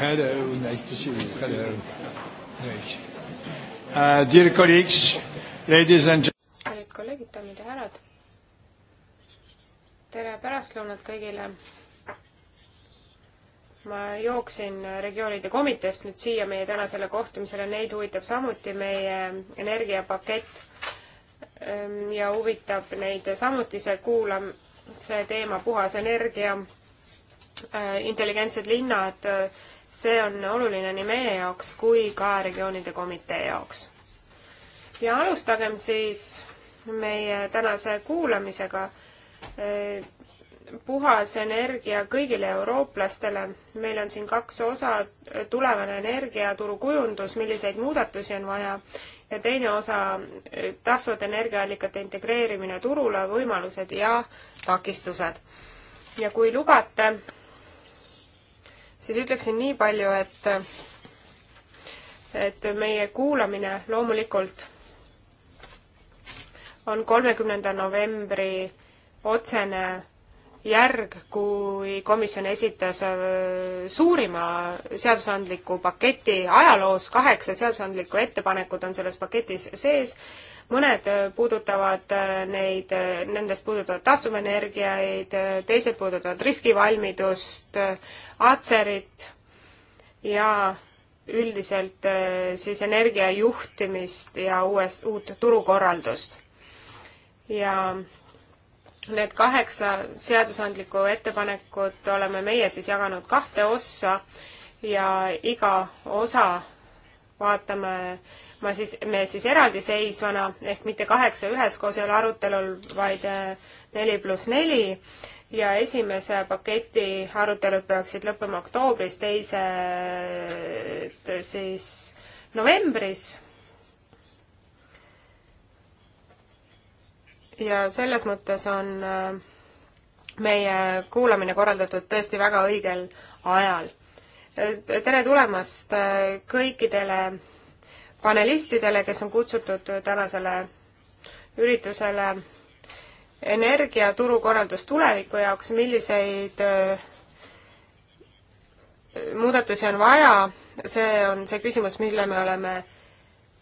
Hello, nice to see you. Hello. Nice. Uh, dear colleagues, ladies and gentlemen. kolleegid, daamid ja härrad. tere pärastlõunat kõigile. ma jooksin regioonide komiteest nüüd siia meie tänasele kohtumisele, neid huvitab samuti meie energiapakett ähm, ja huvitab neid samuti see kuulam-, see teema puhas energia äh, intelligentsed linnad, see on oluline nii meie jaoks kui ka regioonide komitee jaoks. ja alustagem siis meie tänase kuulamisega puhas energia kõigile eurooplastele. meil on siin kaks osa, tulevane energiaturu kujundus, milliseid muudatusi on vaja ja teine osa, taastuvate energiaallikate integreerimine turule, võimalused ja takistused. ja kui lubate, siis ütleksin nii palju, et et meie kuulamine loomulikult on kolmekümnenda novembri otsene järg, kui komisjon esitas äh, suurima seadusandliku paketi ajaloos, kaheksa seadusandlikku ettepanekut on selles paketis sees, mõned äh, puudutavad äh, neid, nendest puudutavad taastuvenergiaid, teised puudutavad riskivalmidust, Atserit ja üldiselt siis energia juhtimist ja uuest, uut turukorraldust. ja Need kaheksa seadusandlikku ettepanekut oleme meie siis jaganud kahte ossa ja iga osa vaatame ma siis, me siis eraldiseisvana ehk mitte kaheksa üheskoos ei ole arutelul, vaid eh, neli pluss neli ja esimese paketi arutelud peaksid lõppema oktoobris, teised siis novembris ja selles mõttes on äh, meie kuulamine korraldatud tõesti väga õigel ajal. Äh, tere tulemast äh, kõikidele panelistidele, kes on kutsutud tänasele üritusele energiaturukorraldus tuleviku jaoks, milliseid muudatusi on vaja, see on see küsimus, mille me oleme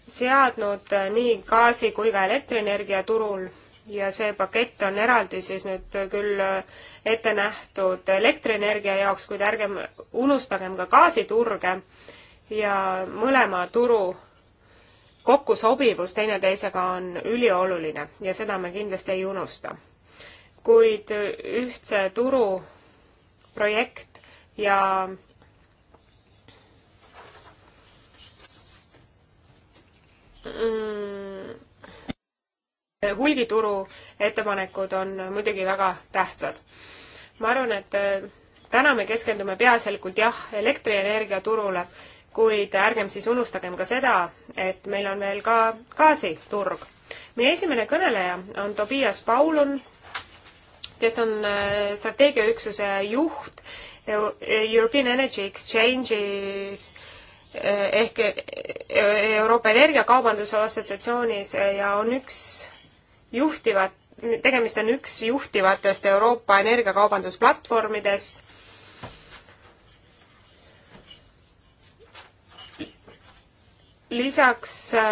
seadnud nii gaasi kui ka elektrienergia turul ja see pakett on eraldi siis nüüd küll äh, ette nähtud elektrienergia jaoks, kuid ärgem unustagem ka gaasiturge ja mõlema turu kokkusobivus teineteisega on ülioluline ja seda me kindlasti ei unusta. kuid ühtse turu projekt ja mm, Eh, hulgituru ettepanekud on muidugi väga tähtsad. ma arvan, et eh, täna me keskendume peaasjalikult jah, elektrienergia turule, kuid ärgem siis unustagem ka seda, et meil on veel ka gaasiturg. meie esimene kõneleja on Tobias Paulun, kes on eh, strateegiaüksuse juht European Energy Exchange'is ehk Euroopa Energiakaubanduse Assotsiatsioonis ja on üks juhtivad, tegemist on üks juhtivatest Euroopa energiakaubandusplatvormidest. lisaks äh,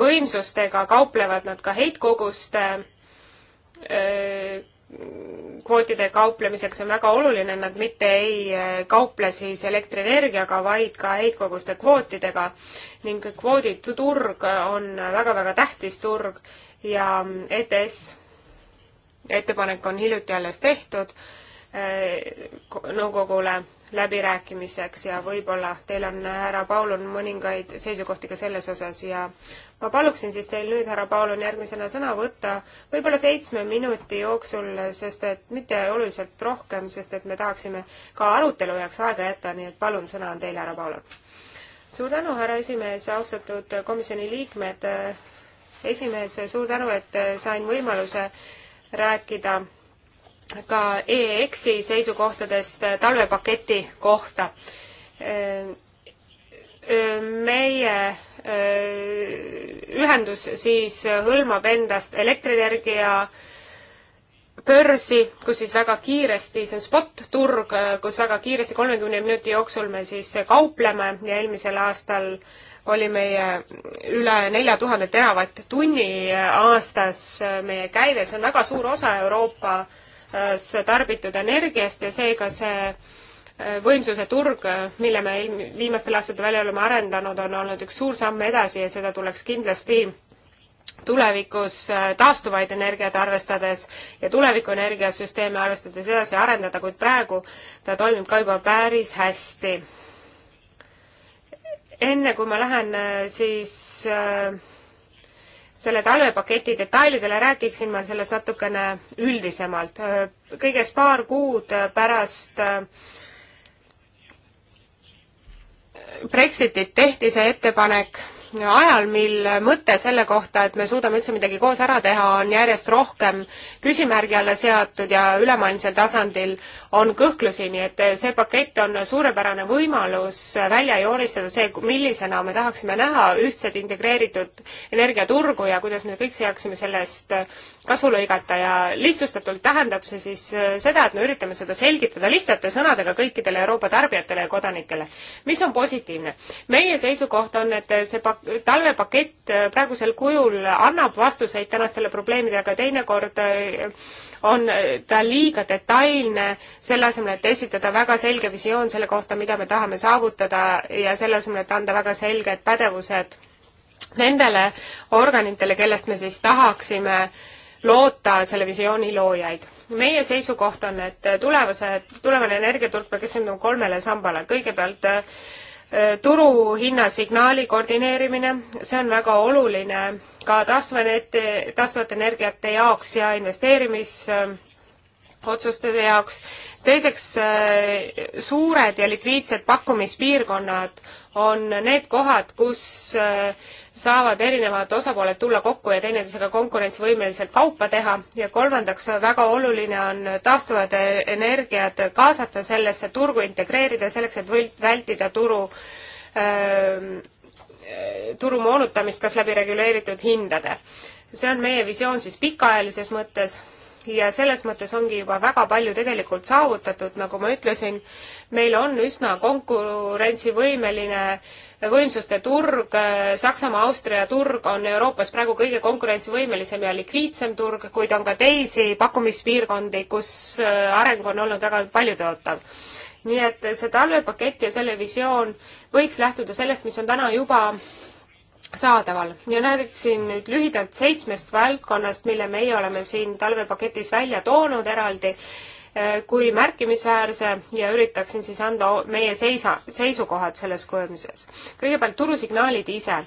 võimsustega kauplevad nad ka heitkoguste äh, kvootide kauplemiseks on väga oluline, nad mitte ei äh, kauple siis elektrienergiaga, vaid ka heitkoguste kvootidega ning kvooditurg on väga-väga tähtis turg ja ETS ettepanek on hiljuti alles tehtud eh, nõukogule läbirääkimiseks ja võib-olla teil on, härra Paulun, mõningaid seisukohti ka selles osas ja ma paluksin siis teil nüüd, härra Paulun, järgmisena sõna võtta võib-olla seitsme minuti jooksul, sest et mitte oluliselt rohkem, sest et me tahaksime ka arutelu jaoks aega jätta, nii et palun, sõna on teil, härra Paulun. suur tänu, härra esimees, austatud komisjoni liikmed, esimees, suur tänu, et äh, sain võimaluse rääkida ka EEX-i seisukohtadest äh, talvepaketi kohta. Äh, meie ühendus siis hõlmab endast elektrienergia börsi, kus siis väga kiiresti, see on spot-turg, kus väga kiiresti, kolmekümne minuti jooksul me siis kaupleme ja eelmisel aastal oli meie üle nelja tuhande teravatt-tunni aastas meie käive, see on väga suur osa Euroopas tarbitud energiast ja seega see võimsuse turg, mille me viimastel aastatel välja oleme arendanud, on olnud üks suur samm edasi ja seda tuleks kindlasti tulevikus taastuvaid energiaid arvestades ja tuleviku energiasüsteeme arvestades edasi arendada, kuid praegu ta toimib ka juba päris hästi enne kui ma lähen äh, siis äh, selle talvepaketi detailidele, räägiksin ma sellest natukene üldisemalt. Äh, kõigest paar kuud pärast Brexitit tehti see ettepanek ajal, mil mõte selle kohta, et me suudame üldse midagi koos ära teha, on järjest rohkem küsimärgi alla seatud ja ülemaailmsel tasandil on kõhklusi, nii et see pakett on suurepärane võimalus välja joonistada see, millisena me tahaksime näha ühtset integreeritud energiaturgu ja kuidas me kõik saaksime sellest kasu lõigata ja lihtsustatult tähendab see siis äh, seda, et me üritame seda selgitada lihtsate sõnadega kõikidele Euroopa tarbijatele ja kodanikele, mis on positiivne. meie seisukoht on, et see pak-, talvepakett äh, praegusel kujul annab vastuseid tänastele probleemidele, aga teinekord äh, on ta liiga detailne, selle asemel, et esitada väga selge visioon selle kohta, mida me tahame saavutada ja selle asemel, et anda väga selged pädevused nendele organitele, kellest me siis tahaksime äh, loota selle visiooni loojaid. meie seisukoht on, et tulevase, tulevane energiaturg peab keskenduma kolmele sambale, kõigepealt äh, turuhinnasignaali koordineerimine, see on väga oluline ka taastuvenergi-, taastuvate energiate jaoks ja investeerimis- äh, otsuste jaoks. teiseks, äh, suured ja likviidsed pakkumispiirkonnad on need kohad, kus äh, saavad erinevad osapooled tulla kokku ja teineteisega konkurentsivõimeliselt kaupa teha ja kolmandaks, väga oluline on taastuvad energiad kaasata sellesse, turgu integreerida selleks, et vältida turu öö, äh, turu moonutamist kas läbi reguleeritud hindade. see on meie visioon siis pikaajalises mõttes ja selles mõttes ongi juba väga palju tegelikult saavutatud, nagu ma ütlesin, meil on üsna konkurentsivõimeline võimsuste turg, Saksamaa, Austria turg on Euroopas praegu kõige konkurentsivõimelisem ja likviidsem turg, kuid on ka teisi pakkumispiirkondi, kus äh, areng on olnud väga paljutõotav nii et see talvepakett ja selle visioon võiks lähtuda sellest, mis on täna juba saadaval ja räägiksin nüüd lühidalt seitsmest valdkonnast, mille meie oleme siin talvepaketis välja toonud eraldi eh, kui märkimisväärse ja üritaksin siis anda meie seisa, seisukohad selles kujunduses. kõigepealt turusignaalid ise.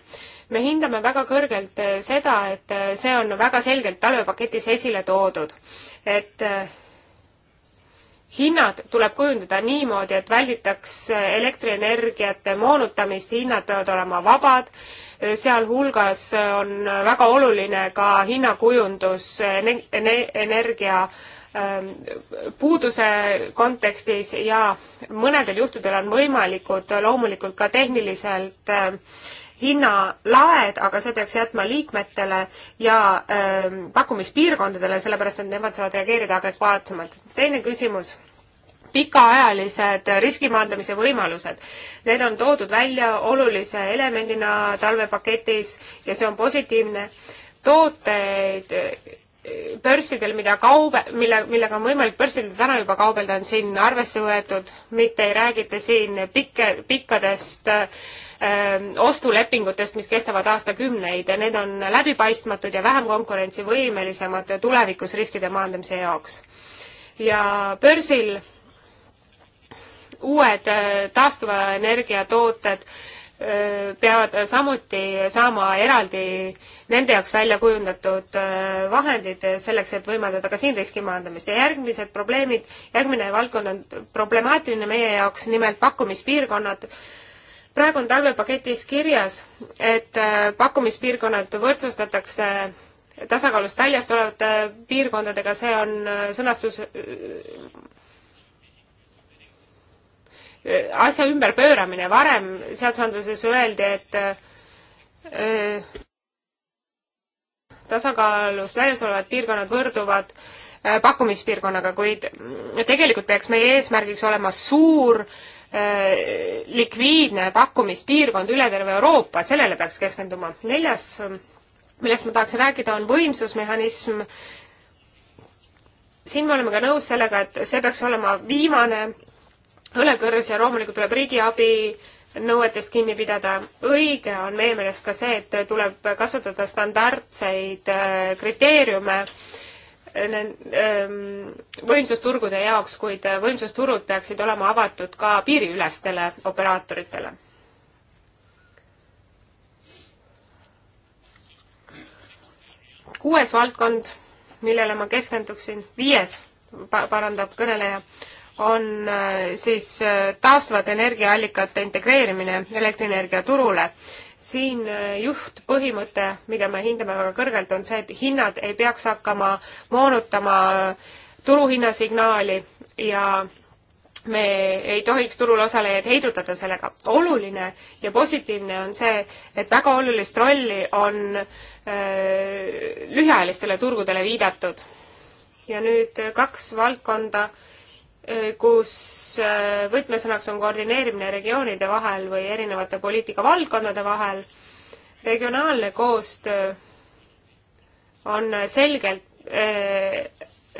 me hindame väga kõrgelt eh, seda, et eh, see on väga selgelt talvepaketis esile toodud, et hinnad tuleb kujundada niimoodi, et välditaks elektrienergiate moonutamist, hinnad peavad olema vabad, sealhulgas on väga oluline ka hinnakujundus energia ähm, puuduse kontekstis ja mõnedel juhtudel on võimalikud loomulikult ka tehniliselt ähm, hinnalaed, aga see peaks jätma liikmetele ja öö, ähm, pakkumispiirkondadele, sellepärast et nemad saavad reageerida adekvaatsemalt. teine küsimus pikaajalised riskimaandamise võimalused. Need on toodud välja olulise elemendina talvepaketis ja see on positiivne. tooteid eh, börssidel, mida kaube, mille, millega on võimalik börsidel täna juba kaubelda, on siin arvesse võetud, mitte ei räägita siin pikke, pikkadest öö, ehm, ostulepingutest, mis kestavad aastakümneid ja need on läbipaistmatud ja vähem konkurentsivõimelisemad tulevikus riskide maandamise jaoks. ja börsil uued äh, taastuva energia tooted äh, peavad samuti saama eraldi nende jaoks välja kujundatud äh, vahendid selleks, et võimaldada ka siin riski maandamist. ja järgmised probleemid, järgmine valdkond on problemaatiline meie jaoks, nimelt pakkumispiirkonnad. praegu on talvepaketis kirjas, et pakkumispiirkonnad võrdsustatakse tasakaalust väljast olevate piirkondadega, see on sõnastus Äh, asja ümberpööramine, varem seadusandluses öeldi, et öö, äh, tasakaalust väljas olevad piirkonnad võrduvad äh, pakkumispiirkonnaga, kuid tegelikult peaks meie eesmärgiks olema suur likviidne pakkumispiirkond üle terve Euroopa, sellele peaks keskenduma. neljas, millest ma tahaksin rääkida, on võimsusmehhanism. siin me oleme ka nõus sellega, et see peaks olema viimane õlekõrs ja loomulikult tuleb riigiabi nõuetest kinni pidada. õige on meie meelest ka see, et tuleb kasutada standardseid äh, kriteeriume äh, ähm, võimsusturgude jaoks, kuid äh, võimsusturud peaksid olema avatud ka piiriülestele operaatoritele. kuues valdkond, millele ma keskenduksin, viies parandab kõneleja on äh, siis äh, taastuvate energiaallikate integreerimine elektrienergia turule. siin äh, juhtpõhimõte, mida me hindame väga kõrgelt, on see, et hinnad ei peaks hakkama moonutama turuhinnasignaali ja me ei tohiks turul osalejaid heidutada sellega. oluline ja positiivne on see, et väga olulist rolli on öö, lühiajalistele turgudele viidatud. ja nüüd kaks valdkonda kus äh, võtmesõnaks on koordineerimine regioonide vahel või erinevate poliitikavaldkondade vahel. regionaalne koostöö on selgelt äh,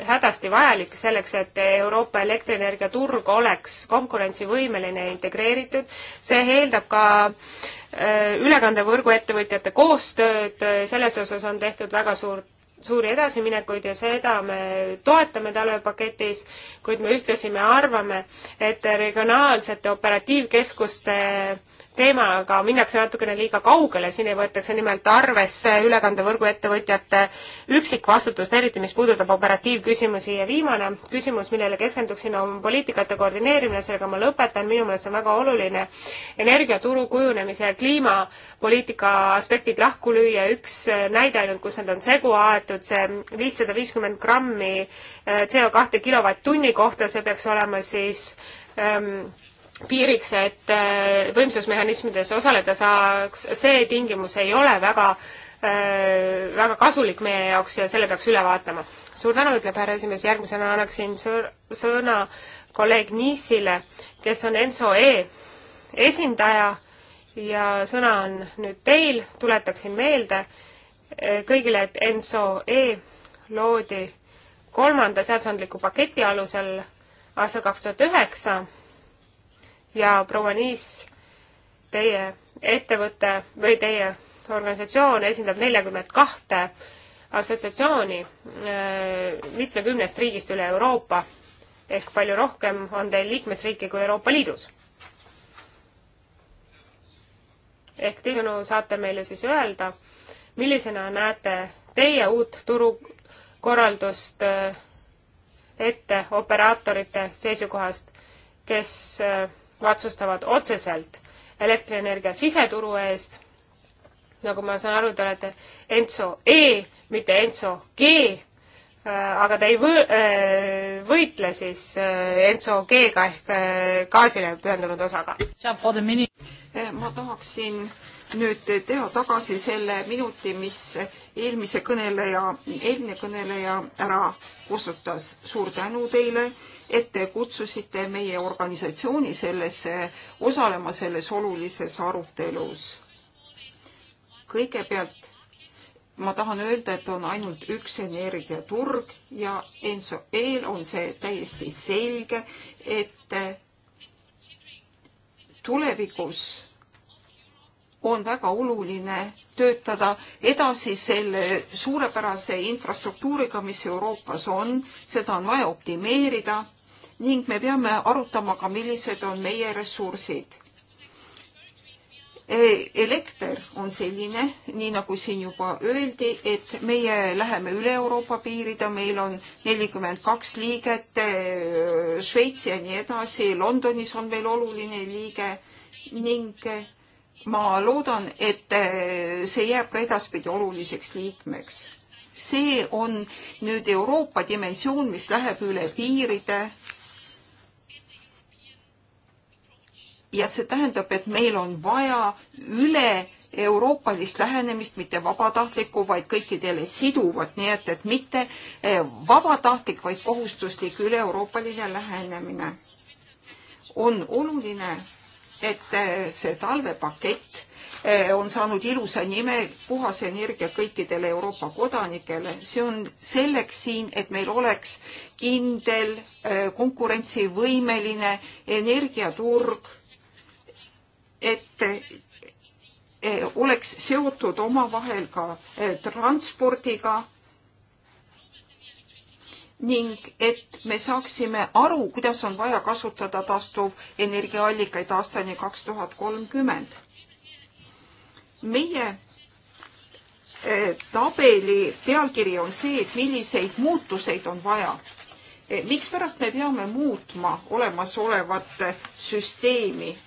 hädasti vajalik selleks, et Euroopa elektrienergia turg oleks konkurentsivõimeline ja integreeritud. see eeldab ka äh, ülekandevõrgu ettevõtjate koostööd, selles osas on tehtud väga suurt suuri edasiminekuid ja seda me toetame talvepaketis, kuid me ühtlasi me arvame, et regionaalsete operatiivkeskuste teemaga minnakse natukene liiga kaugele, siin ei võetakse nimelt arvesse ülekandevõrgu ettevõtjate üksikvastutust, eriti mis puudutab operatiivküsimusi ja viimane küsimus, millele keskenduksin, on poliitikate koordineerimine, sellega ma lõpetan, minu meelest on väga oluline energiaturu kujunemise ja kliimapoliitika aspektid lahku lüüa, üks näide ainult, kus need on segu aetud, fikseeritud see viissada viiskümmend grammi äh, CO kahte kilovatt-tunni kohta, see peaks olema siis ähm, piiriks, et äh, võimsusmehhanismides osaleda saaks, see tingimus ei ole väga äh,, väga kasulik meie jaoks ja selle peaks üle vaatama. suur tänu, ütleb härra esimees, järgmisena annaksin sõr, sõna kolleeg Niisile, kes on ENSO-E esindaja ja sõna on nüüd teil, tuletaksin meelde, kõigile, et NSOE loodi kolmanda seadusandliku paketi alusel aastal kaks tuhat üheksa ja proua Niis, teie ettevõte või teie organisatsioon esindab neljakümmet kahte assotsiatsiooni äh, mitmekümnest riigist üle Euroopa ehk palju rohkem on teil liikmesriike kui Euroopa Liidus. ehk teisisõnu saate meile siis öelda, millisena näete teie uut turukorraldust äh, ette operaatorite seisukohast, kes vastustavad äh, otseselt elektrienergia siseturu eest, nagu ma saan aru, te olete Enso E, mitte Enso G, äh, aga te ei võ-, võitle siis Enso G-ga ehk gaasile pühendunud osaga? Eh, ma tahaksin äh, nüüd teha tagasi selle minuti, mis eelmise kõneleja, eelmine kõneleja ära kustutas. suur tänu teile, et te kutsusite meie organisatsiooni sellesse, osalema selles olulises arutelus. kõigepealt ma tahan öelda, et on ainult üks energiaturg ja ENSO-l on see täiesti selge, et tulevikus on väga oluline töötada edasi selle suurepärase infrastruktuuriga, mis Euroopas on, seda on vaja optimeerida ning me peame arutama ka, millised on meie ressursid. E, elekter on selline, nii nagu siin juba öeldi, et meie läheme üle Euroopa piiride, meil on nelikümmend kaks liiget, e, Šveitsi ja nii edasi, Londonis on veel oluline liige ning e, ma loodan, et äh, see jääb ka edaspidi oluliseks liikmeks. see on nüüd Euroopa dimensioon, mis läheb üle piiride. ja see tähendab, et meil on vaja üle euroopalist lähenemist, mitte vabatahtlikku, vaid kõikidele siduvat, nii et, et mitte äh, vabatahtlik, vaid kohustuslik üle-euroopaline lähenemine on oluline et äh, see talvepakett äh, on saanud ilusa nime Puhas energia kõikidele Euroopa kodanikele. see on selleks siin, et meil oleks kindel, äh, konkurentsivõimeline energiaturg, et oleks seotud omavahel ka transpordiga ning et me saaksime aru, kuidas on vaja kasutada taastuvenergiaallikaid aastani kaks tuhat kolmkümmend. meie eh, tabeli pealkiri on see, et milliseid muutuseid on vaja. Eh, mikspärast me peame muutma olemasolevat eh, süsteemi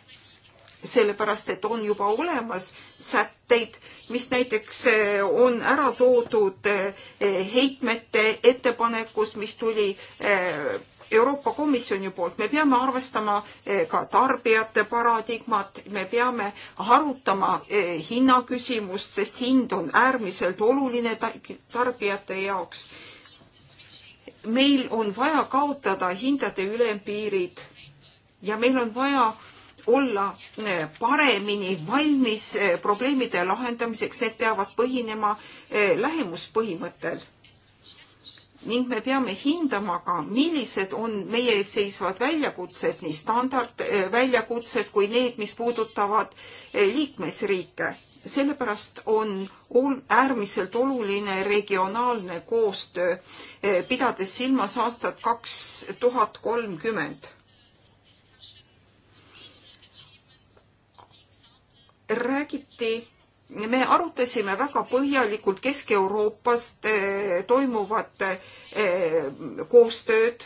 sellepärast et on juba olemas sätteid, mis näiteks eh, on ära toodud eh, heitmete ettepanekus, mis tuli eh, Euroopa Komisjoni poolt, me peame arvestama ka tarbijate paradigmat, me peame harutama hinnaküsimust, sest hind on äärmiselt oluline tarbijate jaoks. meil on vaja kaotada hindade ülempiirid ja meil on vaja olla eh, paremini valmis eh, probleemide lahendamiseks, need peavad põhinema eh, lähemuspõhimõttel. ning me peame hindama ka, millised on meie ees seisvad väljakutsed, nii standardväljakutsed kui need, mis puudutavad liikmesriike. sellepärast on äärmiselt oluline regionaalne koostöö, pidades silmas aastat kaks tuhat kolmkümmend räägiti me arutasime väga põhjalikult Kesk-Euroopast eh, toimuvat eh, koostööd.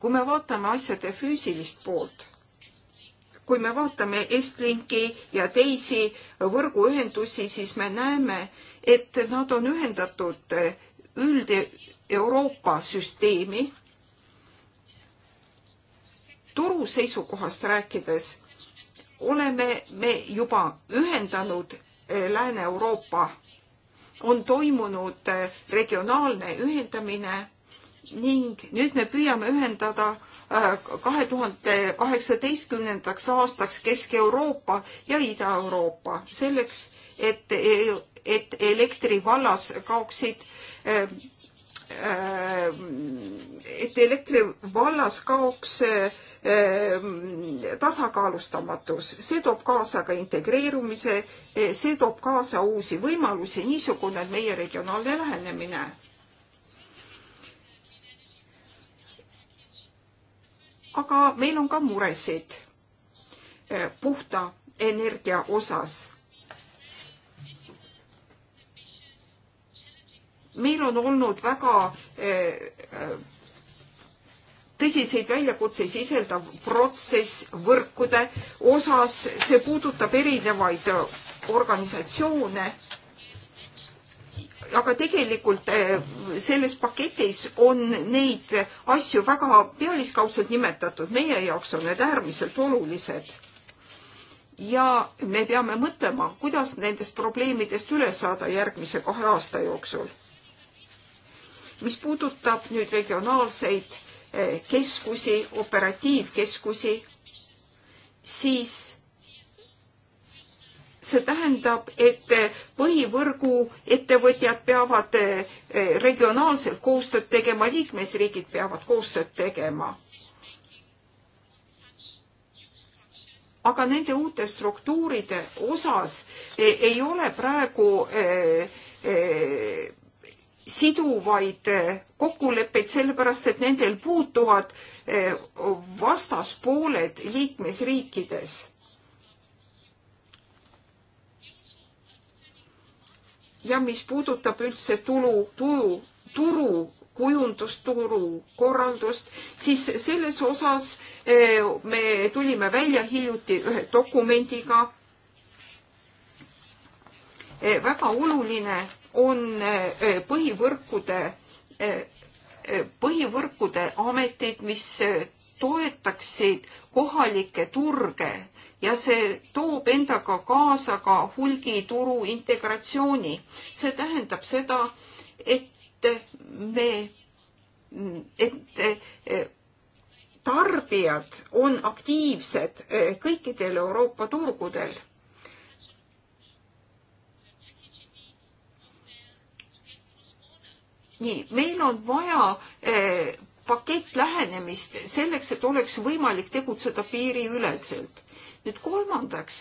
kui me vaatame asjade füüsilist poolt, kui me vaatame Estlinki ja teisi võrguühendusi, siis me näeme, et nad on ühendatud eh, üld-Euroopa süsteemi. turu seisukohast rääkides oleme me juba ühendanud eh, Lääne-Euroopa, on toimunud eh, regionaalne ühendamine ning nüüd me püüame ühendada eh, kahe tuhande kaheksateistkümnendaks aastaks Kesk-Euroopa ja Ida-Euroopa selleks, et, e-, et elektri vallas kaoksid Äh, et elektri vallas kaoks äh, tasakaalustamatus, see toob kaasa ka integreerumise, äh, see toob kaasa uusi võimalusi, niisugune on meie regionaalne lähenemine. aga meil on ka muresid puhta energia osas meil on olnud väga eh, eh, tõsiseid väljakutseid sisaldav protsess võrkude osas, see puudutab erinevaid eh, organisatsioone. aga tegelikult selles paketis on neid asju väga pealiskaudselt nimetatud, meie jaoks on need äärmiselt olulised. ja me peame mõtlema, kuidas nendest probleemidest üle saada järgmise kahe aasta jooksul mis puudutab nüüd regionaalseid eh, keskusi, operatiivkeskusi, siis see tähendab, et eh, põhivõrgu ettevõtjad peavad eh, regionaalselt koostööd tegema, liikmesriigid peavad koostööd tegema aga nende uute struktuuride osas ei ole praegu siduvaid eh, kokkuleppeid, sellepärast et nendel puutuvad eh, vastaspooled liikmesriikides ja mis puudutab üldse tulu, turu, turu kujundust, turu korraldust, siis selles osas eh, me tulime välja hiljuti ühe dokumendiga. väga oluline on eh, eh, põhivõrkude, eh, põhivõrkude ametid, mis toetaksid kohalikke turge ja see toob endaga kaasa ka hulgituru integratsiooni. see tähendab seda, et me, et tarbijad on aktiivsed kõikidel Euroopa turgudel nii, meil on vaja eh, pakettlähenemist selleks, et oleks võimalik tegutseda piiriüleselt. nüüd kolmandaks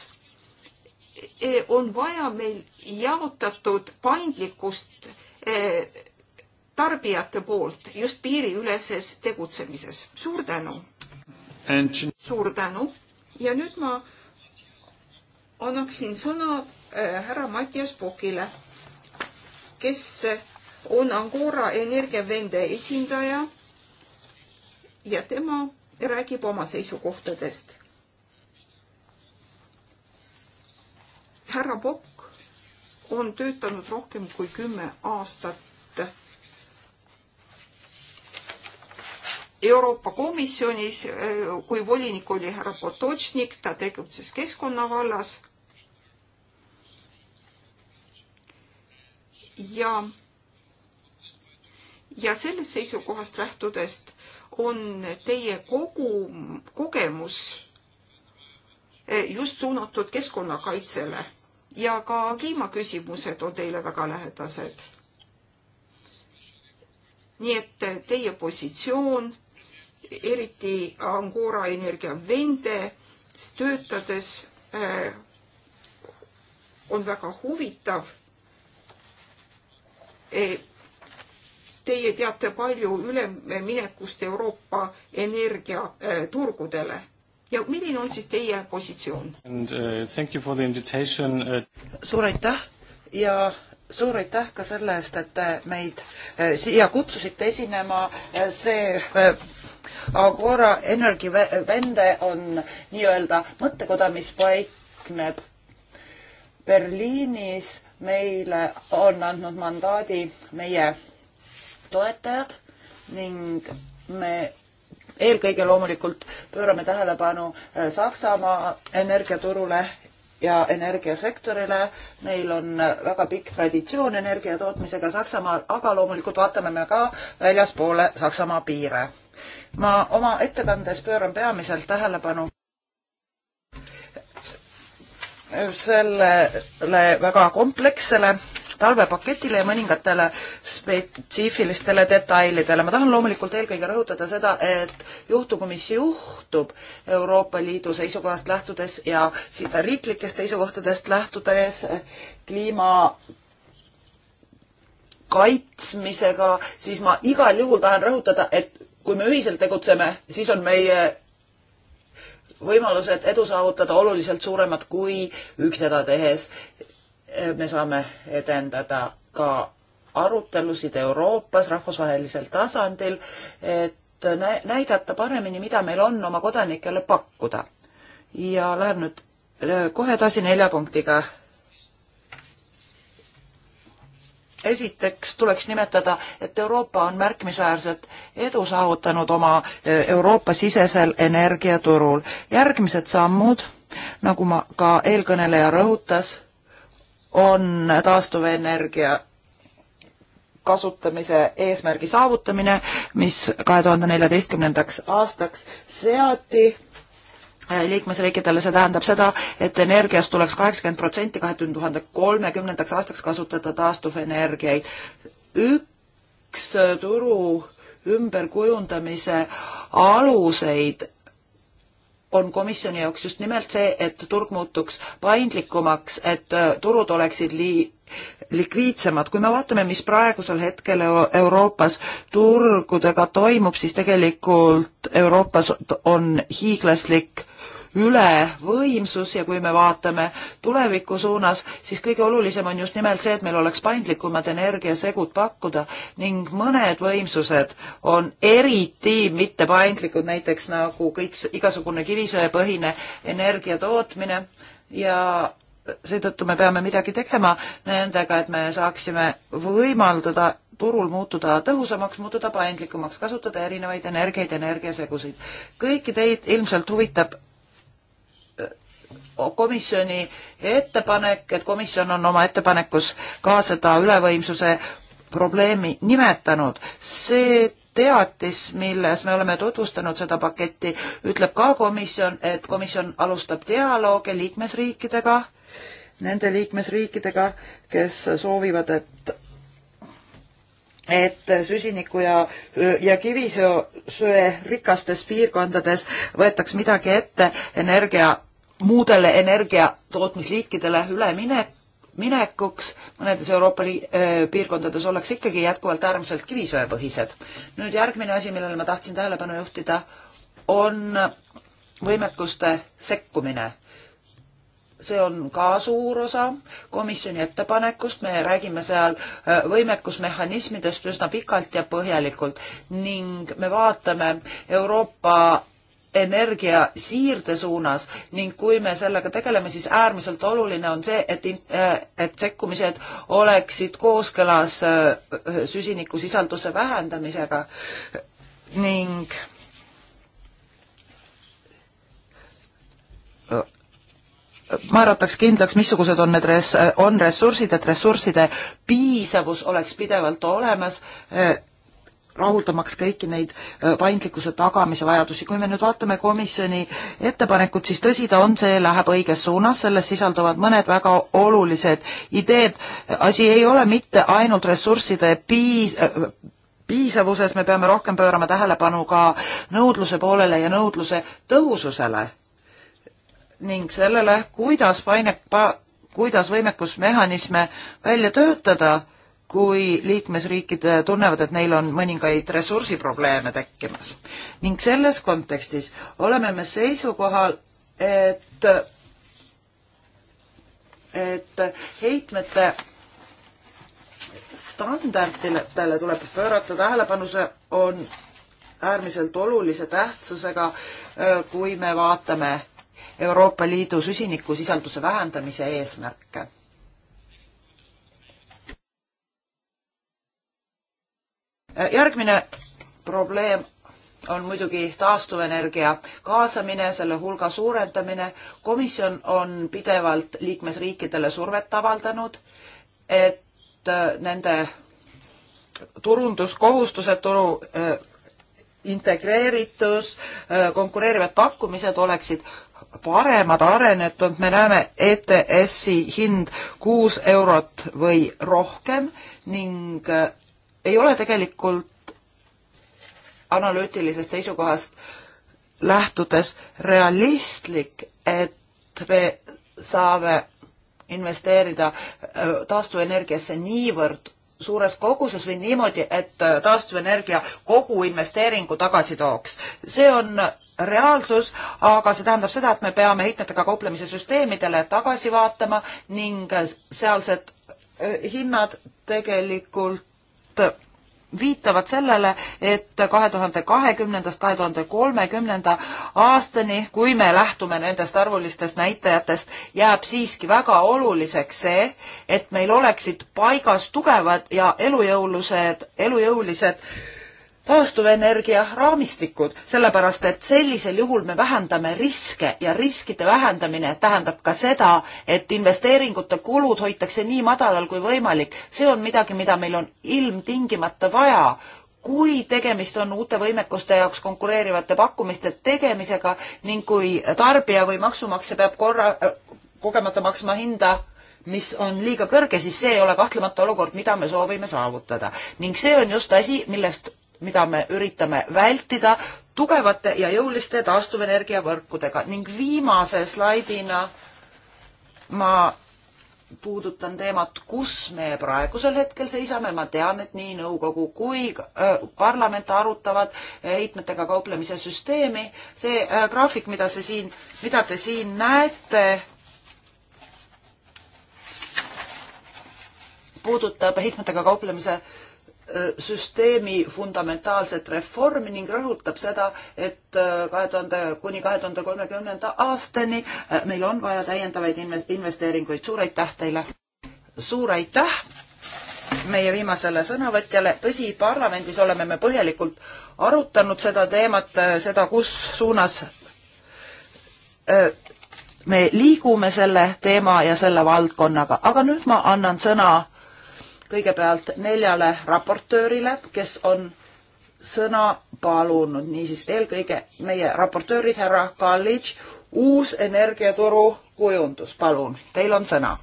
eh, on vaja meil jaotatud paindlikkust eh, tarbijate poolt just piiriüleses tegutsemises. suur tänu! suur tänu ja nüüd ma annaksin sõna eh, härra Mattias Pokile, kes eh, on Angora energiavende esindaja ja tema räägib oma seisukohtadest. härra Pokk on töötanud rohkem kui kümme aastat Euroopa Komisjonis, kui volinik oli härra Potočnik, ta tegutses keskkonna vallas. ja ja sellest seisukohast lähtudest on teie kogu kogemus eh, just suunatud keskkonnakaitsele ja ka kliimaküsimused on teile väga lähedased. nii et teie positsioon, eriti Angora Energia vendes töötades eh, on väga huvitav eh, Teie teate palju üleminekust Euroopa energiaturgudele ja milline on siis teie positsioon? Uh, uh, suur aitäh ja suur aitäh ka selle eest, et te meid uh, siia kutsusite esinema, uh, see Agora Energy Vende on nii-öelda mõttekoda, mis paikneb Berliinis, meile on andnud mandaadi meie toetajad ning me eelkõige loomulikult pöörame tähelepanu äh, Saksamaa energiaturule ja energiasektorile. Neil on äh, väga pikk traditsioon energia tootmisega Saksamaal, aga loomulikult vaatame me ka väljaspoole Saksamaa piire. ma oma ettekandes pööran peamiselt tähelepanu sellele väga komplekssele talvepaketile ja mõningatele spetsiifilistele detailidele. ma tahan loomulikult eelkõige rõhutada seda, et juhtugu, mis juhtub Euroopa Liidu seisukohast lähtudes ja riiklikest seisukohtadest lähtudes kliima kaitsmisega, siis ma igal juhul tahan rõhutada, et kui me ühiselt tegutseme, siis on meie võimalused edu saavutada oluliselt suuremad kui üksteda tehes me saame edendada ka arutelusid Euroopas rahvusvahelisel tasandil, et näidata paremini, mida meil on oma kodanikele pakkuda. ja lähen nüüd kohe edasi nelja punktiga. esiteks tuleks nimetada, et Euroopa on märkimisväärset edu saavutanud oma Euroopa-sisesel energiaturul. järgmised sammud, nagu ma ka eelkõneleja rõhutas on taastuvenergia kasutamise eesmärgi saavutamine, mis kahe tuhande neljateistkümnendaks aastaks seati äh, liikmesriikidele, see tähendab seda, et energiast tuleks kaheksakümmend protsenti kahe tuhande kolmekümnendaks aastaks kasutada taastuvenergiaid. üks äh, turu ümberkujundamise aluseid on komisjoni jaoks just nimelt see, et turg muutuks paindlikumaks, et äh, turud oleksid lii-, likviidsemad. kui me vaatame, mis praegusel hetkel Euroopas turgudega toimub, siis tegelikult Euroopas on hiiglaslik üle võimsus ja kui me vaatame tuleviku suunas, siis kõige olulisem on just nimelt see, et meil oleks paindlikumad energiasegud pakkuda ning mõned võimsused on eriti mittepaindlikud, näiteks nagu kõik, igasugune kivisöepõhine energia tootmine ja seetõttu me peame midagi tegema nendega, et me saaksime võimaldada turul muutuda tõhusamaks, muutuda paindlikumaks, kasutada erinevaid energiaid, energiasegusid. kõiki teid ilmselt huvitab komisjoni ettepanek, et komisjon on oma ettepanekus ka seda ülevõimsuse probleemi nimetanud. see teatis, milles me oleme tutvustanud seda paketti, ütleb ka komisjon, et komisjon alustab dialoogi liikmesriikidega, nende liikmesriikidega, kes soovivad, et et süsiniku ja, ja kivisöe rikastes piirkondades võetaks midagi ette energia muudele energiatootmisliikidele üleminek, minekuks mõnedes Euroopa piirkondades ollakse ikkagi jätkuvalt äärmiselt kivisöepõhised. nüüd järgmine asi, millele ma tahtsin tähelepanu juhtida, on võimekuste sekkumine. see on ka suur osa komisjoni ettepanekust, me räägime seal võimekusmehhanismidest üsna pikalt ja põhjalikult ning me vaatame Euroopa energia siirde suunas ning kui me sellega tegeleme, siis äärmiselt oluline on see, et, äh, et sekkumised oleksid kooskõlas äh, süsinikusisalduse vähendamisega ning äh, määrataks kindlaks, missugused on need res-, on ressursid, et ressursside piisavus oleks pidevalt olemas rahuldamaks kõiki neid paindlikkuse tagamise vajadusi. kui me nüüd vaatame komisjoni ettepanekut, siis tõsi ta on, see läheb õiges suunas, selles sisalduvad mõned väga olulised ideed. asi ei ole mitte ainult ressursside piis-, piisavuses, me peame rohkem pöörama tähelepanu ka nõudluse poolele ja nõudluse tõhususele ning sellele, kuidas paine- pa,, kuidas võimekusmehhanisme välja töötada kui liikmesriigid tunnevad, et neil on mõningaid ressursiprobleeme tekkimas. ning selles kontekstis oleme me seisukohal, et, et heitmete standarditele tuleb pöörata tähelepanu, see on äärmiselt olulise tähtsusega, kui me vaatame Euroopa Liidu süsinikusisalduse vähendamise eesmärke Äh, järgmine probleem on muidugi taastuvenergia kaasamine, selle hulga suurendamine. komisjon on pidevalt liikmesriikidele survet avaldanud, et äh, nende turunduskohustused, turu äh, integreeritus, konkureerivad pakkumised oleksid paremad arenetud, me näeme ETS-i hind kuus eurot või rohkem ning ei ole tegelikult analüütilisest seisukohast lähtudes realistlik, et me saame investeerida äh, taastuvenergiasse niivõrd suures koguses või niimoodi, et äh, taastuvenergia kogu investeeringu tagasi tooks. see on reaalsus, aga see tähendab seda, et me peame heitmetega kauplemise süsteemidele tagasi vaatama ning sealsed äh, hinnad tegelikult viitavad sellele, et kahe tuhande kahekümnendast kahe tuhande kolmekümnenda aastani, kui me lähtume nendest arvulistest näitajatest, jääb siiski väga oluliseks see, et meil oleksid paigas tugevad ja elujõulised, elujõulised taastuvenergia raamistikud, sellepärast et sellisel juhul me vähendame riske ja riskide vähendamine tähendab ka seda, et investeeringute kulud hoitakse nii madalal kui võimalik. see on midagi, mida meil on ilmtingimata vaja, kui tegemist on uute võimekuste jaoks konkureerivate pakkumiste tegemisega ning kui tarbija või maksumaksja peab korra äh,, kogemata maksma hinda mis on liiga kõrge, siis see ei ole kahtlemata olukord, mida me soovime saavutada. ning see on just asi, millest mida me üritame vältida tugevate ja jõuliste taastuvenergiavõrkudega ning viimase slaidina ma puudutan teemat, kus me praegusel hetkel seisame, ma tean, et nii nõukogu kui äh, parlament arutavad heitmetega kauplemise süsteemi. see äh, graafik, mida see siin, mida te siin näete, puudutab heitmetega kauplemise äh, Äh, süsteemi fundamentaalset reformi ning rõhutab seda, et äh, kahe tuhande kuni kahe tuhande kolmekümnenda aastani äh, meil on vaja täiendavaid investeeringuid. suur aitäh teile! suur aitäh meie viimasele sõnavõtjale. tõsi, parlamendis oleme me põhjalikult arutanud seda teemat, seda, kus suunas me liigume selle teema ja selle valdkonnaga, aga nüüd ma annan sõna kõigepealt neljale raportöörile, kes on sõna palunud, niisiis eelkõige meie raportöörid, härra Kallitš, uus energiaturu kujundus, palun, teil on sõna.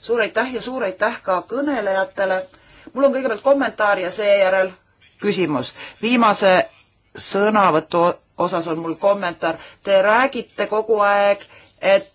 suur aitäh ja suur aitäh ka kõnelejatele. mul on kõigepealt kommentaar ja seejärel küsimus. viimase sõnavõtu osas on mul kommentaar. Te räägite kogu aeg, et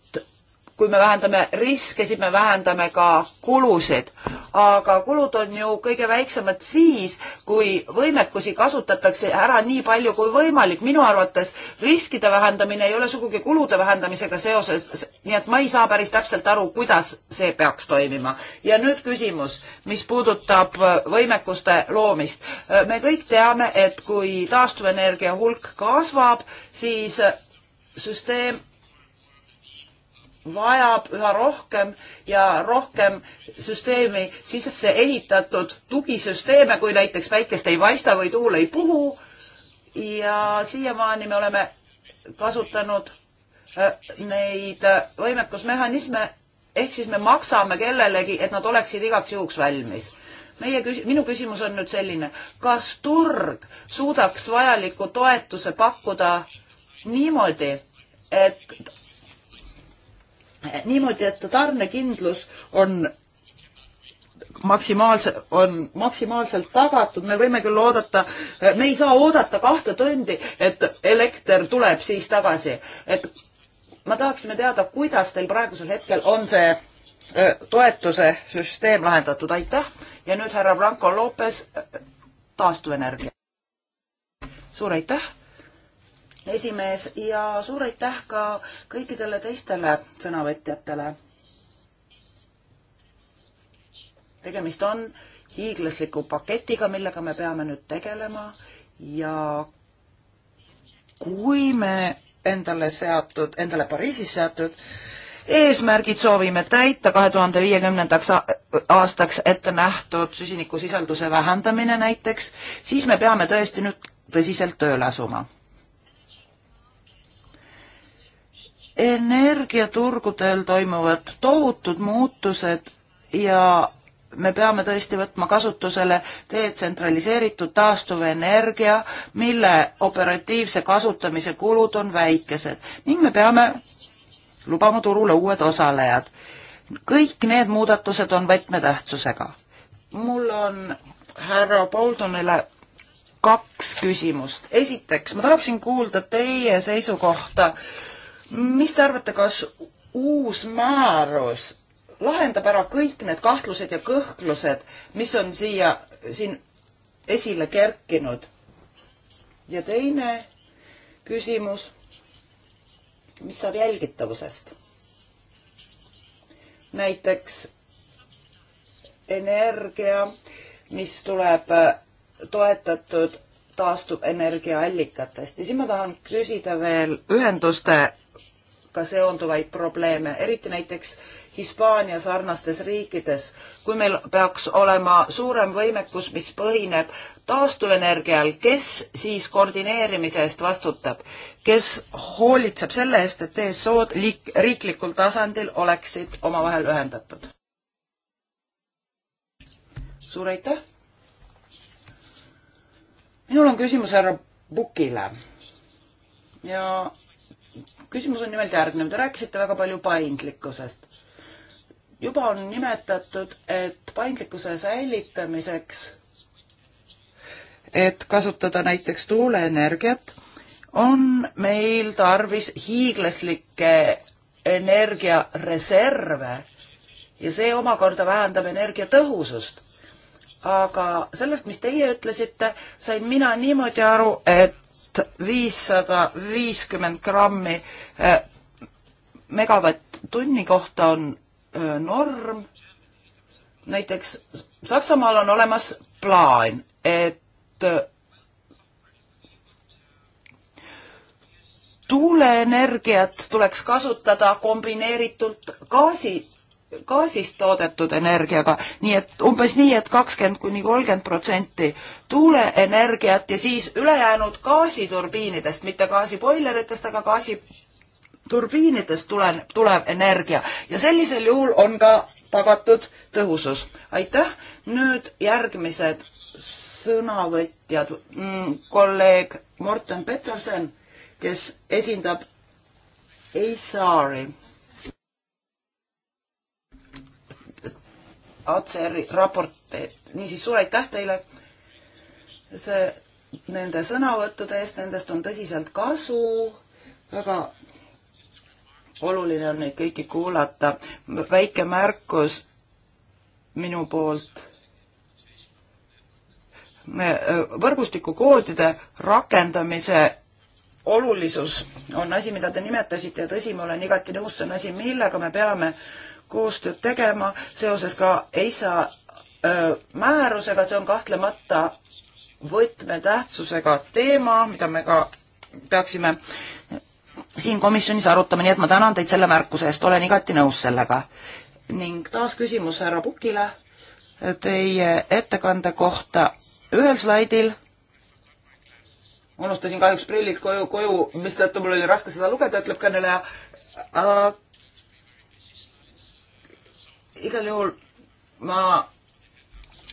kui me vähendame riske, siis me vähendame ka kulusid. aga kulud on ju kõige väiksemad siis, kui võimekusi kasutatakse ära nii palju kui võimalik. minu arvates riskide vähendamine ei ole sugugi kulude vähendamisega seoses, nii et ma ei saa päris täpselt aru, kuidas see peaks toimima. ja nüüd küsimus, mis puudutab võimekuste loomist. me kõik teame, et kui taastuvenergia hulk kasvab, siis süsteem vajab üha rohkem ja rohkem süsteemi sisesse ehitatud tugisüsteeme, kui näiteks päikest ei paista või tuul ei puhu. ja siiamaani me oleme kasutanud äh, neid äh, võimekusmehhanisme ehk siis me maksame kellelegi, et nad oleksid igaks juhuks valmis. meie küs-, minu küsimus on nüüd selline, kas turg suudaks vajaliku toetuse pakkuda niimoodi, et niimoodi, et tarnekindlus on maksimaalse, on maksimaalselt tagatud, me võime küll oodata, me ei saa oodata kahte tundi, et elekter tuleb siis tagasi, et ma tahaksime teada, kuidas teil praegusel hetkel on see toetuse süsteem lahendatud, aitäh. ja nüüd härra Blanco Lopez, taastuvenergia. suur aitäh esimees ja suur aitäh ka kõikidele teistele sõnavõtjatele. tegemist on hiiglasliku paketiga, millega me peame nüüd tegelema ja kui me endale seatud, endale Pariisis seatud eesmärgid soovime täita kahe tuhande viiekümnendaks aastaks ette nähtud süsinikusisalduse vähendamine näiteks, siis me peame tõesti nüüd tõsiselt tööle asuma energiaturgudel toimuvad tohutud muutused ja me peame tõesti võtma kasutusele detsentraliseeritud taastuvenergia, mille operatiivse kasutamise kulud on väikesed ning me peame lubama turule uued osalejad. kõik need muudatused on võtmetähtsusega. mul on härra Boltonile kaks küsimust. esiteks, ma tahaksin kuulda teie seisukohta äh, mis te arvate, kas uus määrus lahendab ära kõik need kahtlused ja kõhklused, mis on siia, siin esile kerkinud? ja teine küsimus, mis saab jälgitavusest? näiteks energia, mis tuleb äh, toetatud taastuvenergiaallikatest ja siin ma tahan küsida veel ühenduste palka seonduvaid probleeme, eriti näiteks Hispaania sarnastes riikides, kui meil peaks olema suurem võimekus, mis põhineb taastuvenergial, kes siis koordineerimise eest vastutab, kes hoolitseb selle eest, et ESO-d liik-, riiklikul tasandil oleksid omavahel ühendatud? suur aitäh! minul on küsimus härra Bukile ja küsimus on nimelt järgnev, te rääkisite väga palju paindlikkusest. juba on nimetatud, et paindlikkuse säilitamiseks, et kasutada näiteks tuuleenergiat, on meil tarvis hiiglaslikke energiareserve ja see omakorda vähendab energiatõhusust. aga sellest, mis teie ütlesite, sain mina niimoodi aru, et tuhat viissada viiskümmend grammi eh, megavatt-tunni kohta on eh, norm. näiteks Saksamaal on olemas plaan, et eh, tuuleenergiat tuleks kasutada kombineeritult gaasi gaasist toodetud energiaga, nii et umbes nii et, et kakskümmend kuni kolmkümmend protsenti tuuleenergiat ja siis ülejäänud gaasiturbiinidest, mitte gaasiboileritest, aga gaasiturbiinidest tulen, tulev energia ja sellisel juhul on ka tagatud tõhusus. aitäh, nüüd järgmised sõnavõtjad, mm, kolleeg Morten Peterson, kes esindab Eisari ACR-i raporteid. niisiis suur aitäh teile see, nende sõnavõttude eest, nendest on tõsiselt kasu, väga oluline on neid kõiki kuulata. väike märkus minu poolt me võrgustikukoodide rakendamise olulisus on asi, mida te nimetasite ja tõsi, ma olen igati nõus, see on asi, millega me peame koostööd tegema seoses ka EISA määrusega, see on kahtlemata võtmetähtsusega teema, mida me ka peaksime siin komisjonis arutama, nii et ma tänan teid selle märkuse eest, olen igati nõus sellega. ning taas küsimus härra Pukile teie ettekande kohta ühel slaidil. unustasin kahjuks prillid koju, koju, mistõttu mul oli raske seda lugeda, ütleb kõneleja igal juhul ma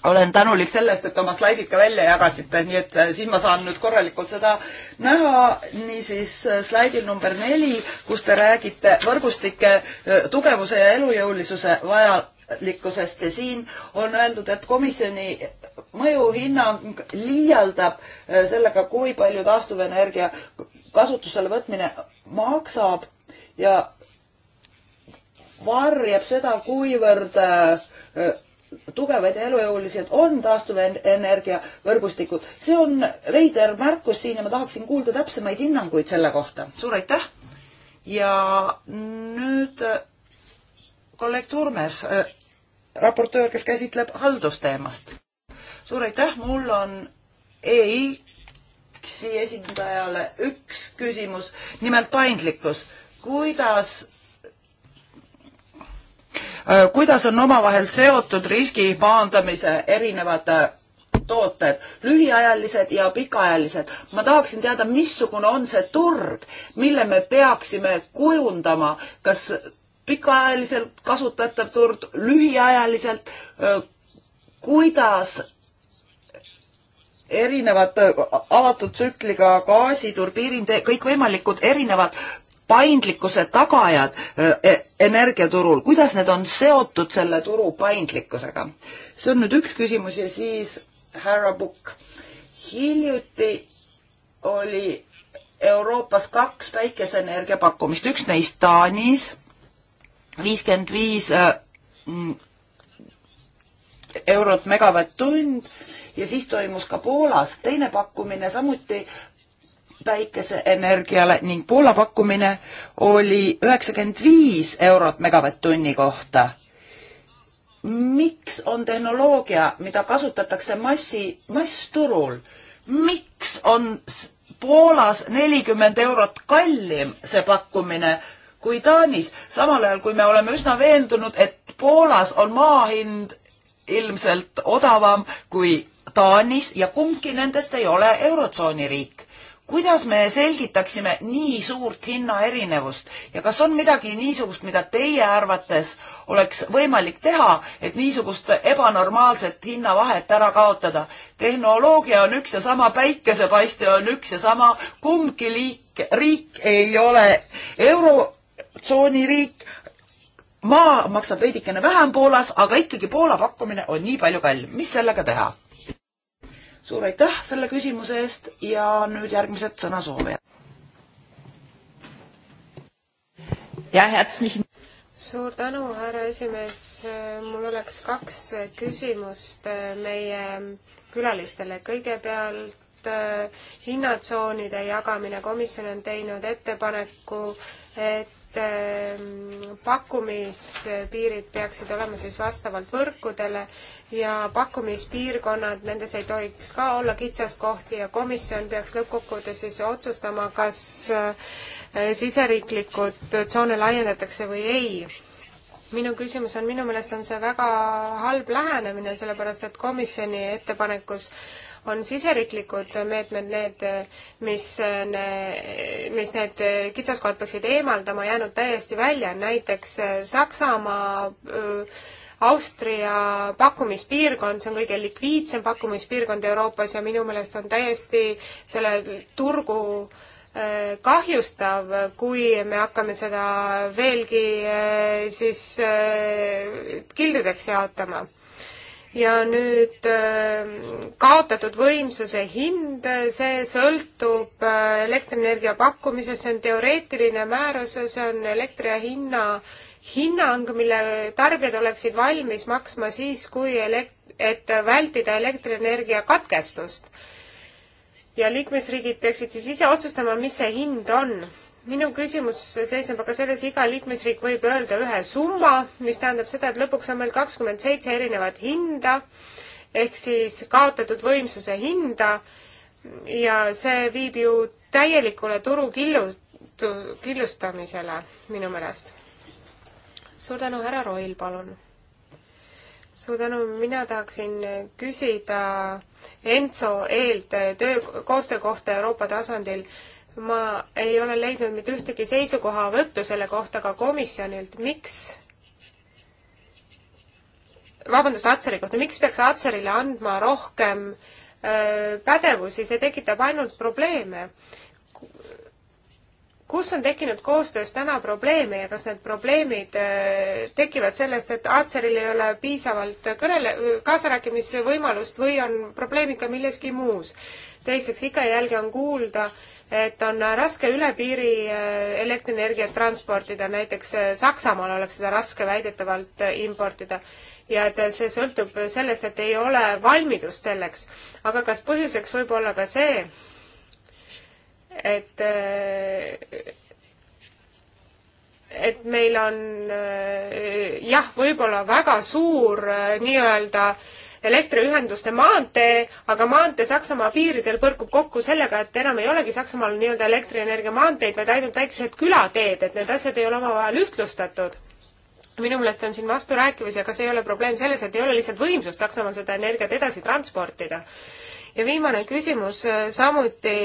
olen tänulik sellest, et oma slaidid ka välja jagasite, nii et äh, siin ma saan nüüd korralikult seda näha. niisiis äh, slaidil number neli, kus te räägite võrgustike äh, tugevuse ja elujõulisuse vajalikkusest ja siin on öeldud, et komisjoni mõjuhinnang liialdab sellega, kui palju taastuvenergia kasutusele võtmine maksab ja varjab seda, kuivõrd äh, tugevad ja elujõulised on taastuvenergia võrgustikud. see on veider märkus siin ja ma tahaksin kuulda täpsemaid hinnanguid selle kohta. suur aitäh! ja nüüd äh, kolleeg Turmes, äh, raportöör, kes käsitleb haldusteemast. suur aitäh, mul on EIX-i esindajale üks küsimus, nimelt paindlikkus. kuidas Äh, kuidas on omavahel seotud riski maandamise erinevad äh, tooted, lühiajalised ja pikaajalised. ma tahaksin teada, missugune on see turg, mille me peaksime kujundama, kas pikaajaliselt kasutatav turg, lühiajaliselt, äh, kuidas erinevad avatud tsükliga gaasiturbiinid, kõikvõimalikud erinevad paindlikkuse tagajad eh, e-, energiaturul, kuidas need on seotud selle turu paindlikkusega? see on nüüd üks küsimus ja siis härra Pukk. hiljuti oli Euroopas kaks päikeseenergia pakkumist, üks neist Taanis, viiskümmend viis eh, mm, eurot megavatt-tund ja siis toimus ka Poolas teine pakkumine samuti päikeseenergiale ning Poola pakkumine oli üheksakümmend viis eurot megavatt-tunni kohta. miks on tehnoloogia, mida kasutatakse massi, massturul, miks on Poolas nelikümmend eurot kallim see pakkumine kui Taanis, samal ajal kui me oleme üsna veendunud, et Poolas on maa hind ilmselt odavam kui Taanis ja kumbki nendest ei ole Eurotsooni riik kuidas me selgitaksime nii suurt hinnaerinevust ja kas on midagi niisugust, mida teie arvates oleks võimalik teha, et niisugust ebanormaalset hinnavahet ära kaotada? tehnoloogia on üks ja sama, päikesepaiste on üks ja sama, kumbki liik, riik ei ole eurotsooni riik, maa maksab veidikene vähem Poolas, aga ikkagi Poola pakkumine on nii palju kallim. mis sellega teha? suur aitäh selle küsimuse eest ja nüüd järgmised sõnasoovijad. suur tänu, härra esimees. mul oleks kaks küsimust meie külalistele. kõigepealt eh, hinnatsoonide jagamine. komisjon on teinud ettepaneku, et et ehm, pakkumispiirid peaksid olema siis vastavalt võrkudele ja pakkumispiirkonnad, nendes ei tohiks ka olla kitsaskohti ja komisjon peaks lõppkokkuvõttes siis otsustama, kas eh, siseriiklikud tsoone laiendatakse või ei minu küsimus on, minu meelest on see väga halb lähenemine, sellepärast et komisjoni ettepanekus on siseriiklikud meetmed need, mis, mis need kitsaskohad peaksid eemaldama, jäänud täiesti välja, näiteks äh, Saksamaa äh, Austria pakkumispiirkond, see on kõige likviidsem pakkumispiirkond Euroopas ja minu meelest on täiesti selle turgu äh, kahjustav, kui me hakkame seda veelgi siis kildudeks jaotama ja nüüd äh, kaotatud võimsuse hind, see sõltub äh, elektrienergia pakkumisest, see on teoreetiline määrus, see on elektri hinna hinnang, mille tarbijad oleksid valmis maksma siis, kui elekt-, et vältida elektrienergia katkestust. ja liikmesriigid peaksid siis ise otsustama, mis see hind on minu küsimus seisneb aga selles, iga liikmesriik võib öelda ühe summa, mis tähendab seda, et lõpuks on meil kakskümmend seitse erinevat hinda ehk siis kaotatud võimsuse hinda ja see viib ju täielikule turu killutu, killustamisele minu meelest. suur tänu, härra Roil, palun. suur tänu, mina tahaksin küsida Enso eelt töö, koostöö kohta Euroopa tasandil ma ei ole leidnud mitte ühtegi seisukohavõttu selle kohta ka komisjonilt, miks vabandust, Atseri kohta, miks peaks Atserile andma rohkem öö, äh, pädevusi, see tekitab ainult probleeme. kus on tekkinud koostöös täna probleeme ja kas need probleemid öö, äh, tekivad sellest, et Atseril ei ole piisavalt kõnele, kaasarääkimisvõimalust või on probleemid ka milleski muus? teiseks, ikka ja jälgi on kuulda, et on raske üle piiri äh, elektrienergiat transportida, näiteks äh, Saksamaal oleks seda raske väidetavalt äh, importida. ja et see sõltub sellest, et ei ole valmidust selleks. aga kas põhjuseks võib olla ka see, et et meil on jah, võib-olla väga suur nii-öelda äh, elektriühenduste maantee, aga maantee Saksamaa piiridel põrkub kokku sellega, et enam ei olegi Saksamaal nii-öelda elektrienergia maanteid, vaid ainult väiksed külateed, et need asjad ei ole omavahel ühtlustatud minu meelest on siin vasturääkivusi, aga see ei ole probleem selles, et ei ole lihtsalt võimsust Saksamaal seda energiat edasi transportida ja viimane küsimus äh, samuti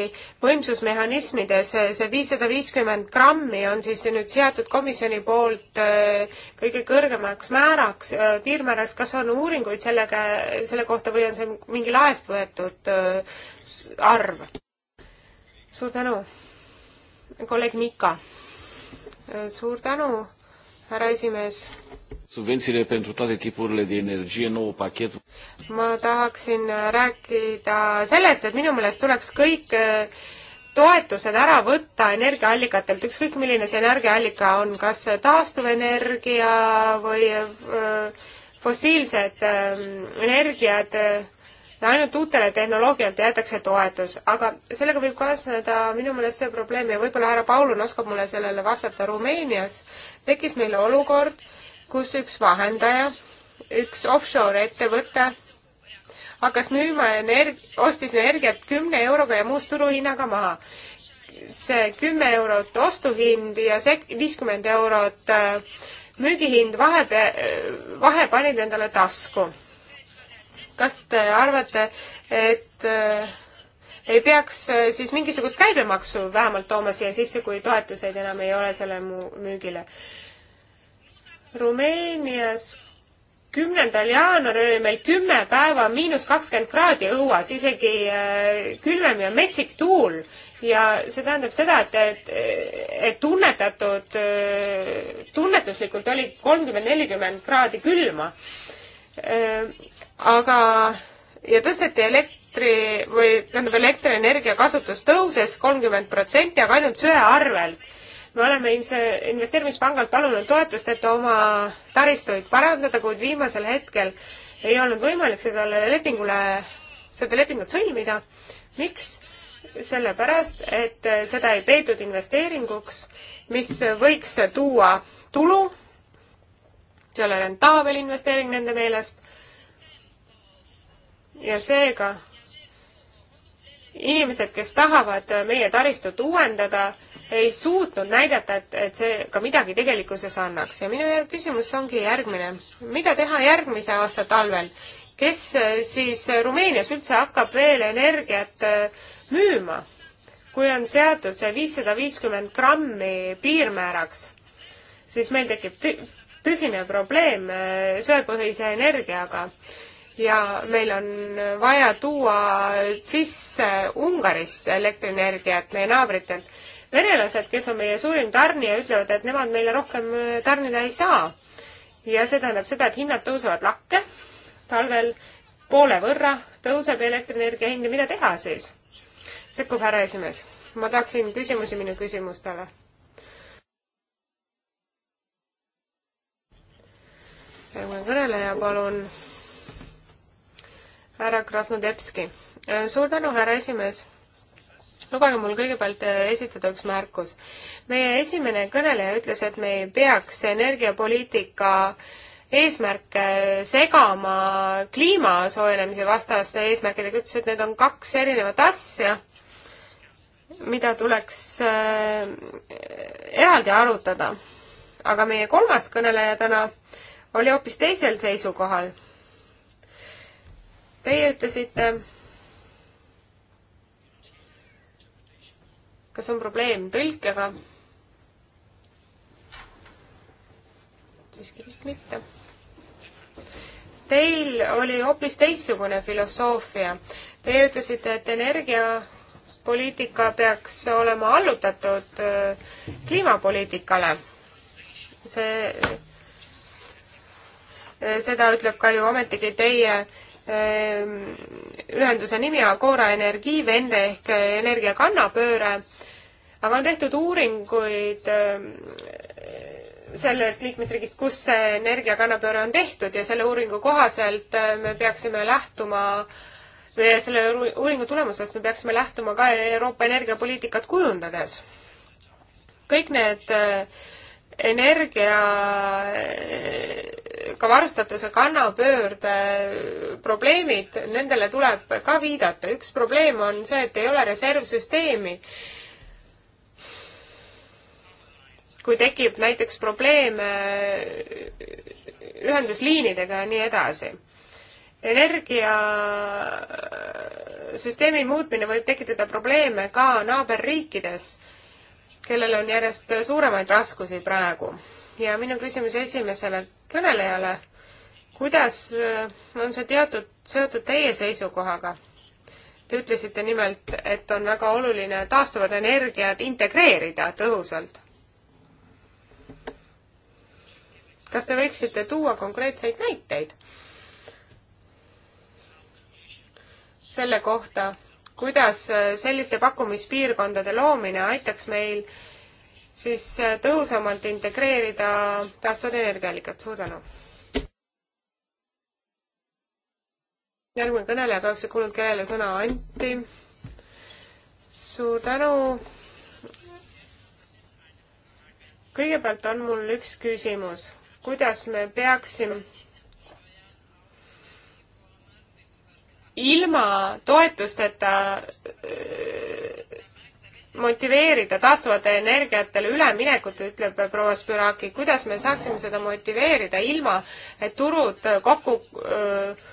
võimsusmehhanismides, äh, see viissada viiskümmend grammi on siis nüüd seatud komisjoni poolt äh, kõige kõrgemaks määraks, piirmääraks, kas on uuringuid sellega, selle kohta või on see mingi laest võetud arv? suur tänu, kolleeg Mika. suur tänu härra esimees. subventsiile pentru toate tipurile de energie, nou pakett. ma tahaksin rääkida sellest, et minu meelest tuleks kõik äh, toetused ära võtta energiaallikatelt, ükskõik milline see energiaallika on, kas taastuvenergia või äh, fossiilsed ähm, energiad äh, ainult uutele tehnoloogiatele jäetakse toetus, aga sellega võib kaasneda minu meelest see probleem ja võib-olla härra Paulun oskab mulle sellele vastata, Rumeenias tekkis meil olukord, kus üks vahendaja, üks offshore ettevõte hakkas müüma energ-, ostis energiat kümne euroga ja muust turuhinnaga maha see kümme eurot ostuhind ja sek-, viiskümmend eurot äh, müügihind vahe, vahe panid endale tasku kas te arvate, et äh, ei peaks äh, siis mingisugust käibemaksu vähemalt tooma siia sisse, kui toetuseid enam ei ole selle müügile? Rumeenias kümnendal jaanuaril oli meil kümme päeva miinus kakskümmend kraadi õues, isegi äh, külmem ja metsik tuul ja see tähendab seda, et, et, et tunnetatud, tunnetuslikult oli kolmkümmend, nelikümmend kraadi külma Äh, aga, ja tõsteti elektri või tähendab, elektrienergia kasutus tõuses kolmkümmend protsenti, aga ainult söe arvel. me oleme investeerimispangalt palunud toetust, et oma taristuid parandada, kuid viimasel hetkel ei olnud võimalik sellele lepingule, seda lepingut sõlmida. miks? sellepärast, et seda ei peetud investeeringuks, mis võiks tuua tulu see ei ole rentaabel investeering nende meelest. ja seega inimesed, kes tahavad meie taristut uuendada, ei suutnud näidata, et, et see ka midagi tegelikkuses annaks ja minu küsimus ongi järgmine. mida teha järgmise aasta talvel? kes äh, siis äh, Rumeenias üldse hakkab veel energiat äh, müüma, kui on seatud see viissada viiskümmend grammi piirmääraks? siis meil tekib tõsine probleem äh, söepõhise energiaga ja meil on vaja tuua sisse Ungarist elektrienergiat meie naabritelt. venelased, kes on meie suurim tarnija, ütlevad, et nemad meile rohkem äh, tarnida ei saa. ja see tähendab seda, et hinnad tõusevad lakke talvel poole võrra, tõuseb elektrienergia hind ja mida teha siis? sekkub härra esimees. ma tahaksin küsimusi minu küsimustele järgmine kõneleja, palun. härra Krasnodebski. Äh, suur tänu, härra esimees lubage mul kõigepealt äh, esitada üks märkus. meie esimene kõneleja ütles, et me ei peaks energiapoliitika eesmärke segama kliima soojenemise vastaste eesmärkidega, ütles, et need on kaks erinevat asja, mida tuleks äh, eraldi arutada. aga meie kolmas kõneleja täna oli hoopis teisel seisukohal. Teie ütlesite, kas on probleem tõlkega? siiski vist mitte. Teil oli hoopis teistsugune filosoofia. Teie ütlesite, et energiapoliitika peaks olema allutatud äh, kliimapoliitikale. see Äh, seda ütleb ka ju ometigi teie ähm, ühenduse nimi Agora Energii Vende ehk energiakannapööre, aga on tehtud uuringuid ähm, sellest liikmesriigist, kus see energiakannapööre on tehtud ja selle uuringu kohaselt äh, me peaksime lähtuma või selle uuringu tulemusest me peaksime lähtuma ka Euroopa energiapoliitikat kujundades. kõik need äh, energiaga varustatuse kannapöörde probleemid, nendele tuleb ka viidata. üks probleem on see, et ei ole reservsüsteemi. kui tekib näiteks probleeme äh, ühendusliinidega ja nii edasi energiasüsteemi äh, muutmine võib tekitada probleeme ka naaberriikides kellel on järjest suuremaid raskusi praegu. ja minu küsimus esimesele kõnelejale, kuidas äh, on see teatud, seotud teie seisukohaga? Te ütlesite nimelt, et on väga oluline taastuvad energiad integreerida tõhusalt. kas te võiksite tuua konkreetseid näiteid selle kohta, kuidas äh, selliste pakkumispiirkondade loomine aitaks meil siis äh, tõhusamalt integreerida taastuvenergiaallikat, suur tänu! järgmine kõneleja, kahjuks ei kuulnud, kellele sõna anti. suur tänu! kõigepealt on mul üks küsimus, kuidas me peaksime ilma toetusteta äh, motiveerida taastuvatele energiatele üleminekut, ütleb proua Spüraki, kuidas me saaksime seda motiveerida ilma, et turud kokku äh,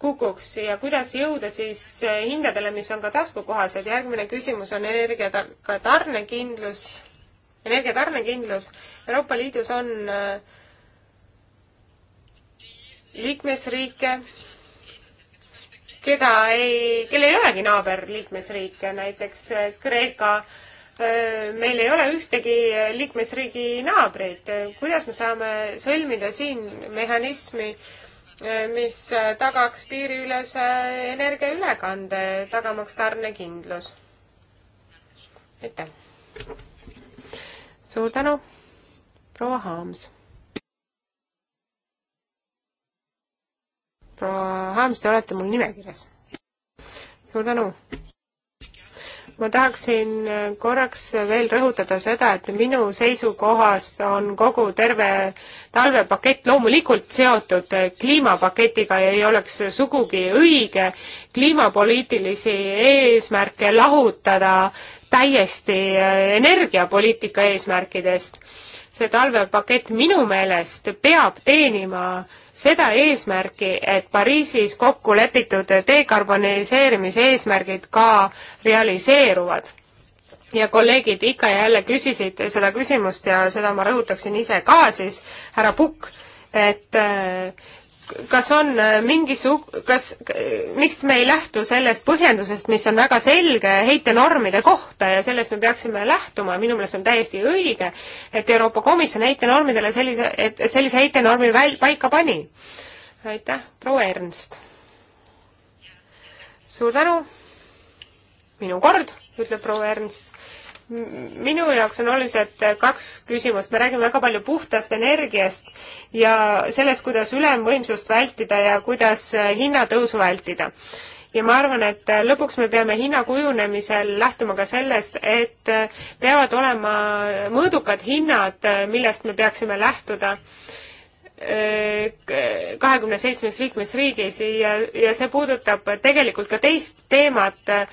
kukuks ja kuidas jõuda siis äh, hindadele, mis on ka taskukohased. järgmine küsimus on energiatarnekindlus, tarnekindlus. energia tarnekindlus. Euroopa Liidus on liikmesriike, keda ei, kellel ei olegi naaberliikmesriike, näiteks äh, Kreeka. Äh, meil ei ole ühtegi äh, liikmesriigi naabreid. kuidas me saame sõlmida siin mehhanismi, mis tagaks piiriülese energiaülekande, tagamaks tarnekindlus? aitäh! suur tänu, proua Haams proua Haams, te olete mul nimekirjas. suur tänu! ma tahaksin äh, korraks veel rõhutada seda, et minu seisukohast on kogu terve talvepakett loomulikult seotud äh, kliimapaketiga ja ei oleks sugugi õige kliimapoliitilisi eesmärke lahutada täiesti äh, energiapoliitika eesmärkidest. see talvepakett minu meelest peab teenima seda eesmärki, et Pariisis kokku lepitud dekarboniseerimise eesmärgid ka realiseeruvad. ja kolleegid ikka ja jälle küsisid seda küsimust ja seda ma rõhutaksin ise ka siis, härra Pukk, et kas on äh, mingisug-, kas, miks me ei lähtu sellest põhjendusest, mis on väga selge heitenormide kohta ja sellest me peaksime lähtuma ja minu meelest on täiesti õige, et Euroopa Komisjon heitenormidele sellise, et, et sellise heitenormi väl-, paika pani. aitäh, proua Ernst! suur tänu! minu kord, ütleb proua Ernst minu jaoks on olulised kaks küsimust, me räägime väga palju puhtast energiast ja sellest, kuidas ülemvõimsust vältida ja kuidas äh, hinnatõusu vältida. ja ma arvan, et äh, lõpuks me peame hinna kujunemisel lähtuma ka sellest, et äh, peavad olema mõõdukad hinnad, millest me peaksime lähtuda kahekümne seitsmes liikmesriigis ja, ja see puudutab tegelikult ka teist teemat äh,,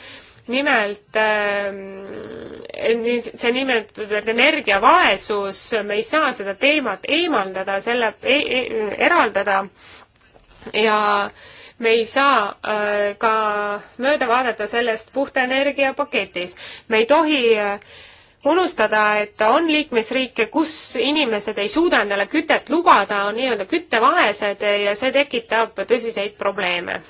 nimelt ähm, see nimetatud energiavaesus, me ei saa seda teemat eemaldada, selle e e eraldada ja me ei saa äh, ka mööda vaadata sellest puhta energia paketis. me ei tohi äh, unustada, et on liikmesriike, kus inimesed ei suuda endale kütet lubada, on nii-öelda küttevaesed ja see tekitab tõsiseid probleeme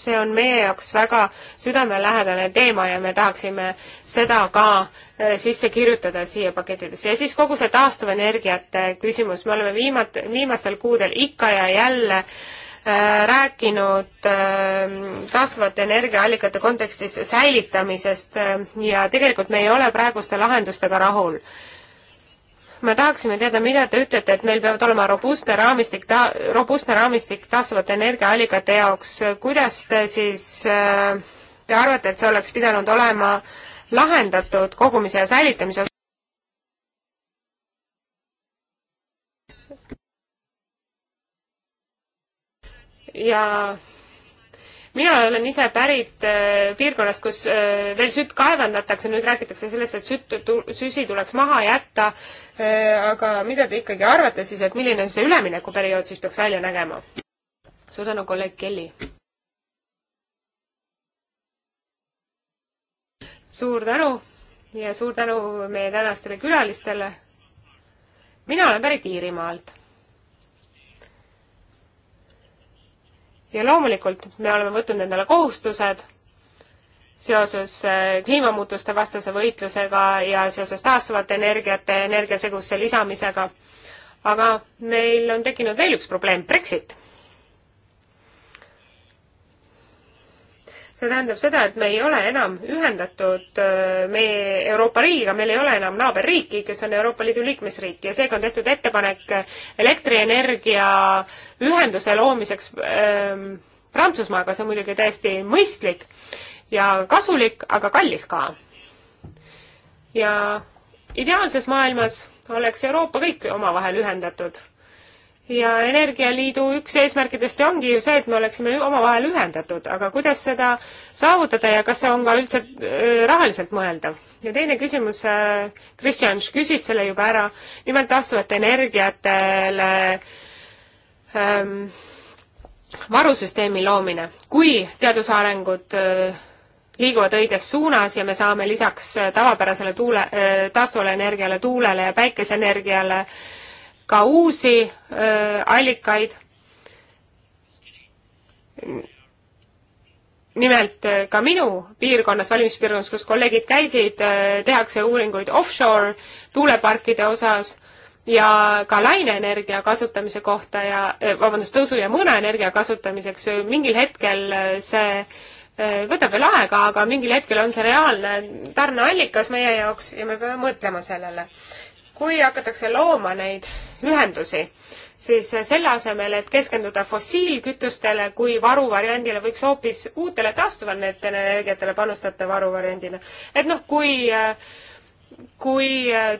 see on meie jaoks väga südamelähedane teema ja me tahaksime seda ka äh, sisse kirjutada siia pakettidesse. ja siis kogu see taastuvenergiate küsimus, me oleme viimat-, viimastel kuudel ikka ja jälle äh, rääkinud ähm, taastuvate energiaallikate kontekstis säilitamisest äh, ja tegelikult me ei ole praeguste lahendustega rahul me tahaksime teada, mida te ütlete, et meil peavad olema robustne raamistik, ta-, robustne raamistik taastuvate energiaallikate jaoks, kuidas te siis, äh, te arvate, et see oleks pidanud olema lahendatud kogumise ja säilitamise osas? ja mina olen ise pärit äh, piirkonnast, kus äh, veel sütt kaevandatakse, nüüd räägitakse sellest, et sütt, süsi tuleks maha jätta äh,. aga mida te ikkagi arvate siis, et milline see üleminekuperiood siis peaks välja nägema? suur tänu, kolleeg Kelly. suur tänu ja suur tänu meie tänastele külalistele. mina olen pärit Iirimaalt ja loomulikult me oleme võtnud endale kohustused seoses äh, kliimamuutuste vastase võitlusega ja seoses taastuvate energiate energiasegusse lisamisega. aga meil on tekkinud veel üks probleem, Brexit see tähendab seda, et me ei ole enam ühendatud äh, meie Euroopa riigiga, meil ei ole enam naaberriiki, kes on Euroopa Liidu liikmesriik ja seega on tehtud ettepanek elektrienergia ühenduse loomiseks ähm, Prantsusmaaga, see on muidugi täiesti mõistlik ja kasulik, aga kallis ka. ja ideaalses maailmas oleks Euroopa kõik omavahel ühendatud ja Energialiidu üks eesmärkidest ongi ju see, et me oleksime omavahel ühendatud, aga kuidas seda saavutada ja kas see on ka üldse äh, rahaliselt mõeldav? ja teine küsimus, Kristjan äh, küsis selle juba ära, nimelt taastuvate energiatele ähm, varusüsteemi loomine. kui teaduse arengud äh, liiguvad õiges suunas ja me saame lisaks äh, tavapärasele tuule äh,, taastuvale energiale, tuulele ja päikeseenergiale äh, ka uusi öö, äh, allikaid. nimelt äh, ka minu piirkonnas, valimispiirkonnas, kus kolleegid käisid, äh, tehakse uuringuid offshore tuuleparkide osas ja ka laineenergia kasutamise kohta ja vabandust, tõusu- ja mõõnaenergia kasutamiseks. mingil hetkel see võtab veel aega, aga mingil hetkel on see reaalne tarneallikas meie jaoks ja me peame mõtlema sellele kui hakatakse looma neid ühendusi, siis selle asemel, et keskenduda fossiilkütustele kui varuvariandile, võiks hoopis uutele taastuvaneetele energiatele panustada varuvariandina. et noh, kui kui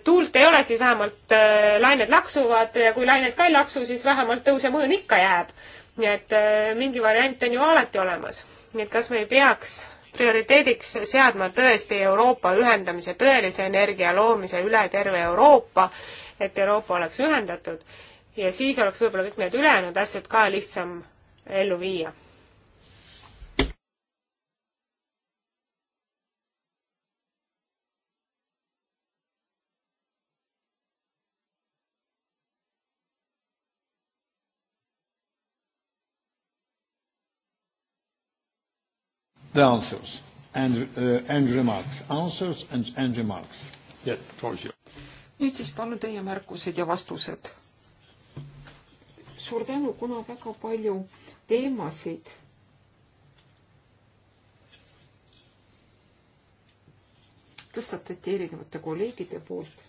tuult ei ole, siis vähemalt äh, lained laksuvad ja kui lained ka ei laksu, siis vähemalt tõusemõõn ikka jääb. nii et äh, mingi variant on ju alati olemas. nii et kas me ei peaks prioriteediks seadma tõesti Euroopa ühendamise, tõelise energia loomise üle terve Euroopa, et Euroopa oleks ühendatud ja siis oleks võib-olla kõik need ülejäänud asjad ka lihtsam ellu viia the answers and, uh, and remarks. Answers and, and remarks. Yeah, towards you. nüüd siis palun teie märkused ja vastused. suur tänu, kuna väga palju teemasid tõstatati erinevate kolleegide poolt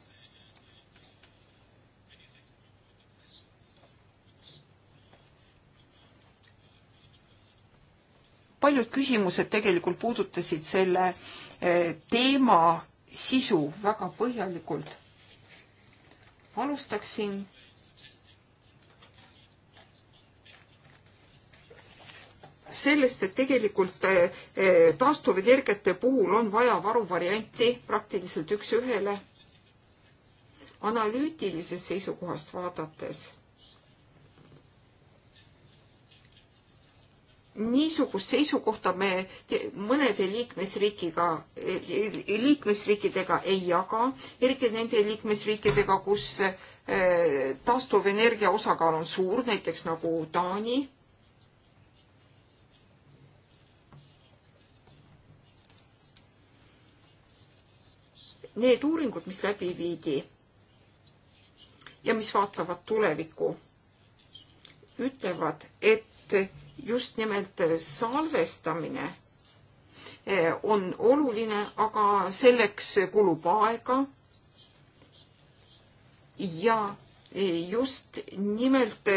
paljud küsimused tegelikult puudutasid selle eh, teema sisu väga põhjalikult. alustaksin sellest, et tegelikult eh, eh, taastuvenergiate puhul on vaja varuvarianti praktiliselt üks-ühele. analüütilisest seisukohast vaadates niisugust seisukohta me mõnede liikmesriikiga, e-, liikmesriikidega ei jaga, eriti nende liikmesriikidega, kus eh, taastuvenergia osakaal on suur, näiteks nagu Taani. Need uuringud, mis läbi viidi ja mis vaatavad tulevikku, ütlevad, et just nimelt äh, salvestamine äh, on oluline, aga selleks kulub aega. ja äh, just nimelt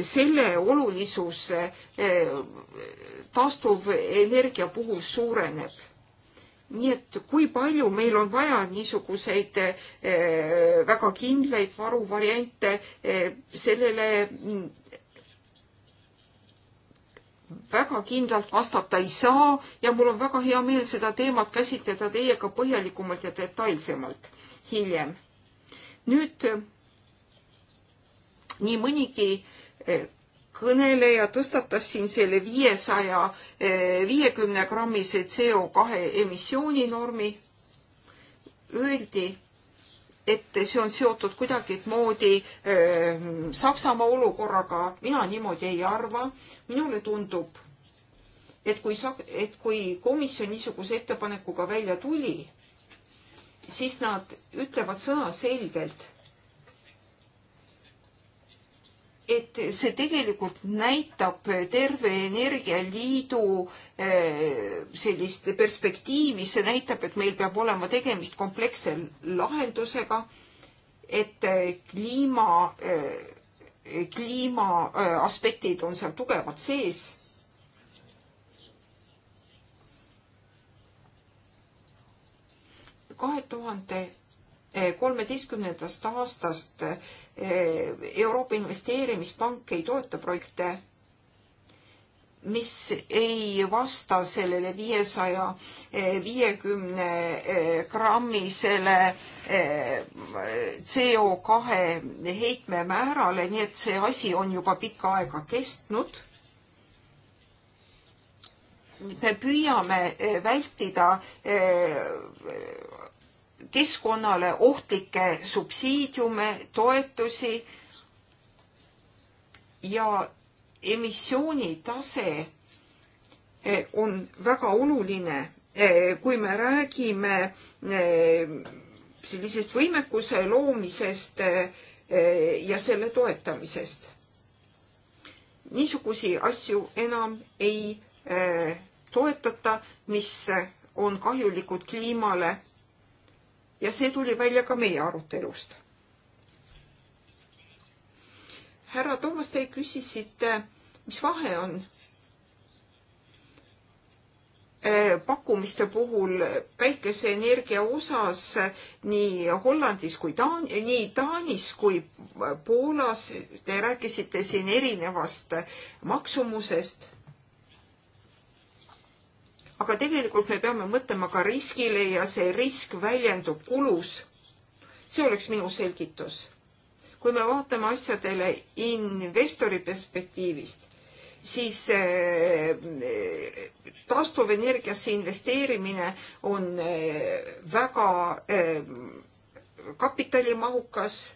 selle olulisus taastuvenergia puhul suureneb. nii et kui palju meil on vaja niisuguseid väga kindlaid varuvariante, sellele mm, väga kindlalt vastata ei saa ja mul on väga hea meel seda teemat käsitleda teiega põhjalikumalt ja detailsemalt hiljem. nüüd eh, nii mõnigi eh, kõneleja tõstatas siin selle viiesaja eh, viiekümne grammise CO kahe emissiooninormi. Öeldi, et see on seotud kuidagimoodi äh, Saksamaa olukorraga, mina niimoodi ei arva. minule tundub, et kui sa, et kui komisjon niisuguse ettepanekuga välja tuli, siis nad ütlevad sõnaselgelt et see tegelikult näitab terve energialiidu eh, sellist perspektiivi, see näitab, et meil peab olema tegemist kompleksse lahendusega, et eh, kliima, eh, kliima aspektid on seal tugevalt sees. kahe tuhande kolmeteistkümnendast aastast Eh, Euroopa Investeerimispank ei toeta projekte, mis ei vasta sellele viiesaja eh, viiekümne eh, grammisele CO kahe heitmemäärale, nii et see asi on juba pikka aega kestnud me püüame vältida keskkonnale ohtlikke subsiidiume, toetusi ja emissioonitase eh, on väga oluline, eh, kui me räägime eh, sellisest võimekuse loomisest ja selle toetamisest. niisugusi asju enam ei toetata, mis on kahjulikud kliimale ja see tuli välja ka meie arutelust. härra Toomas, te küsisite, mis vahe on eh, pakkumiste puhul päikeseenergia osas nii Hollandis kui Taan-, nii Taanis kui Poolas. Te rääkisite siin erinevast maksumusest aga tegelikult me peame mõtlema ka riskile ja see risk väljendub kulus. see oleks minu selgitus. kui me vaatame asjadele investori perspektiivist, siis eh, taastuvenergiasse investeerimine on eh, väga eh, kapitalimahukas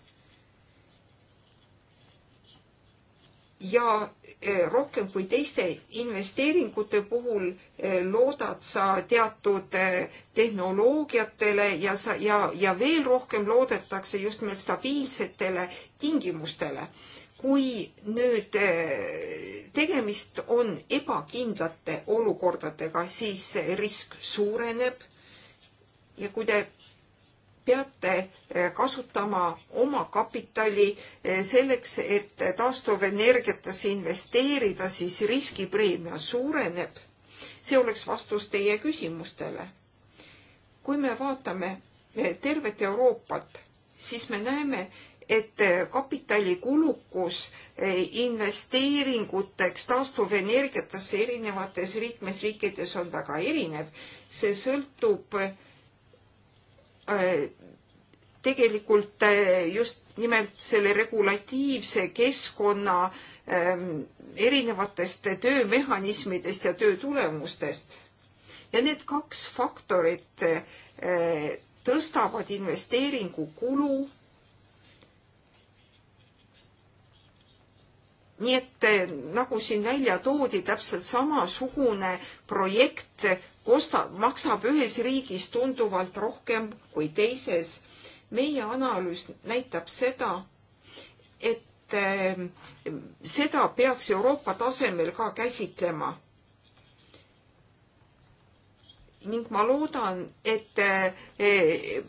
ja Eh, rohkem kui teiste investeeringute puhul eh, loodad sa teatud eh, tehnoloogiatele ja sa ja, ja veel rohkem loodetakse just nimelt stabiilsetele tingimustele. kui nüüd tegemist on ebakindlate olukordadega, siis risk suureneb. ja kui te peate eh, kasutama oma kapitali eh, selleks, et taastuvenergiatesse investeerida, siis riskipreemia suureneb. see oleks vastus teie küsimustele. kui me vaatame eh, tervet Euroopat, siis me näeme, et kapitalikulukus investeeringuteks taastuvenergiatesse erinevates liikmesriikides on väga erinev. see sõltub Äh, tegelikult äh, just nimelt selle regulatiivse keskkonna ähm, erinevatest töömehhanismidest ja töö tulemustest. ja need kaks faktorit äh, tõstavad investeeringu kulu. nii et nagu siin välja toodi, täpselt samasugune projekt ostab, maksab ühes riigis tunduvalt rohkem kui teises. meie analüüs näitab seda, et eh, seda peaks Euroopa tasemel ka käsitlema ning ma loodan, et eh,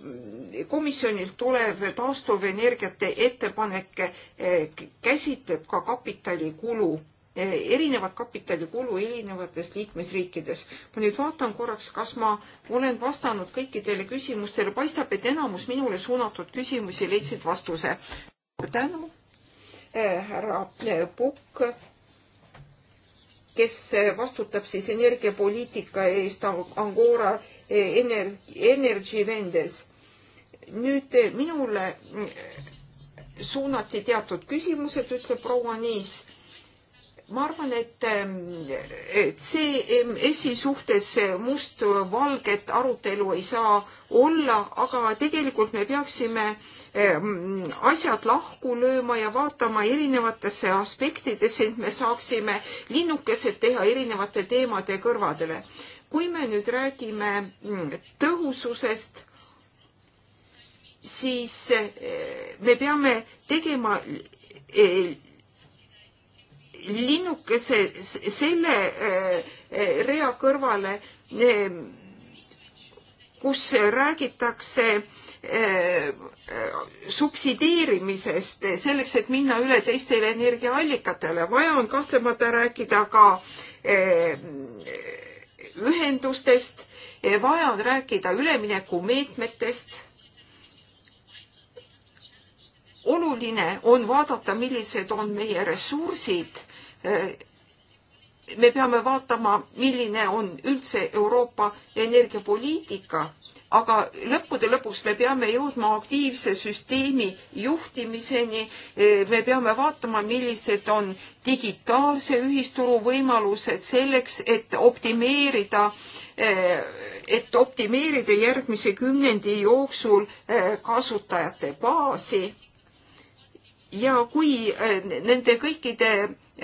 komisjonilt tulev taastuvenergiate ettepanek eh, käsitleb ka kapitalikulu erinevad kapitalikulu erinevates liikmesriikides. ma nüüd vaatan korraks, kas ma olen vastanud kõikidele küsimustele, paistab, et enamus minule suunatud küsimusi leidsid vastuse. tänu, eh, härra eh, Pukk, kes eh, vastutab siis energiapoliitika eest Angora Ener-, Energy Vendes. nüüd minule mm, suunati teatud küsimused, ütleb proua Niis ma arvan, et, ähm, et CMS-i suhtes mustvalget arutelu ei saa olla, aga tegelikult me peaksime ähm, asjad lahku lööma ja vaatama erinevatesse aspektidesse, et me saaksime linnukesed teha erinevate teemade kõrvadele. kui me nüüd räägime mm, tõhususest, siis äh, me peame tegema äh, linnukese selle eh, eh, rea kõrvale, eh, kus räägitakse subsideerimisest selleks, et minna üle teistele energiaallikatele. vaja on kahtlemata rääkida ka ühendustest, vaja on rääkida üleminekumeetmetest oluline on vaadata, millised on meie ressursid Äh, me peame vaatama, milline on üldse Euroopa energiapoliitika, aga lõppude lõpuks me peame jõudma aktiivse süsteemi juhtimiseni. Äh, me peame vaatama, millised on digitaalse ühisturu võimalused selleks, et optimeerida, äh, et optimeerida järgmise kümnendi jooksul kasutajate baasi ja kui nende kõikide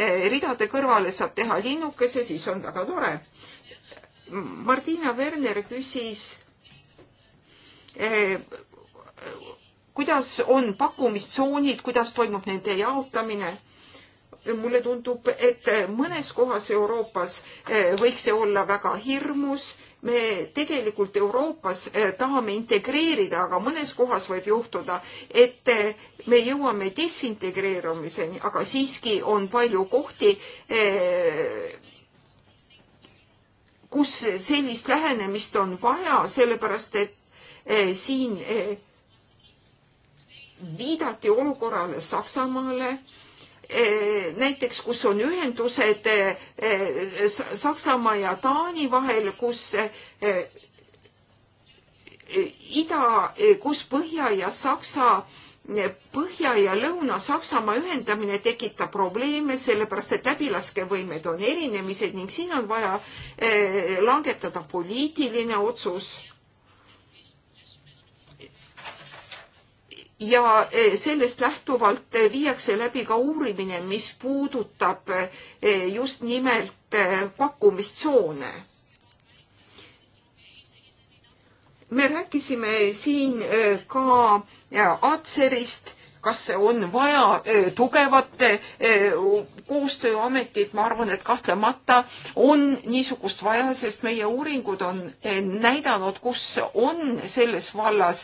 Eh, ridade kõrvale saab teha linnukese, siis on väga tore. Martina Werner küsis, eh, kuidas on pakkumistsoonid, kuidas toimub nende jaotamine mulle tundub, et mõnes kohas Euroopas eh, võiks see olla väga hirmus, me tegelikult Euroopas eh, tahame integreerida, aga mõnes kohas võib juhtuda, et eh, me jõuame disintegreerumiseni, aga siiski on palju kohti, eh, kus sellist lähenemist on vaja, sellepärast et siin viidati olukorrale Saksamaale Eh, näiteks kus on ühendused eh, eh, Saksamaa ja Taani vahel, kus ida, kus Põhja ja Saksa Põhja ja Lõuna-Saksamaa ühendamine tekitab probleeme, sellepärast et läbilaskevõimed on erinemised ning siin on vaja langetada poliitiline otsus ja eh, sellest lähtuvalt eh, viiakse läbi ka uurimine, mis puudutab eh, just nimelt pakkumistsoone. me rääkisime siin ka Atserist kas on vaja eh, tugevat eh, koostööametit, ma arvan, et kahtlemata on niisugust vaja, sest meie uuringud on eh, näidanud, kus on selles vallas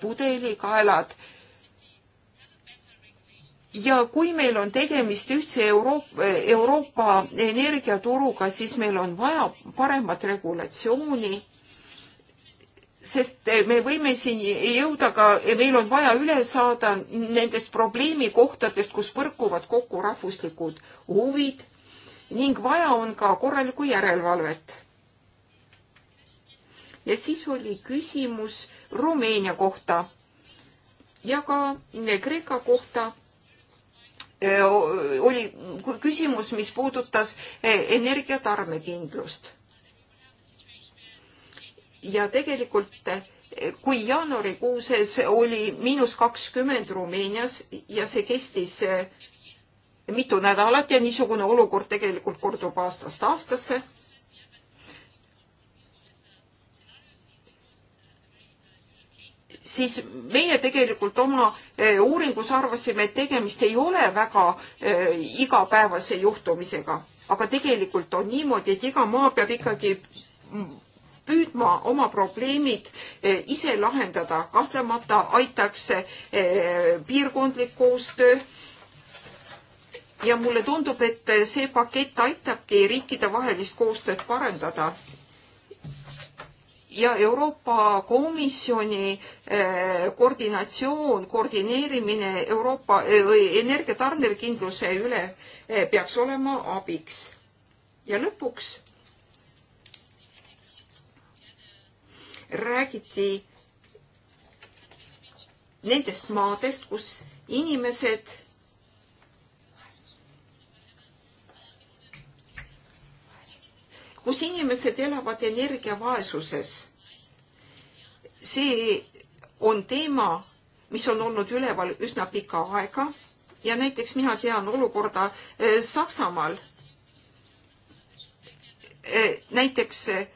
pudelikaelad. ja kui meil on tegemist ühtse Euroopa, Euroopa energiaturuga, siis meil on vaja paremat regulatsiooni sest me võime siin jõuda ka, meil on vaja üle saada nendest probleemikohtadest, kus põrkuvad kokku rahvuslikud huvid ning vaja on ka korralikku järelevalvet. ja siis oli küsimus Rumeenia kohta ja ka Kreeka kohta äh, oli küsimus, mis puudutas äh, energiatarmekindlust ja tegelikult eh, kui jaanuarikuuses oli miinus kakskümmend Rumeenias ja see kestis eh, mitu nädalat ja niisugune olukord tegelikult kordub aastast aastasse siis meie tegelikult oma eh, uuringus arvasime, et tegemist ei ole väga igapäevase juhtumisega, aga tegelikult on niimoodi, et iga maa peab ikkagi püüdma oma probleemid eh, ise lahendada. kahtlemata aitaks eh, piirkondlik koostöö ja mulle tundub, et see pakett aitabki riikidevahelist koostööd parendada. ja Euroopa Komisjoni eh, koordinatsioon, koordineerimine Euroopa või energiatarnerkindluse üle peaks olema abiks. ja lõpuks räägiti nendest maadest, kus inimesed kus inimesed elavad energiavaesuses. see on teema, mis on olnud üleval üsna pikka aega ja näiteks mina tean olukorda eh, Saksamaal. Eh, näiteks eh,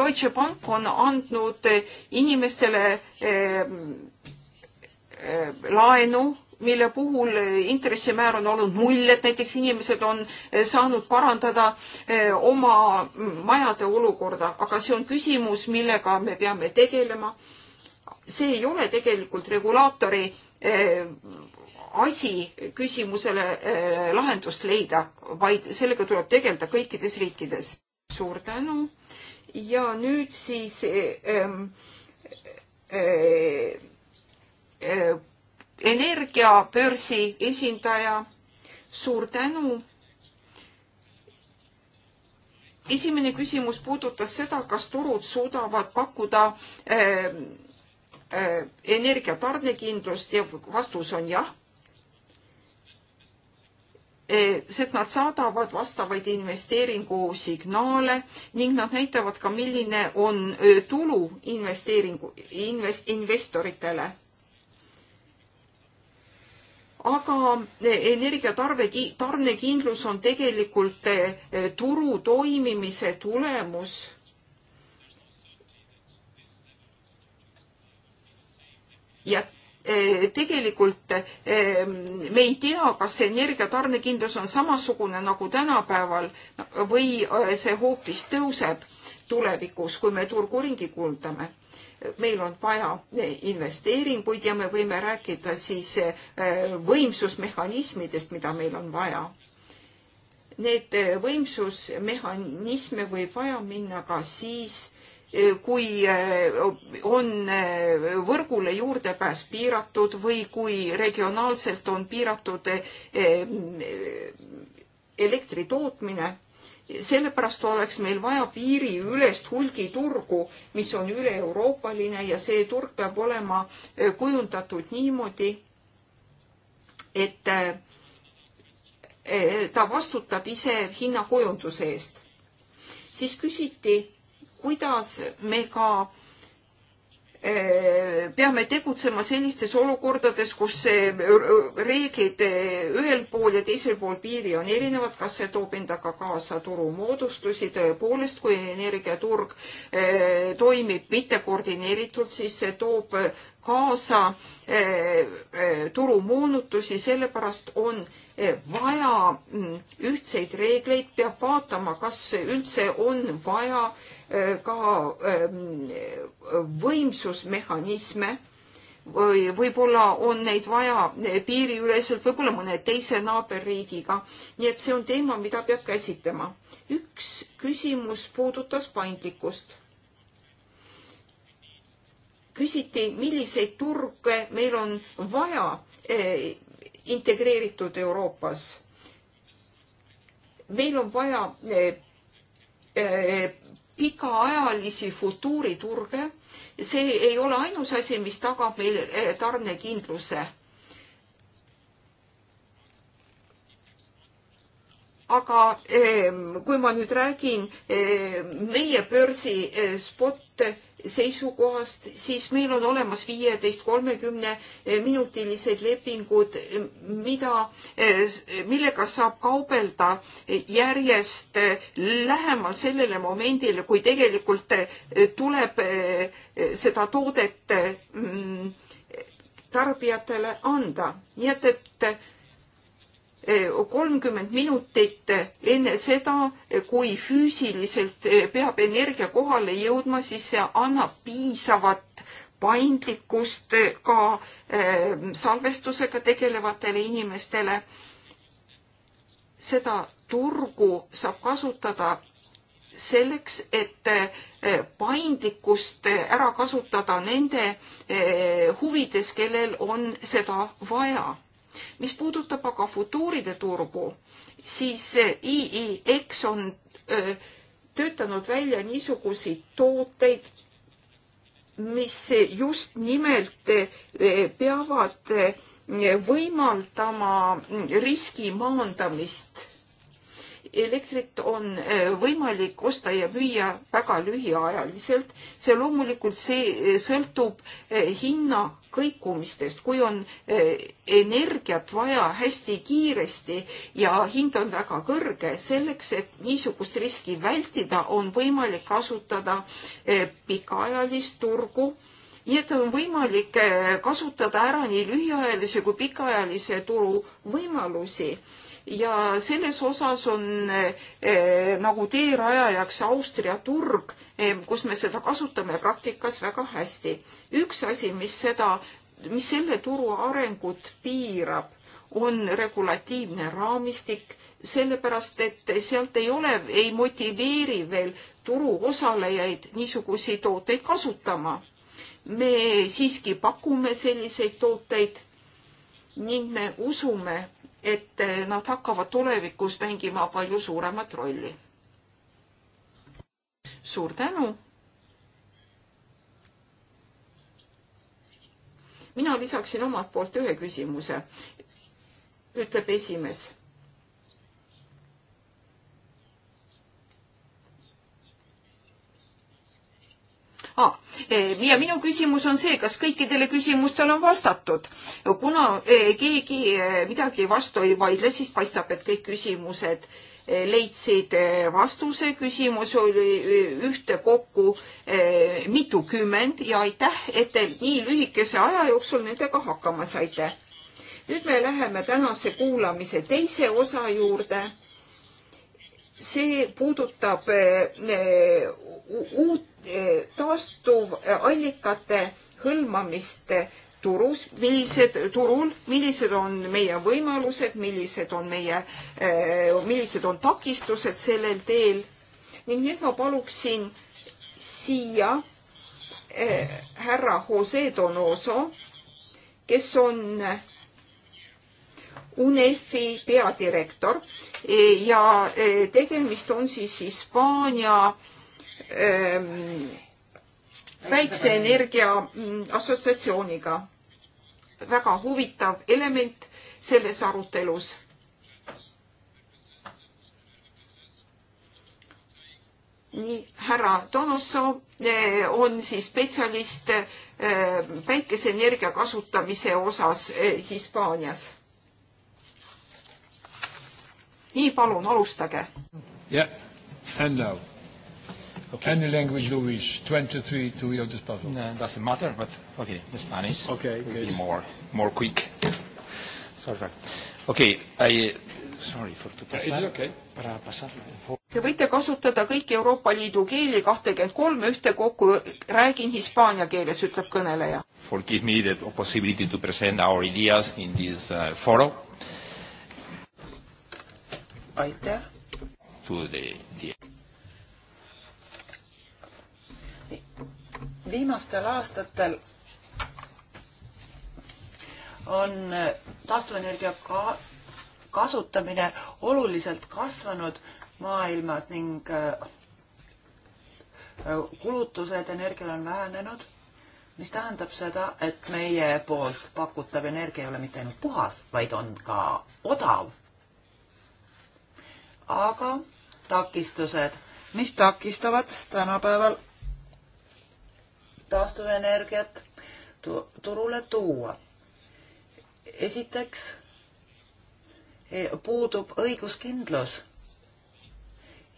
Deutsche Bank on andnud inimestele eh, eh, laenu, mille puhul intressimäär on olnud null, et näiteks inimesed on eh, saanud parandada oma majade olukorda, aga see on küsimus, millega me peame tegelema. see ei ole tegelikult regulaatori asi küsimusele lahendust leida, vaid sellega tuleb tegeleda kõikides riikides suur tänu ja nüüd siis ähm, äh, äh, energiabörsi esindaja, suur tänu. esimene küsimus puudutas seda, kas turud suudavad pakkuda äh, äh, energia tarnekindlust ja vastus on jah Eh, sest nad saadavad vastavaid investeeringusignaale ning nad näitavad ka, milline on eh, tulu investeeringu, invest-, investoritele. aga eh, energiatarve, tarnekindlus on tegelikult turu toimimise tulemus ja Eh, tegelikult eh, me ei tea, kas energia tarnekindlus on samasugune nagu tänapäeval või eh, see hoopis tõuseb tulevikus, kui me turgu ringi kuuldame. meil on vaja investeeringuid ja me võime rääkida siis võimsusmehhanismidest, mida meil on vaja. Need võimsusmehhanisme võib vaja minna ka siis kui eh, on eh, võrgule juurdepääs piiratud või kui regionaalselt on piiratud eh, elektri tootmine, sellepärast oleks meil vaja piiriülest hulgiturgu, mis on üle-euroopaline ja see turg peab olema kujundatud niimoodi, et ta vastutab ise hinnakujunduse eest. siis küsiti kuidas me ka Äh, peame tegutsema sellistes olukordades, kus reeglid äh, ühel pool ja teisel pool piiri on erinevad, kas see toob endaga kaasa turumoodustusi, tõepoolest, kui energiaturg äh, toimib mittekoordineeritult, siis see toob kaasa turumoonutusi, sellepärast on vaja mm, ühtseid reegleid, peab vaatama, kas üldse on vaja ka ähm, võimsusmehhanisme või võib-olla on neid vaja piiriüleselt, võib-olla mõne teise naaberriigiga. nii et see on teema, mida peab käsitlema. üks küsimus puudutas paindlikkust. küsiti, milliseid turge meil on vaja eh, integreeritud Euroopas. meil on vaja eh, eh, pikaajalisi futuuriturge. see ei ole ainus asi, mis tagab meile eh, tarnekindluse aga ehm, kui ma nüüd räägin ehm, meie börsi eh, spot seisukohast, siis meil on olemas viieteist, kolmekümne eh, minutilised lepingud, eh, mida, millega saab kaubelda järjest lähemal sellele momendile, kui tegelikult tuleb seda toodet mm, tarbijatele anda. nii et, et kolmkümmend minutit enne seda, kui füüsiliselt peab energia kohale jõudma, siis see annab piisavat paindlikkust ka ehm, salvestusega tegelevatele inimestele. seda turgu saab kasutada selleks, et eh, paindlikkust ära kasutada nende eh, huvides, kellel on seda vaja mis puudutab aga futuuride turgu, siis eh, IIX e on öö, eh, töötanud välja niisuguseid tooteid, mis just nimelt eh, peavad võimaldama mm, riski maandamist elektrit on äh, võimalik osta ja müüa väga lühiajaliselt. see loomulikult, see äh, sõltub äh, hinna kõikumistest, kui on energiat vaja hästi kiiresti ja hind on väga kõrge, selleks, et niisugust riski vältida, on võimalik kasutada pikaajalist turgu nii et on võimalik kasutada ära nii lühiajalise kui pikaajalise turu võimalusi ja selles osas on eh, eh, nagu teerajajaks Austria turg eh,, kus me seda kasutame praktikas väga hästi. üks asi, mis seda, mis selle turu arengut piirab, on regulatiivne raamistik, sellepärast et sealt ei ole, ei motiveeri veel turuosalejaid niisuguseid tooteid kasutama. me siiski pakume selliseid tooteid ning me usume, et eh, nad hakkavad tulevikus mängima palju suuremat rolli. suur tänu. mina lisaksin omalt poolt ühe küsimuse, ütleb esimees Ah, eh, ja minu küsimus on see, kas kõikidele küsimustele on vastatud. kuna eh, keegi eh, midagi vastu ei vaidle, siis paistab, et kõik küsimused leidsid vastuse. küsimus oli ühtekokku mitukümmend ja aitäh, et te nii lühikese aja jooksul nendega hakkama saite. nüüd me läheme tänase kuulamise teise osa juurde see puudutab eh, eh, uut eh, taastuvallikate hõlmamist turus, millised, turul, millised on meie võimalused, millised on meie, millised on takistused sellel teel. ning nüüd ma paluksin siia härra Jose Donoso, kes on UNEF-i peadirektor e, ja e, tegemist on siis Hispaania päikseenergia ehm, mm, assotsiatsiooniga. väga huvitav element selles arutelus. nii, härra Donoso e, on siis spetsialist päikeseenergia kasutamise osas Hispaanias nii palun, alustage. jah yeah., and now. Okay. Any language you wish, 23 to your disposal. No, it doesn't matter, but okay, the Spanish okay, will good. be more, more quick. Sorry. Okay, I, sorry for to pasar. Yeah, okay. Para pasar. Te võite kasutada kõiki Euroopa Liidu keeli, kahtekümmend kolm ühtekokku, räägin hispaania keeles, ütleb kõneleja. Forgive me the possibility to present our ideas in this uh, forum aitäh. viimastel aastatel on taastuvenergia ka kasutamine oluliselt kasvanud maailmas ning äh, kulutused energial on vähenenud, mis tähendab seda, et meie poolt pakutav energia ei ole mitte ainult puhas, vaid on ka odav aga takistused, mis takistavad tänapäeval taastuvenergiat turule tuua. esiteks e, puudub õiguskindlus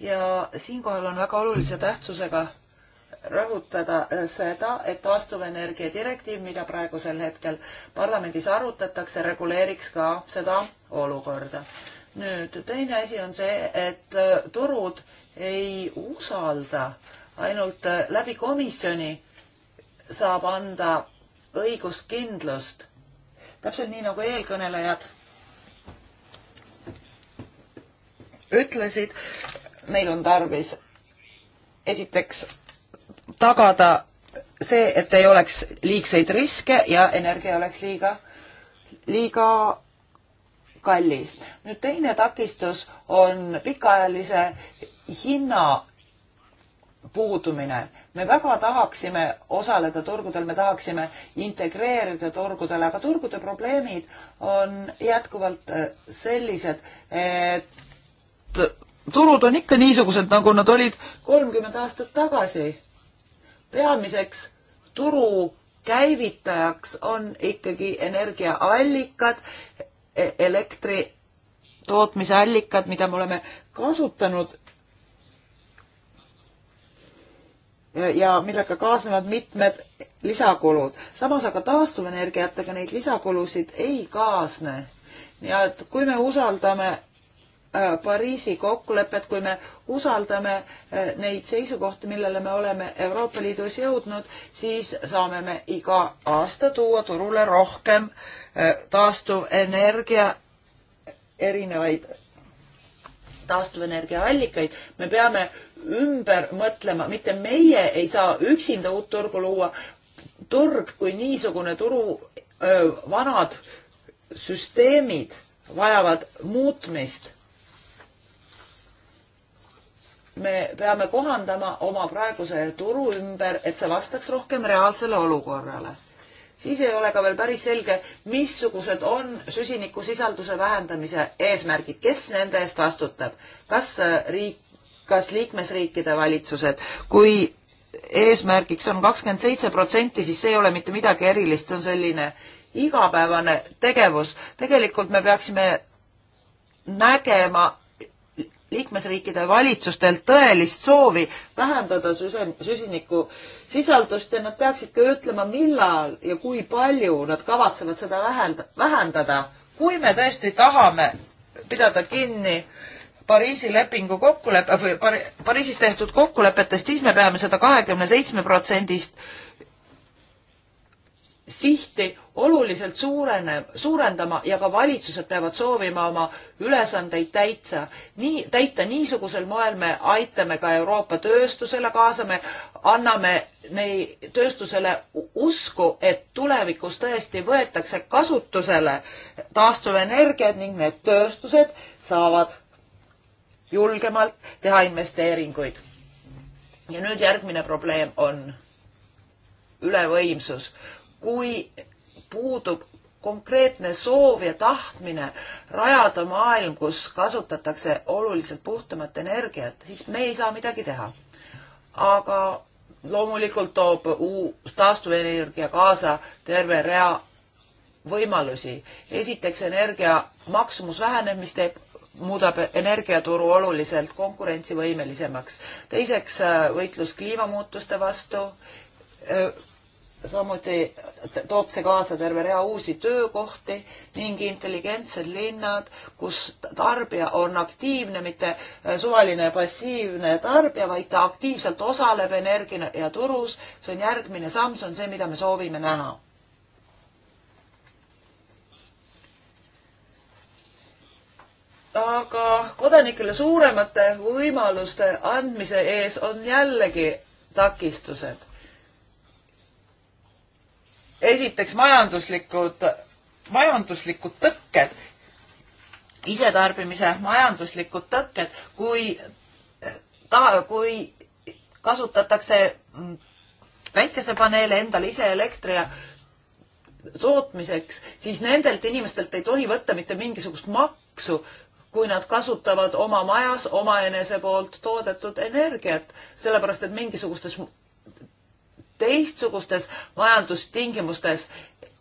ja siinkohal on väga olulise tähtsusega rõhutada e, seda, et taastuvenergia direktiiv, mida praegusel hetkel parlamendis arutatakse, reguleeriks ka seda olukorda nüüd teine asi on see, et äh, turud ei usalda, ainult äh, läbi komisjoni saab anda õiguskindlust. täpselt nii nagu eelkõnelejad ütlesid, meil on tarvis esiteks tagada see, et ei oleks liigseid riske ja energia oleks liiga, liiga kallis. nüüd teine takistus on pikaajalise hinna puudumine. me väga tahaksime osaleda turgudel, me tahaksime integreerida turgudele, aga turgude probleemid on jätkuvalt äh, sellised, et turud on ikka niisugused, nagu nad olid kolmkümmend aastat tagasi. peamiseks turu käivitajaks on ikkagi energiaallikad E-, elektri tootmise allikad, mida me oleme kasutanud ja millega kaasnevad mitmed lisakulud. samas aga taastuvenergiatega neid lisakulusid ei kaasne. ja et kui me usaldame äh, Pariisi kokkulepet, kui me usaldame äh, neid seisukohti, millele me oleme Euroopa Liidus jõudnud, siis saame me iga aasta tuua turule rohkem äh, taastuvenergia erinevaid taastuvenergiaallikaid, me peame ümber mõtlema, mitte meie ei saa üksinda uut turgu luua. turg kui niisugune turu öö, vanad süsteemid vajavad muutmist. me peame kohandama oma praeguse turu ümber, et see vastaks rohkem reaalsele olukorrale siis ei ole ka veel päris selge, missugused on süsinikusisalduse vähendamise eesmärgid, kes nende eest vastutab, kas äh, riik, kas liikmesriikide valitsused, kui eesmärgiks on kakskümmend seitse protsenti, siis see ei ole mitte midagi erilist, see on selline igapäevane tegevus. tegelikult me peaksime nägema liikmesriikide valitsustel tõelist soovi vähendada süsiniku sisaldust ja nad peaksid ka ütlema, millal ja kui palju nad kavatsevad seda vähenda, vähendada. kui me tõesti tahame pidada kinni Pariisi lepingu kokkuleppe või Pariisis tehtud kokkulepetest, siis me peame seda kahekümne seitsme protsendist sihti oluliselt suureneb, suurendama ja ka valitsused peavad soovima oma ülesandeid täitsa. nii, täita niisugusel moel me aitame ka Euroopa tööstusele kaasa, me anname nei-, tööstusele usku, et tulevikus tõesti võetakse kasutusele taastuvenergiat ning need tööstused saavad julgemalt teha investeeringuid. ja nüüd järgmine probleem on ülevõimsus kui puudub konkreetne soov ja tahtmine rajada maailm, kus kasutatakse oluliselt puhtamat energiat, siis me ei saa midagi teha. aga loomulikult toob uus taastuvenergia kaasa terve rea võimalusi. esiteks energia maksumus väheneb, mis teeb, muudab energiaturu oluliselt konkurentsivõimelisemaks. teiseks äh, võitlus kliimamuutuste vastu äh, samuti toob see kaasa terve rea uusi töökohti ning intelligentsed linnad, kus tarbija on aktiivne, mitte äh, suvaline passiivne tarbija, vaid ta aktiivselt osaleb energia ja turus. see on järgmine samm, see on see, mida me soovime näha. aga kodanikele suuremate võimaluste andmise ees on jällegi takistused esiteks majanduslikud, majanduslikud tõkked, isetarbimise majanduslikud tõkked, kui ta, kui kasutatakse päikesepaneele endale ise elektri tootmiseks, siis nendelt inimestelt ei tohi võtta mitte mingisugust maksu, kui nad kasutavad oma majas omaenese poolt toodetud energiat, sellepärast et mingisugustes teistsugustes majandustingimustes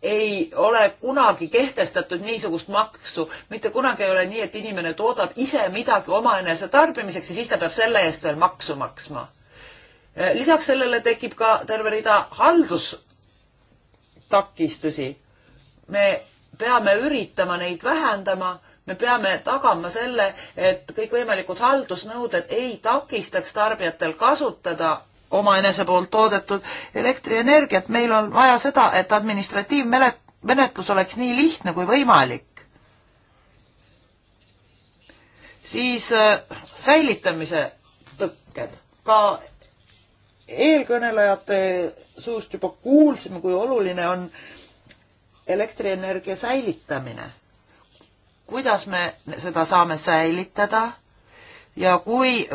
ei ole kunagi kehtestatud niisugust maksu, mitte kunagi ei ole nii, et inimene toodab ise midagi omaenese tarbimiseks ja siis ta peab selle eest veel maksu maksma. Eh, lisaks sellele tekib ka terve rida haldustakistusi. me peame üritama neid vähendama, me peame tagama selle, et kõikvõimalikud haldusnõuded ei takistaks tarbijatel kasutada omaenese poolt toodetud elektrienergiat, meil on vaja seda, et administratiivmenetlus oleks nii lihtne kui võimalik. siis äh, säilitamise tõkked, ka eelkõnelejate suust juba kuulsime, kui oluline on elektrienergia säilitamine. kuidas me seda saame säilitada ja kui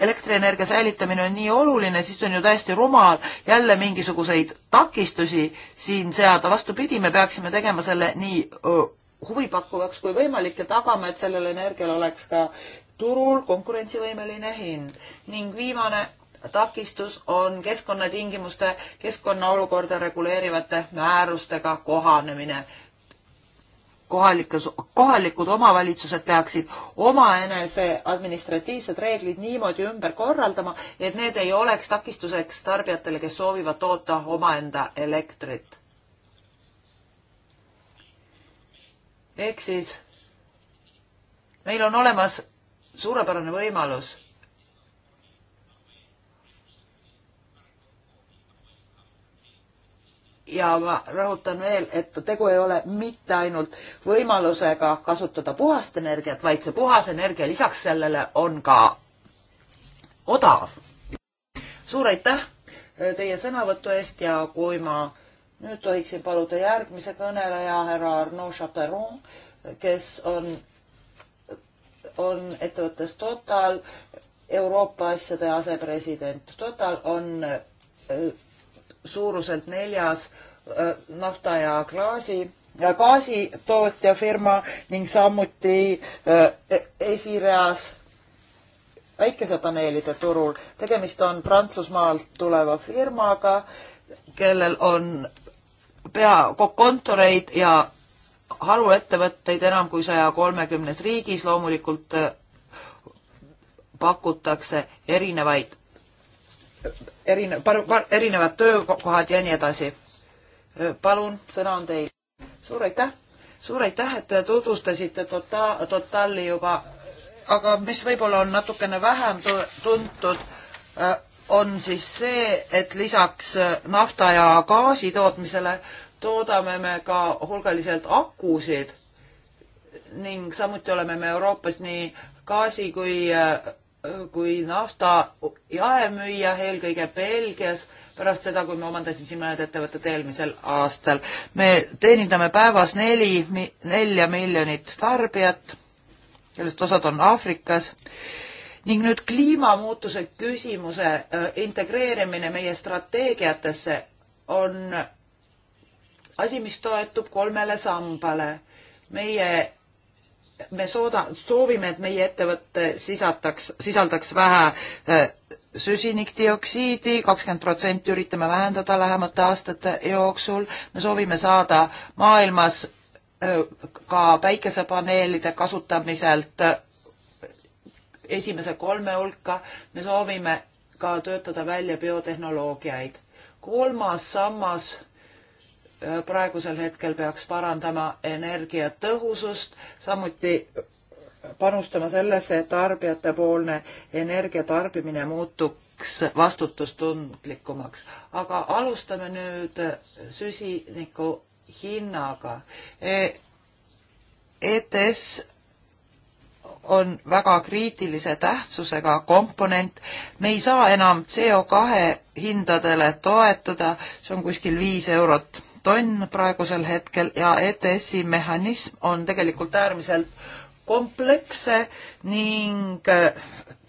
elektrienergia säilitamine on nii oluline, siis on ju täiesti rumal jälle mingisuguseid takistusi siin seada. vastupidi, me peaksime tegema selle nii huvipakkuvaks kui võimalik ja tagama, et sellel energial oleks ka turul konkurentsivõimeline hind. ning viimane takistus on keskkonnatingimuste, keskkonnaolukorda reguleerivate määrustega kohanemine kohalikus, kohalikud omavalitsused peaksid omaenese administratiivsed reeglid niimoodi ümber korraldama, et need ei oleks takistuseks tarbijatele, kes soovivad toota omaenda elektrit. ehk siis meil on olemas suurepärane võimalus ja ma rõhutan veel, et tegu ei ole mitte ainult võimalusega kasutada puhast energiat, vaid see puhas energia lisaks sellele on ka odav. suur aitäh äh, teie sõnavõtu eest ja kui ma nüüd tohiksin paluda järgmise kõneleja, härra Arnaud Chaperon, kes on, on ettevõttes Total Euroopa asjade asepresident. Total on äh, suuruselt neljas nafta ja klaasi ja gaasitootjafirma ning samuti e-, esireas päikesepaneelide turul. tegemist on Prantsusmaalt tuleva firmaga, kellel on pea kontoreid ja haruettevõtteid enam kui saja kolmekümnes riigis. loomulikult pakutakse erinevaid erine-, erinevad töökohad ja nii edasi. palun, sõna on teil. suur aitäh, suur aitäh, et te tutvustasite tota-, Totali juba, aga mis võib-olla on natukene vähem tuntud, äh, on siis see, et lisaks äh, nafta ja gaasi tootmisele toodame me ka hulgaliselt akusid ning samuti oleme me Euroopas nii gaasi kui äh, kui nafta jaemüüja eelkõige Belgias pärast seda, kui me omandasime mõned ettevõtted eelmisel aastal. me teenindame päevas neli, nelja miljonit tarbijat, kellest osad on Aafrikas ning nüüd kliimamuutuse küsimuse äh, integreerimine meie strateegiatesse on asi, mis toetub kolmele sambale. meie me sooda, soovime, et meie ettevõte sisaldaks, sisaldaks vähe äh, süsinikdioksiidi, kakskümmend protsenti üritame vähendada lähemate aastate jooksul. me soovime saada maailmas äh, ka päikesepaneelide kasutamiselt äh, esimese kolme hulka. me soovime ka töötada välja biotehnoloogiaid. kolmas sammas praegusel hetkel peaks parandama energiatõhusust, samuti panustama sellesse, et tarbijatepoolne energiatarbimine muutuks vastutustundlikumaks. aga alustame nüüd süsiniku hinnaga e. ETS on väga kriitilise tähtsusega komponent. me ei saa enam CO2 hindadele toetuda, see on kuskil viis eurot tonn praegusel hetkel ja ETS-i mehhanism on tegelikult äärmiselt kompleksse ning äh,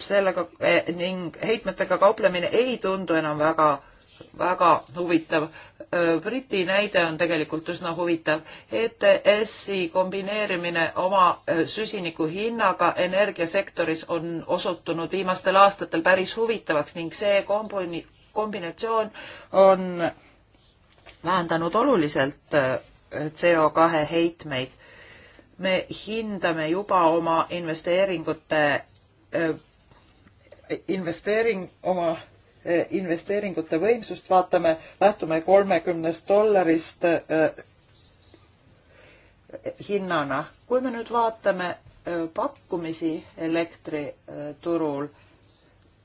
sellega äh, ning heitmetega kauplemine ei tundu enam väga, väga huvitav. Äh, Briti näide on tegelikult üsna huvitav. ETS-i kombineerimine oma süsiniku hinnaga energiasektoris on osutunud viimastel aastatel päris huvitavaks ning see kombini-, kombinatsioon on vähendanud oluliselt äh, CO2 heitmeid. me hindame juba oma investeeringute, äh, investeering, oma äh, investeeringute võimsust, vaatame, lähtume kolmekümnest dollarist hinnana. kui me nüüd vaatame pakkumisi elektriturul,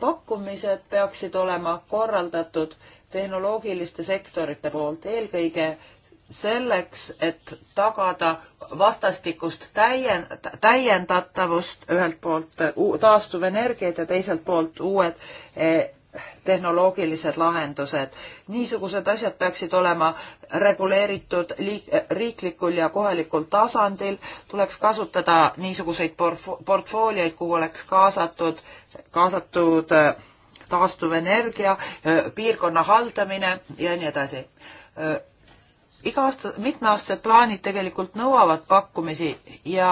pakkumised peaksid olema korraldatud äh, tehnoloogiliste sektorite poolt, eelkõige selleks, et tagada vastastikust täien-, täiendatavust ühelt poolt äh, taastuvenergiat ja teiselt poolt uued äh, tehnoloogilised lahendused. niisugused asjad peaksid olema reguleeritud liik-, äh, riiklikul ja kohalikul tasandil, tuleks kasutada niisuguseid porf-, portfoolioid, kuhu oleks kaasatud, kaasatud äh, taastuvenergia, piirkonna haldamine ja nii edasi. iga aasta, mitmeaastased plaanid tegelikult nõuavad pakkumisi ja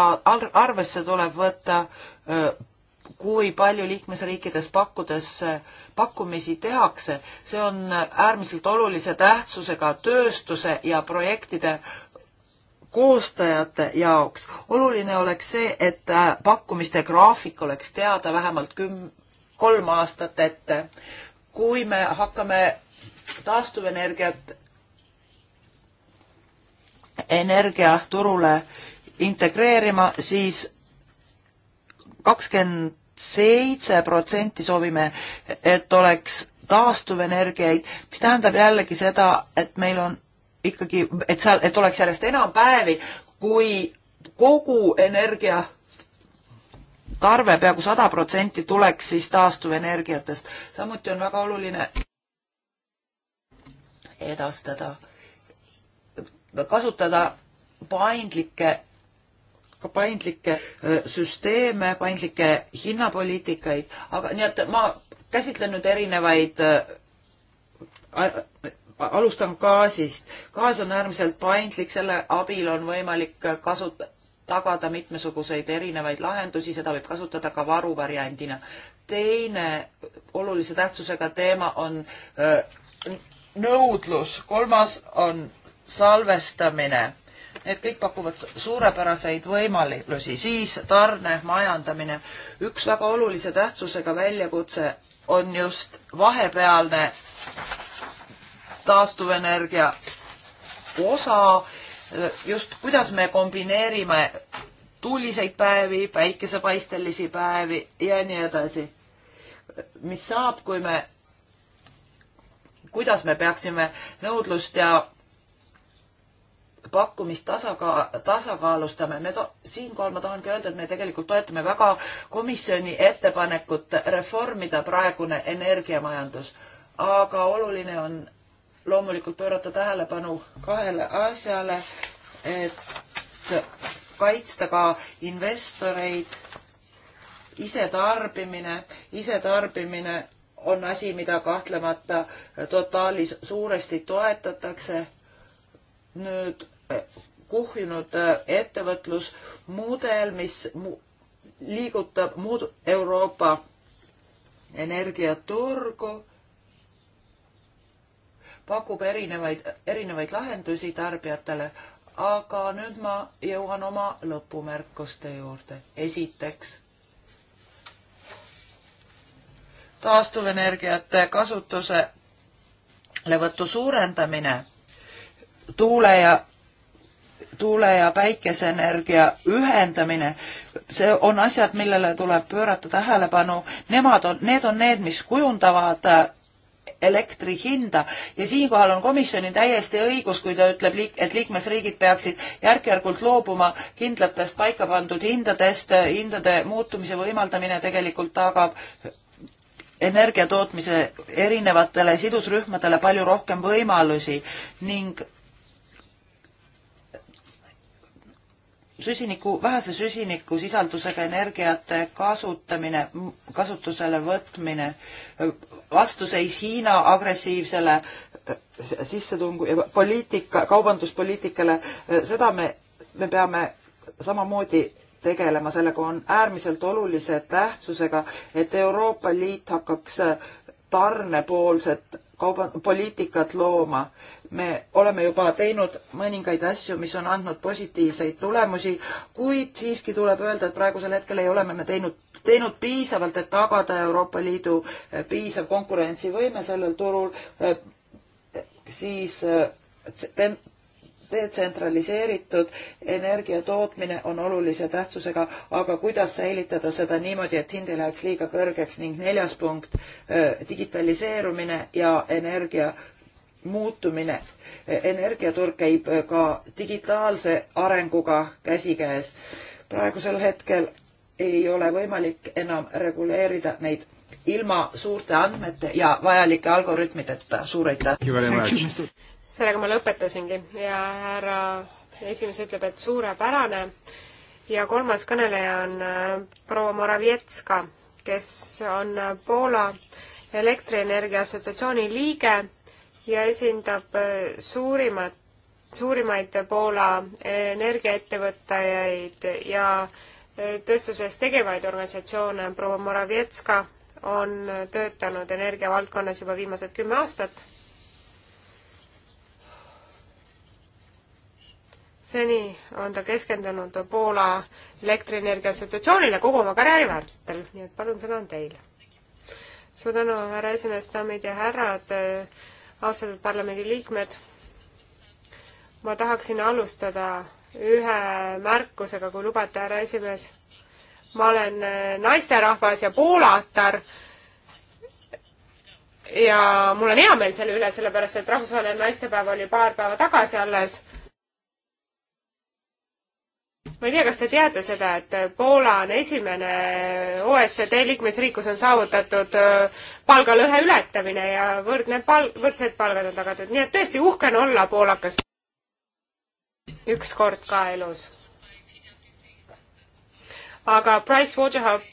arvesse tuleb võtta, kui palju liikmesriikides pakkudes pakkumisi tehakse. see on äärmiselt olulise tähtsusega tööstuse ja projektide koostajate jaoks. oluline oleks see, et äh, pakkumiste graafik oleks teada vähemalt küm-, kolm aastat ette. kui me hakkame taastuvenergiat energiaturule integreerima, siis kakskümmend seitse protsenti soovime, et oleks taastuvenergiaid, mis tähendab jällegi seda, et meil on ikkagi, et seal, et oleks järjest enam päevi, kui kogu energia tarve peaaegu sada protsenti tuleks siis taastuvenergiatest. samuti on väga oluline edastada, kasutada paindlikke paindlikke süsteeme, paindlikke hinnapoliitikaid, aga nii et ma käsitlen nüüd erinevaid alustan gaasist. gaas on äärmiselt paindlik, selle abil on võimalik kasuta-, tagada mitmesuguseid erinevaid lahendusi, seda võib kasutada ka varuvariandina. teine olulise tähtsusega teema on öö, äh, nõudlus, kolmas on salvestamine. Need kõik pakuvad suurepäraseid võimalusi, siis tarne majandamine. üks väga olulise tähtsusega väljakutse on just vahepealne taastuvenergia osa just kuidas me kombineerime tuuliseid päevi, päikesepaistelisi päevi ja nii edasi. mis saab, kui me, kuidas me peaksime nõudlust ja pakkumist tasaka-, tasakaalustame, me to-, siinkohal ma tahangi öelda, et me tegelikult toetame väga komisjoni ettepanekut reformida praegune energiamajandus. aga oluline on loomulikult pöörata tähelepanu kahele asjale, et kaitsta ka investoreid. isetarbimine, isetarbimine on asi, mida kahtlemata totaalis suuresti toetatakse. nüüd eh, kuhjunud eh, ettevõtlusmudel, mis liigutab muud Euroopa energiaturgu pakub erinevaid, erinevaid lahendusi tarbijatele, aga nüüd ma jõuan oma lõpumärkuste juurde. esiteks, taastuvenergiate kasutuselevõtu suurendamine, tuule ja tuule- ja päikeseenergia ühendamine, see on asjad, millele tuleb pöörata tähelepanu, nemad on, need on need, mis kujundavad elektri hinda ja siinkohal on komisjonil täiesti õigus, kui ta ütleb, et liikmesriigid peaksid järk-järgult loobuma kindlatest paika pandud hindadest, hindade muutumise võimaldamine tegelikult tagab energia tootmise erinevatele sidusrühmadele palju rohkem võimalusi ning süsiniku, vähese süsinikusisaldusega energiate kasutamine, kasutusele võtmine vastuseis Hiina agressiivsele äh, sissetungu ja poliitika, kaubanduspoliitikale, äh, seda me, me peame samamoodi tegelema, sellega on äärmiselt olulise tähtsusega, et Euroopa Liit hakkaks äh, tarnepoolset kauba-, poliitikat looma. me oleme juba teinud mõningaid asju, mis on andnud positiivseid tulemusi, kuid siiski tuleb öelda, et praegusel hetkel ei ole me teinud, teinud piisavalt, et tagada Euroopa Liidu eh, piisav konkurentsivõime sellel turul, eh, siis eh, detsentraliseeritud energiatootmine on olulise tähtsusega, aga kuidas säilitada seda niimoodi, et hind ei läheks liiga kõrgeks ning neljas punkt, äh, digitaliseerumine ja energia muutumine. Äh, energiaturg käib äh, ka digitaalse arenguga käsikäes. praegusel hetkel ei ole võimalik enam reguleerida neid ilma suurte andmete ja vajalike algoritmideta. suur aitäh! sellega ma lõpetasingi ja härra esimees ütleb, et suurepärane ja kolmas kõneleja on äh, proua Moravietska, kes on äh, Poola elektrienergia assotsiatsiooni liige ja esindab äh, suurimat, suurimaid Poola energiaettevõtteid ja tööstuses tegevaid organisatsioone. proua Moravietska on töötanud energiavaldkonnas juba viimased kümme aastat seni on ta keskendunud Poola Elektrienergia Assotsiatsioonile kogu oma karjääri vältel, nii et palun, sõna on teil. suur tänu, härra esimees, daamid ja härrad, austatud parlamendiliikmed. ma tahaksin alustada ühe märkusega, kui lubate, härra esimees. ma olen naisterahvas ja poolaatar ja mul on hea meel selle üle, sellepärast et rahvusvaheline naistepäev oli paar päeva tagasi alles ma ei tea, kas te teate seda, et Poola on esimene OSCD liikmesriik, kus on saavutatud äh, palgalõhe ületamine ja võrdne pal-, võrdsed palgad on tagatud, nii et tõesti uhke on olla poolakas. üks kord ka elus. aga Price Waterhouse,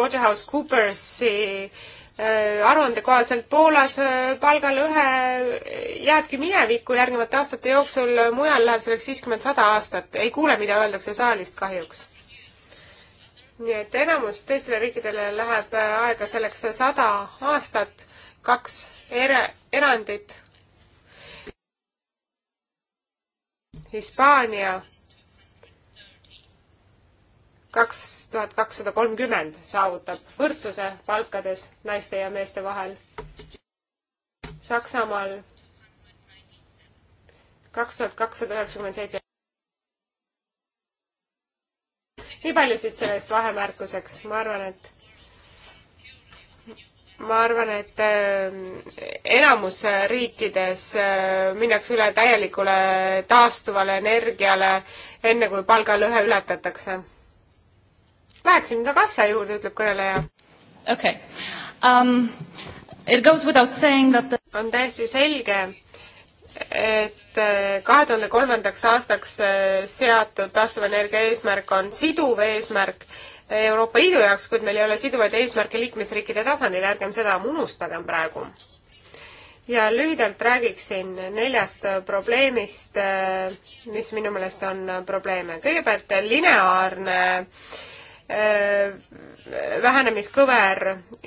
Waterhouse Coopersi Äh, aruande kohaselt Poolas äh, palgalõhe jääbki minevikku järgnevate aastate jooksul, mujal läheb selleks viiskümmend, sada aastat. ei kuule, mida öeldakse saalist kahjuks. nii et enamus teistele riikidele läheb äh, aega selleks sada aastat, kaks er-, erandit. Hispaania kaks tuhat kakssada kolmkümmend saavutab võrdsuse palkades naiste ja meeste vahel. Saksamaal kaks tuhat kakssada üheksakümmend seitse. nii palju siis sellest vahemärkuseks, ma arvan, et ma arvan, et äh, enamus riikides äh, minnakse üle täielikule taastuvale energiale, enne kui palgalõhe ületatakse Läheksime tagasi asja juurde, ütleb kõneleja. okei okay. um,. It goes without saying that the... on täiesti selge, et äh, kahe tuhande kolmandaks aastaks äh, seatud taastuvenergia eesmärk on siduv eesmärk Euroopa Liidu jaoks, kuid meil ei ole siduvaid eesmärke liikmesriikide tasandil, ärgem seda unustagem praegu. ja lühidalt räägiksin neljast probleemist, äh, mis minu meelest on probleeme. kõigepealt lineaarne äh, Äh, vähenemiskõver,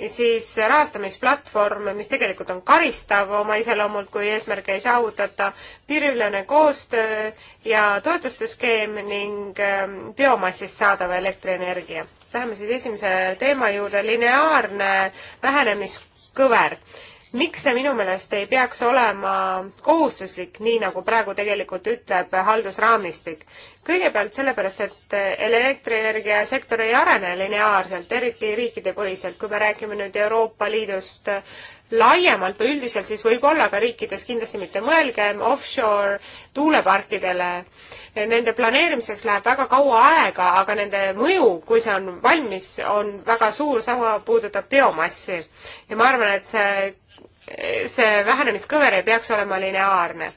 siis rahastamisplatvorm, mis tegelikult on karistav oma iseloomult, kui eesmärke ei saavutata, piiriülene koostöö ja toetuste skeem ning ähm, biomassist saadav elektrienergia. Läheme siis esimese teema juurde, lineaarne vähenemiskõver miks see minu meelest ei peaks olema kohustuslik, nii nagu praegu tegelikult ütleb haldusraamistik? kõigepealt sellepärast, et elektrienergiasektor ei arene lineaarselt, eriti riikidepõhiselt, kui me räägime nüüd Euroopa Liidust laiemalt või üldiselt, siis võib-olla ka riikides kindlasti mitte mõelgem offshore tuuleparkidele. Nende planeerimiseks läheb väga kaua aega, aga nende mõju, kui see on valmis, on väga suur, sama puudutab biomassi. ja ma arvan, et see see vähenemiskõver ei peaks olema lineaarne.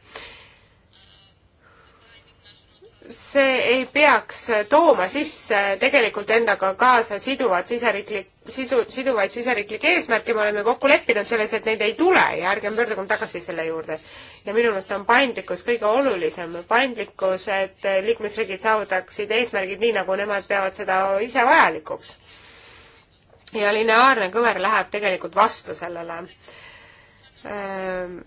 see ei peaks tooma sisse tegelikult endaga kaasa siduvad siseriiklik, sisu, siduvaid siseriiklikke eesmärke, me oleme kokku leppinud selles, et neid ei tule ja ärgem pöördugem tagasi selle juurde. ja minu meelest on paindlikkus kõige olulisem, paindlikkus, et liikmesriigid saavutaksid eesmärgid nii, nagu nemad peavad seda ise vajalikuks. ja lineaarne kõver läheb tegelikult vastu sellele äh, Ehm,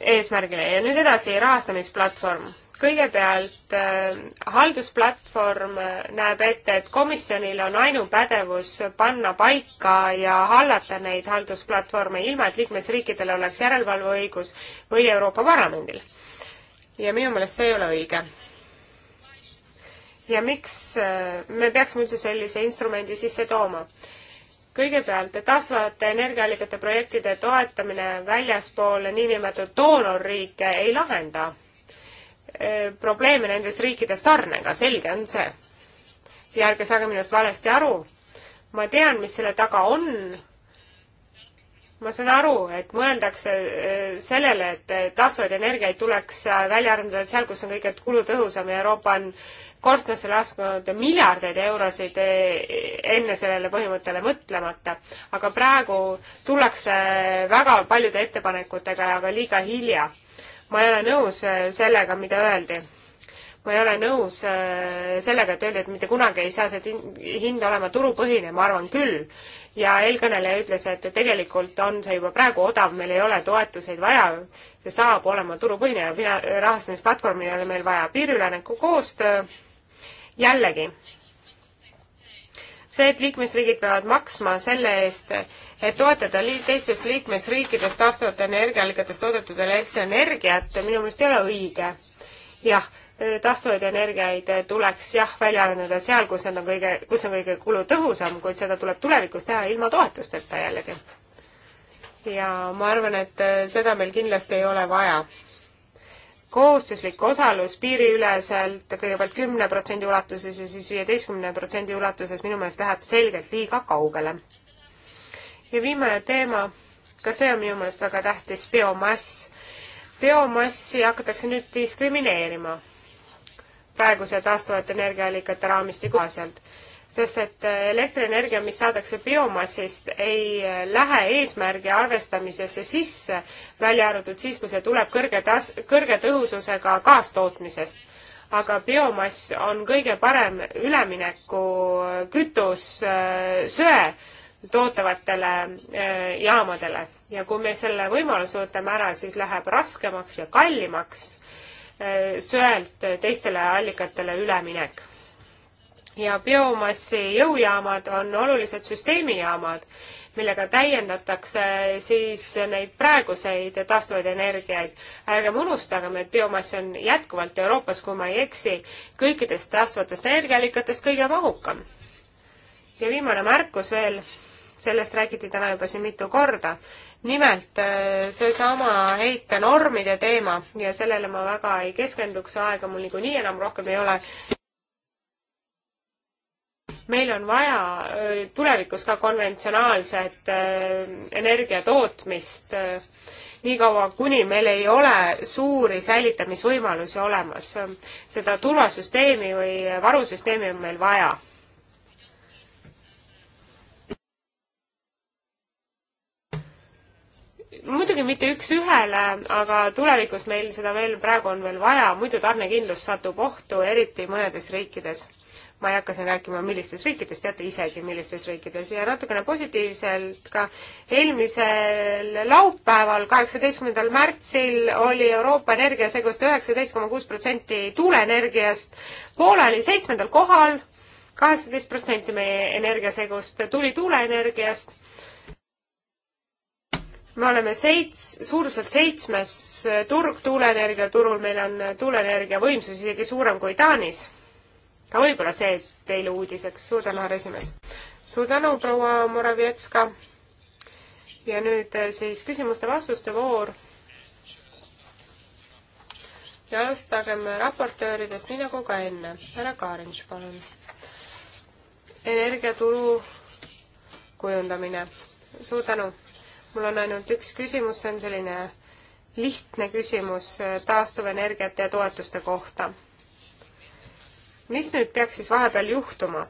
eesmärgile ja nüüd edasi, rahastamisplatvorm. kõigepealt äh, haldusplatvorm näeb ette, et komisjonil on ainupädevus panna paika ja hallata neid haldusplatvorme, ilma et liikmesriikidel oleks järelevalveõigus või Euroopa Parlamendil. ja minu meelest see ei ole õige ja miks ehm, me peaksime üldse sellise instrumendi sisse tooma? kõigepealt taastuvate energiaallikate projektide toetamine väljaspool niinimetatud doonorriike ei lahenda äh, probleeme nendes riikides tarnega, selge on see. ja ärge saage minust valesti aru, ma tean, mis selle taga on. ma saan aru, et mõeldakse äh, sellele, et äh, taastuvaid energiaid tuleks välja arendada seal, kus on kõige kulutõhusam ja Euroopa on äh, kordasse lasknud miljardeid eurosid eh, enne sellele põhimõttele mõtlemata. aga praegu tullakse väga paljude ettepanekutega, aga liiga hilja. ma ei ole nõus eh, sellega, mida öeldi ma ei ole nõus eh, sellega, et öeldi, et mitte kunagi ei saa see hind olema turupõhine, ma arvan küll. ja eelkõneleja ütles, et tegelikult on see juba praegu odav, meil ei ole toetuseid vaja, see saab olema turupõhine ja rahastamisplatvormi ei ole meil vaja. piiriülene koostöö jällegi, see, et liikmesriigid peavad maksma selle eest, et toetada li teistes liikmesriikides taastuvate energiaallikatest toodetud elektrienergiat, minu meelest ei ole õige. jah, taastuvaid energiaid tuleks jah, välja arendada seal, kus nad on kõige, kus on kõige kulutõhusam, kuid seda tuleb tulevikus teha ilma toetusteta jällegi. ja ma arvan, et seda meil kindlasti ei ole vaja kohustuslik osalus piiriüleselt kõigepealt kümne protsendi ulatuses ja siis viieteistkümne protsendi ulatuses minu meelest läheb selgelt liiga kaugele. ja viimane teema, ka see on minu meelest väga tähtis, biomass. biomassi hakatakse nüüd diskrimineerima praeguse taastuvate energiaallikate raamistiku kohaselt sest et elektrienergia, mis saadakse biomassist, ei lähe eesmärgi arvestamisesse sisse, välja arvatud siis, kui see tuleb kõrge tas-, kõrge tõhususega kaastootmisest. aga biomass on kõige parem üleminekukütus äh, söe tootavatele äh, jaamadele ja kui me selle võimaluse võtame ära, siis läheb raskemaks ja kallimaks äh, söelt teistele allikatele üleminek ja biomassi jõujaamad on olulised süsteemijaamad, millega täiendatakse siis neid praeguseid taastuvaid energiaid. ärgem unustagem, et biomass on jätkuvalt Euroopas, kui ma ei eksi, kõikidest taastuvatest energiaallikatest kõige mahukam. ja viimane märkus veel, sellest räägiti täna juba siin mitu korda. nimelt äh, seesama heitenormide teema ja sellele ma väga ei keskenduks, aega mul niikuinii enam rohkem ei ole meil on vaja tulevikus ka konventsionaalset energiatootmist, niikaua kuni meil ei ole suuri säilitamisvõimalusi olemas. seda turvasüsteemi või varusüsteemi on meil vaja muidugi mitte üks-ühele, aga tulevikus meil seda veel praegu on veel vaja, muidu tarnekindlus satub ohtu, eriti mõnedes riikides ma ei hakka siin rääkima, millistes riikides, teate isegi, millistes riikides ja natukene positiivselt ka eelmisel laupäeval, kaheksateistkümnendal märtsil oli Euroopa energiasegust üheksateist koma kuus protsenti tuuleenergiast, Poola oli seitsmendal kohal, kaheksateist protsenti meie energiasegust tuli tuuleenergiast me oleme seits-, suuruselt seitsmes turg tuuleenergia turul, meil on tuuleenergia võimsus isegi suurem kui Taanis ka võib-olla see teile uudiseks. suur tänu, härra esimees. suur tänu, proua Moravetska. ja nüüd eh, siis küsimuste-vastuste voor. ja alustagem raportööridest, nii nagu ka enne. härra Kaarinš, palun. energiaturu kujundamine. suur tänu. mul on ainult üks küsimus, see on selline lihtne küsimus eh, taastuvenergiate ja toetuste kohta mis nüüd peaks siis vahepeal juhtuma,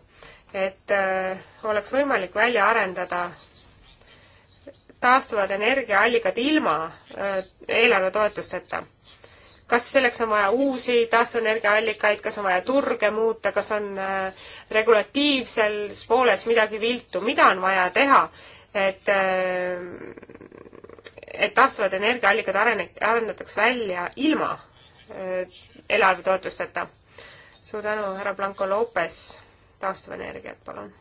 et äh, oleks võimalik välja arendada taastuvad energiaallikad ilma äh, eelarvetoetusteta? kas selleks on vaja uusi taastuvenergiaallikaid, kas on vaja turge muuta, kas on äh, regulatiivses pooles midagi viltu, mida on vaja teha, et äh, et taastuvad energiaallikad arene-, arendataks välja ilma äh, eelarvetoetusteta? suur tänu, härra Blanco Lopez, taastuvenergiat, palun.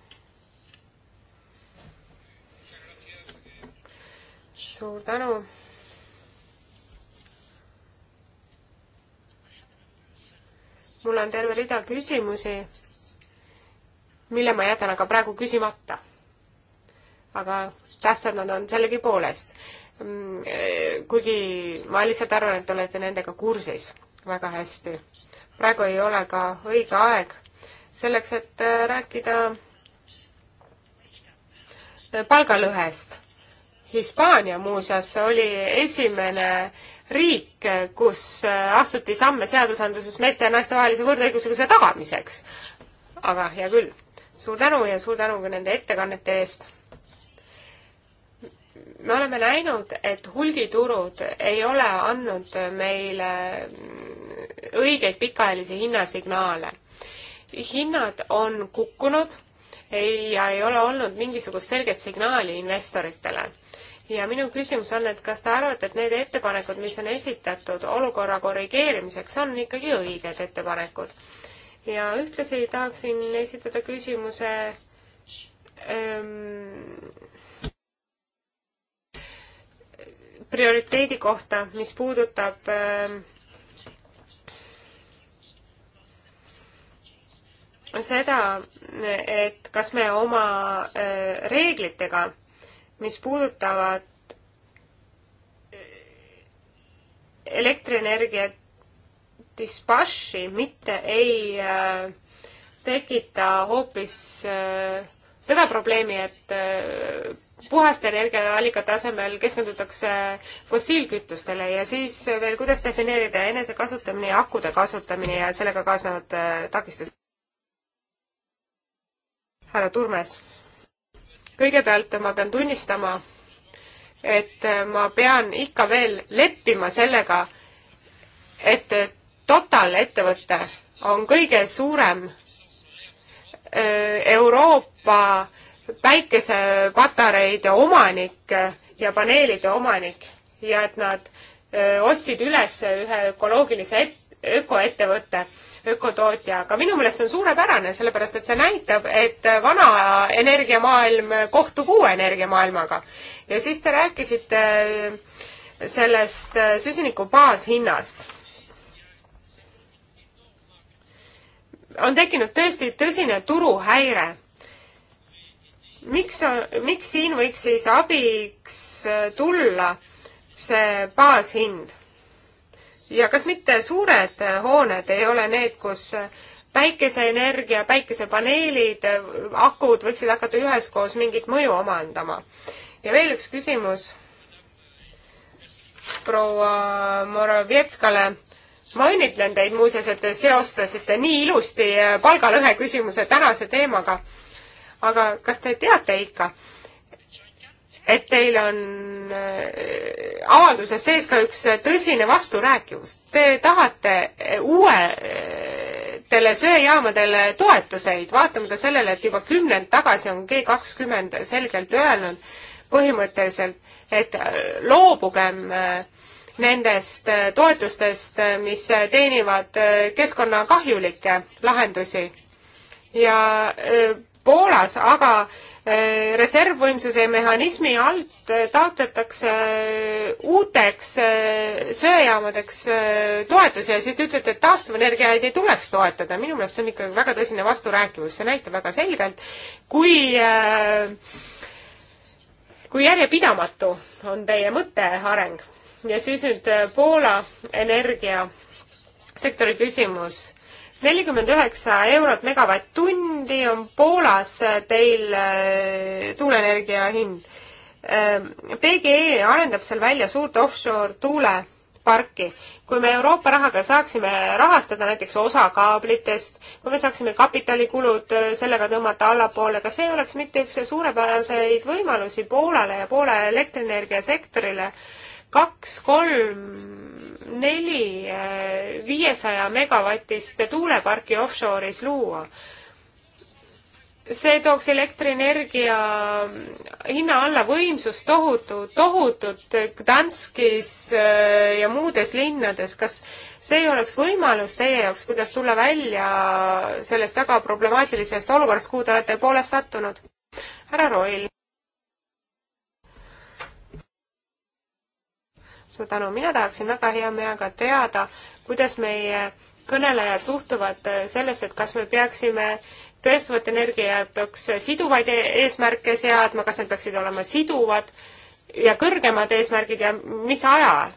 suur tänu. mul on terve rida küsimusi, mille ma jätan aga praegu küsimata. aga tähtsad nad on sellegipoolest. Mm, eh, kuigi ma lihtsalt arvan, et olete nendega kursis väga hästi praegu ei ole ka õige aeg selleks, et äh, rääkida äh, palgalõhest. Hispaania muuseas oli esimene riik, kus äh, astuti samme seadusandluses meeste ja naiste vahelise võrdõiguslikkuse tagamiseks. aga hea küll, suur tänu ja suur tänu ka nende ettekannete eest me oleme näinud, et hulgiturud ei ole andnud meile õigeid pikaajalisi hinnasignaale. hinnad on kukkunud ja ei ole olnud mingisugust selget signaali investoritele. ja minu küsimus on, et kas te arvate, et need ettepanekud, mis on esitatud olukorra korrigeerimiseks, on ikkagi õiged ettepanekud? ja ühtlasi tahaksin esitada küsimuse ähm, prioriteedi kohta, mis puudutab ähm, seda, et kas me oma äh, reeglitega, mis puudutavad äh, elektrienergia dispatši, mitte ei äh, tekita hoopis seda probleemi, et puhaste energiaallikate asemel keskendutakse fossiilkütustele ja siis veel, kuidas defineerida enese kasutamine ja akude kasutamine ja sellega kaasnevad takistused? härra Turmes. kõigepealt ma pean tunnistama, et ma pean ikka veel leppima sellega, et Total ettevõte on kõige suurem äh, Euroopa päikesepatareide omanik ja paneelide omanik ja et nad äh, ostsid üles ühe ökoloogilise et-, ökoettevõte, ökotootja, aga minu meelest see on suurepärane, sellepärast et see näitab, et vana energiamaailm kohtub uue energiamaailmaga. ja siis te rääkisite äh, sellest äh, süsiniku baashinnast. on tekkinud tõesti tõsine turuhäire miks, miks siin võiks siis abiks äh, tulla see baashind? ja kas mitte suured äh, hooned ei ole need, kus äh, päikeseenergia, päikesepaneelid, äh, akud võiksid hakata üheskoos mingit mõju omandama. ja veel üks küsimus proua Moravetskale. ma õnnitlen teid muuseas, et te seostasite nii ilusti palgalõhe küsimuse tänase teemaga. aga kas te teate ikka, et teil on äh, avalduses sees ka üks tõsine vasturääkivus. Te tahate äh, uuetele söejaamadele toetuseid, vaatamata sellele, et juba kümnend tagasi on G kakskümmend selgelt öelnud põhimõtteliselt, et äh, loobugem nendest toetustest, mis teenivad keskkonnakahjulikke lahendusi ja Poolas, aga äh, reservvõimsuse mehhanismi alt äh, taotletakse äh, uuteks söejaamadeks toetusi ja siis te ütlete, et taastuvenergiaid ei tuleks toetada. minu meelest see on ikka väga tõsine vasturääkivus, see näitab väga selgelt, kui kui järjepidamatu on teie mõtteareng. ja siis nüüd Poola energiasektori küsimus nelikümmend üheksa eurot megavatt-tundi on Poolas teil äh, tuuleenergia hind. Äh, PGE arendab seal välja suurt offshore tuuleparki. kui me Euroopa rahaga saaksime rahastada näiteks osa kaablitest, kui me saaksime kapitalikulud äh, sellega tõmmata allapoole, kas ei oleks mitte üks suurepäraseid võimalusi Poolale ja Poola elektrienergiasektorile kaks-kolm neli viiesaja megavatist tuuleparki offshore'is luua. see tooks elektrienergia hinna alla võimsust tohutu, tohutut Gdanskis äh, ja muudes linnades. kas see oleks võimalus teie jaoks, kuidas tulla välja sellest väga problemaatilisest olukorrast, kuhu te olete poolest sattunud? härra Roil suur tänu, mina tahaksin väga hea meelega teada, kuidas meie kõnelejad suhtuvad äh, sellesse, et kas me peaksime tõestuvat energia jaoks siduvaid e-, eesmärke seadma, kas need peaksid olema siduvad ja kõrgemad eesmärgid ja mis ajal?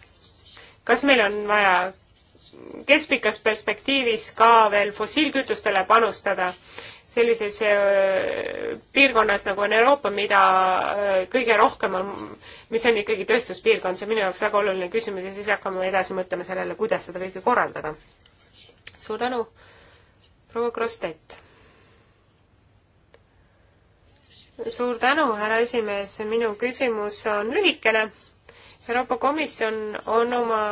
kas meil on vaja keskpikas perspektiivis ka veel fossiilkütustele panustada sellises äh, piirkonnas nagu on Euroopa, mida äh, kõige rohkem on, mis on ikkagi tööstuspiirkond, see on minu jaoks väga oluline küsimus ja siis hakkame edasi mõtlema sellele, kuidas seda kõike korraldada. suur tänu, proua Krostet. suur tänu, härra esimees, minu küsimus on lühikene. Euroopa Komisjon on oma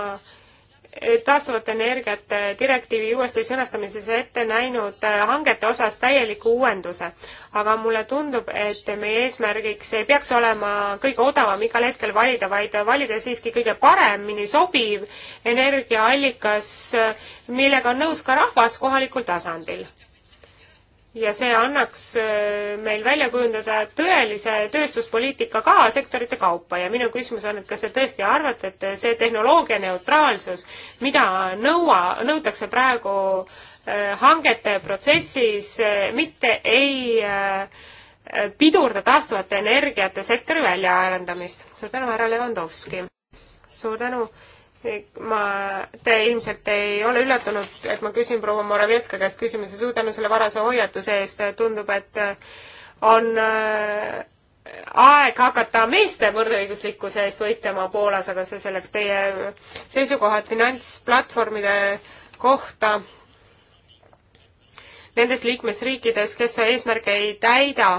taastuvate energiate direktiivi uuesti sõnastamises ette näinud äh, hangete osas täieliku uuenduse. aga mulle tundub, et meie eesmärgiks ei peaks olema kõige odavam igal hetkel valida, vaid valida siiski kõige paremini sobiv energiaallikas, millega on nõus ka rahvas kohalikul tasandil ja see annaks äh, meil välja kujundada tõelise tööstuspoliitika ka sektorite kaupa ja minu küsimus on, et kas te tõesti arvate, et see tehnoloogia neutraalsus, mida nõua, nõutakse praegu äh, hangete protsessis, äh, mitte ei pidurda taastuvate energiate sektori väljaarendamist. suur tänu, härra Levanovski! suur tänu! ma, te ilmselt ei ole üllatunud, et ma küsin proua Moravetska käest küsimuse, suur tänu selle varase hoiatuse eest, tundub, et on äh, aeg hakata meeste võrdõiguslikkuse eest võitlema Poolas, aga see selleks, teie seisukohad finantsplatvormide kohta nendes liikmesriikides, kes eesmärke ei täida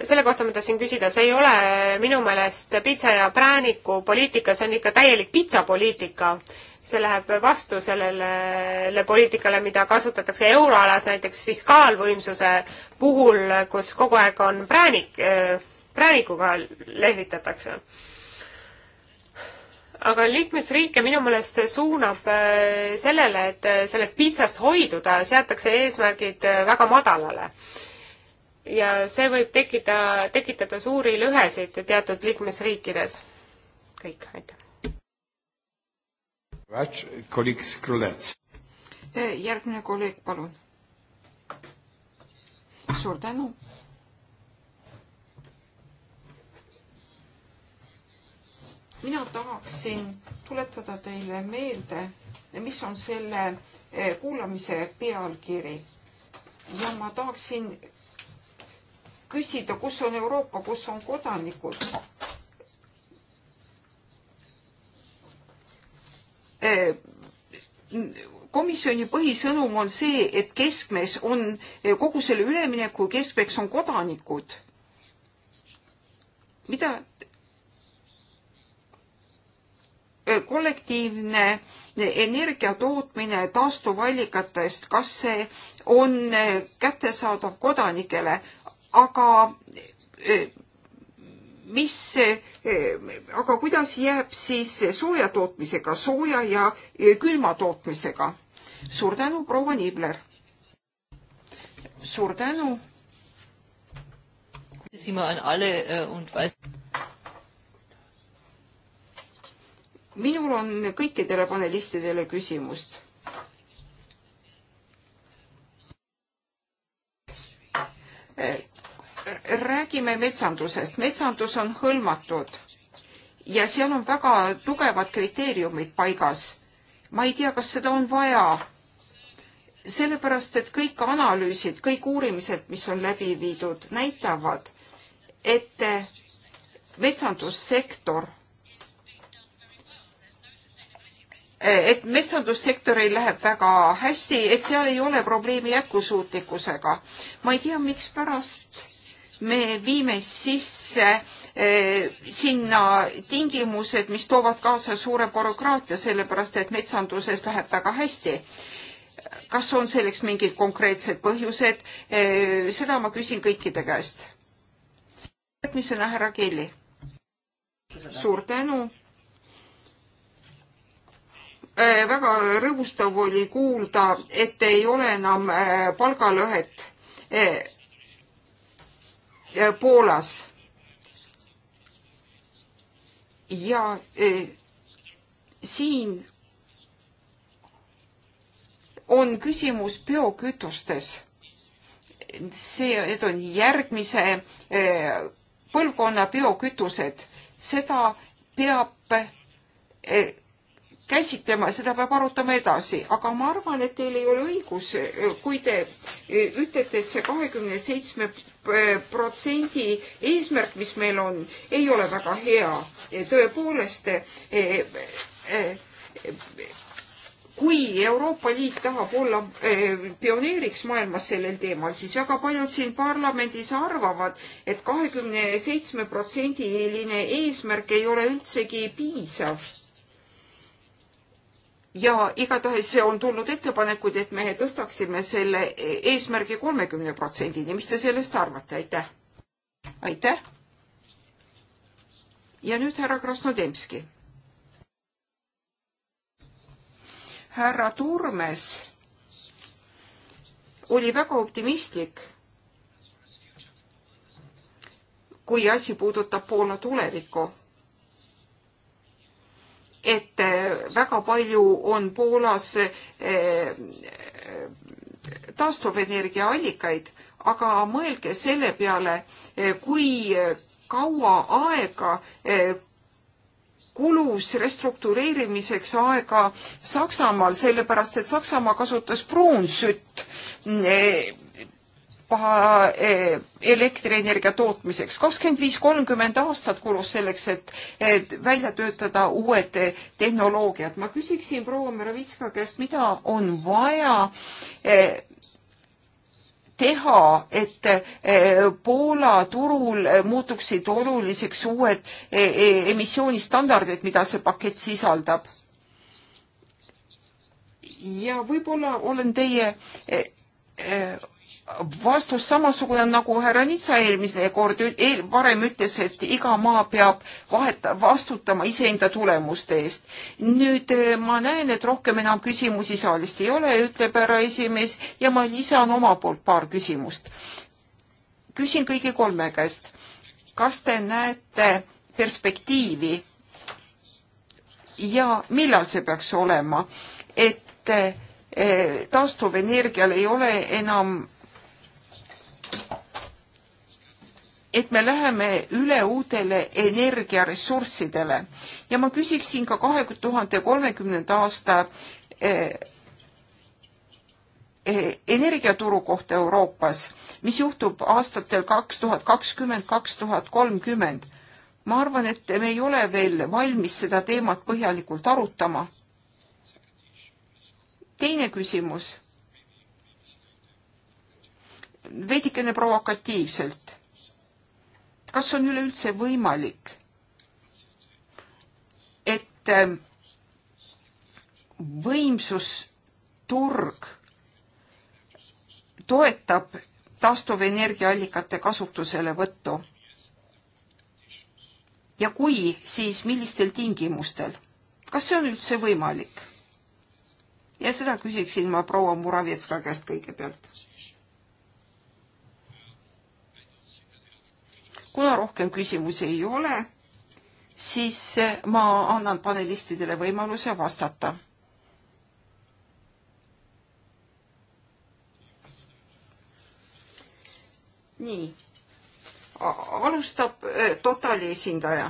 selle kohta ma tahtsin küsida, see ei ole minu meelest pitsa ja prääniku poliitika, see on ikka täielik pitsapoliitika. see läheb vastu sellele poliitikale, mida kasutatakse euroalas näiteks fiskaalvõimsuse puhul, kus kogu aeg on präänik, präänikuga lehvitatakse. aga liikmesriike minu meelest suunab äh, sellele, et äh, sellest pitsast hoiduda, seatakse eesmärgid äh, väga madalale ja see võib tekida, tekitada suuri lõhesid teatud liikmesriikides. kõik, aitäh. kolleeg Skrulets. Eh, järgmine kolleeg, palun. suur tänu. mina tahaksin tuletada teile meelde, mis on selle eh, kuulamise pealkiri ja ma tahaksin küsida, kus on Euroopa, kus on kodanikud. komisjoni põhisõnum on see, et keskmes on kogu selle ülemineku keskmeks on kodanikud. mida kollektiivne energia tootmine taastuvallikatest, kas see on kättesaadav kodanikele, aga eh, mis, eh, aga kuidas jääb siis sooja tootmisega, sooja ja eh, külma tootmisega? suur tänu, proua Niibler. suur tänu. Äh, minul on kõikidele panelistidele küsimust räägime metsandusest, metsandus on hõlmatud ja seal on väga tugevad kriteeriumid paigas. ma ei tea, kas seda on vaja, sellepärast et kõik analüüsid, kõik uurimised, mis on läbi viidud, näitavad, et metsandussektor et metsandussektoril läheb väga hästi, et seal ei ole probleemi jätkusuutlikkusega. ma ei tea, mikspärast me viime sisse eh, sinna tingimused, mis toovad kaasa suure bürokraatia, sellepärast et metsandusest läheb väga hästi. kas on selleks mingid konkreetsed põhjused? Eh, seda ma küsin kõikide käest. järgmisena härra Kelly. suur tänu eh, väga rõõmustav oli kuulda, et ei ole enam palgalõhet. Poolas. ja eh, siin on küsimus biokütustes. see, need on järgmise eh, põlvkonna biokütused, seda peab eh, käsitlema, seda peab arutama edasi, aga ma arvan, et teil ei ole õigus, kui te ütlete, et see kahekümne seitsme protsendi eesmärk, mis meil on, ei ole väga hea. tõepoolest, eh, eh, eh, kui Euroopa Liit tahab olla pioneeriks maailmas sellel teemal, siis väga paljud siin parlamendis arvavad et, et kahekümne seitsme protsendiline eesmärk ei ole üldsegi piisav ja igatahes on tulnud ettepanekud, et me tõstaksime selle eesmärgi kolmekümne protsendini. mis te sellest arvate? aitäh. aitäh. ja nüüd härra Krasnodemski. härra Turmes oli väga optimistlik, kui asi puudutab Poola tulevikku et eh, väga palju on Poolas eh, taastuvenergia allikaid, aga mõelge selle peale, eh, kui kaua aega kulus restruktureerimiseks aega Saksamaal, sellepärast et Saksamaa kasutas pruunsütt Euroopa eh, elektrienergia tootmiseks. kakskümmend viis, kolmkümmend aastat kulus selleks, et välja töötada uued eh, tehnoloogiad. ma küsiksin proua Merovitska käest, mida on vaja eh, teha, et Poola turul muutuksid oluliseks uued emissioonistandardid, mida see pakett sisaldab? ja võib-olla olen teie vastus samasugune nagu härra Nitsa eelmine kord eel, varem ütles, et iga maa peab vaheta, vastutama iseenda tulemuste eest. nüüd eh, ma näen, et rohkem enam küsimusi saalist ei ole, ütleb härra esimees ja ma lisan oma poolt paar küsimust. küsin kõigi kolme käest. kas te näete perspektiivi ja millal see peaks olema, et eh, taastuvenergial ei ole enam et me läheme üle uutele energiaressurssidele ja ma küsiksin ka kahe tuhande kolmekümnenda aasta eh, eh, energiaturu kohta Euroopas, mis juhtub aastatel kaks tuhat kakskümmend, kaks tuhat kolmkümmend. ma arvan, et me ei ole veel valmis seda teemat põhjalikult arutama. teine küsimus veidikene provokatiivselt. kas on üleüldse võimalik, et ähm, võimsusturg toetab taastuvenergiaallikate kasutuselevõttu? ja kui, siis millistel tingimustel? kas see on üldse võimalik? ja seda küsiksin ma proua Muravetska käest kõigepealt. kuna rohkem küsimusi ei ole, siis ma annan panelistidele võimaluse vastata. nii, alustab äh, Totali esindaja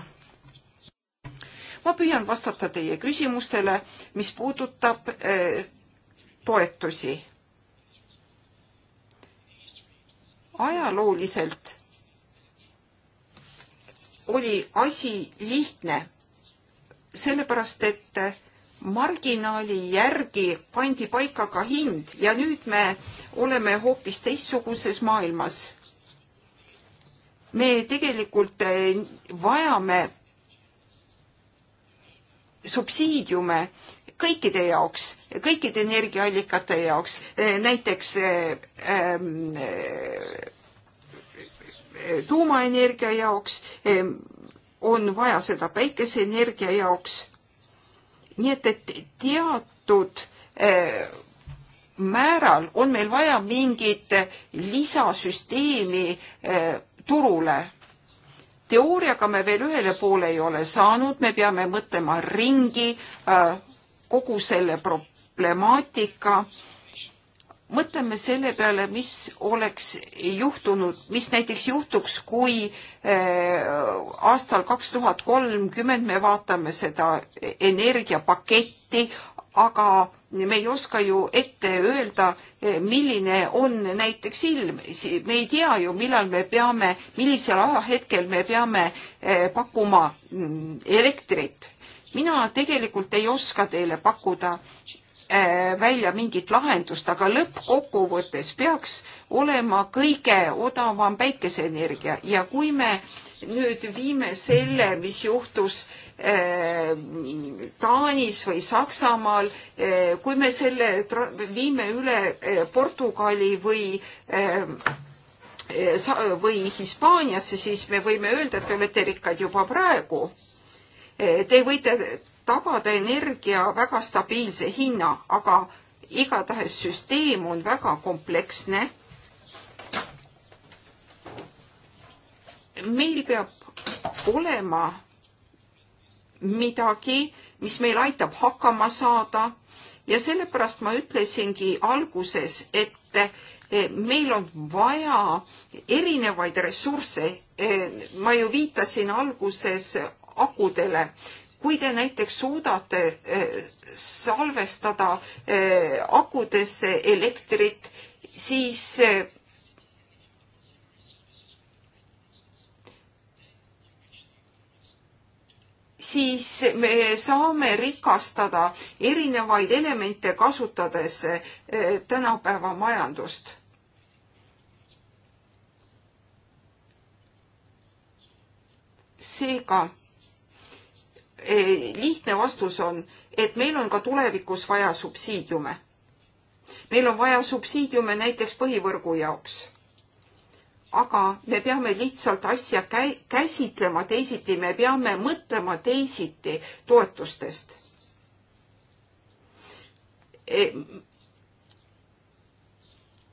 ma püüan vastata teie küsimustele, mis puudutab äh, toetusi. ajalooliselt oli asi lihtne, sellepärast et marginaali järgi pandi paika ka hind ja nüüd me oleme hoopis teistsuguses maailmas. me tegelikult eh, vajame subsiidiume kõikide jaoks, kõikide energiaallikate jaoks, eh, näiteks ähm, Eh, tuumaenergia jaoks, eh, on vaja seda päikeseenergia jaoks. nii et, et teatud eh, määral on meil vaja mingit lisasüsteemi turule. teooriaga me veel ühele poole ei ole saanud, me peame mõtlema ringi kogu selle problemaatika äh, mõtleme selle peale, mis oleks juhtunud, mis näiteks juhtuks, kui äh, aastal kaks tuhat kolmkümmend me vaatame seda energiapaketti, aga me ei oska ju ette öelda, milline on näiteks ilm. me ei tea ju, millal me peame, millisel ajahetkel me peame äh, pakkuma mm, elektrit. mina tegelikult ei oska teile pakkuda Äh, välja mingit lahendust, aga lõppkokkuvõttes peaks olema kõige odavam päikeseenergia ja kui me nüüd viime selle, mis juhtus äh, Taanis või Saksamaal, äh, kui me selle viime üle Portugali või või Hispaaniasse, siis me võime öelda, et te olete rikkad juba praegu. Te võite tagada energia väga stabiilse hinna, aga igatahes süsteem on väga kompleksne. meil peab olema midagi, mis meil aitab hakkama saada ja sellepärast ma ütlesingi alguses, et e, meil on vaja erinevaid ressursse. E, ma ju viitasin alguses akudele kui te näiteks suudate eh, salvestada eh, akudesse elektrit, siis eh, siis me saame rikastada erinevaid elemente kasutades tänapäeva majandust. seega Eh, lihtne vastus on, et meil on ka tulevikus vaja subsiidiume. meil on vaja subsiidiume näiteks põhivõrgu jaoks. aga me peame lihtsalt asja kä-, käsitlema teisiti, me peame mõtlema teisiti toetustest e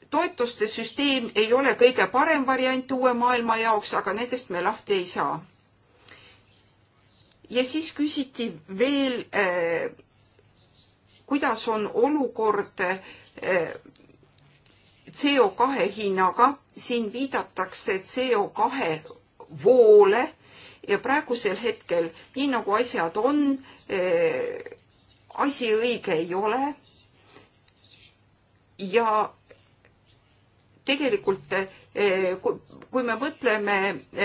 toetuste süsteem ei ole kõige parem variant uue maailma jaoks, aga nendest me lahti ei saa ja siis küsiti veel, äh, kuidas on olukord äh, CO kahe hinnaga, siin viidatakse CO kahe voole ja praegusel hetkel, nii nagu asjad on, äh, asi õige ei ole. ja tegelikult Eh, kui me mõtleme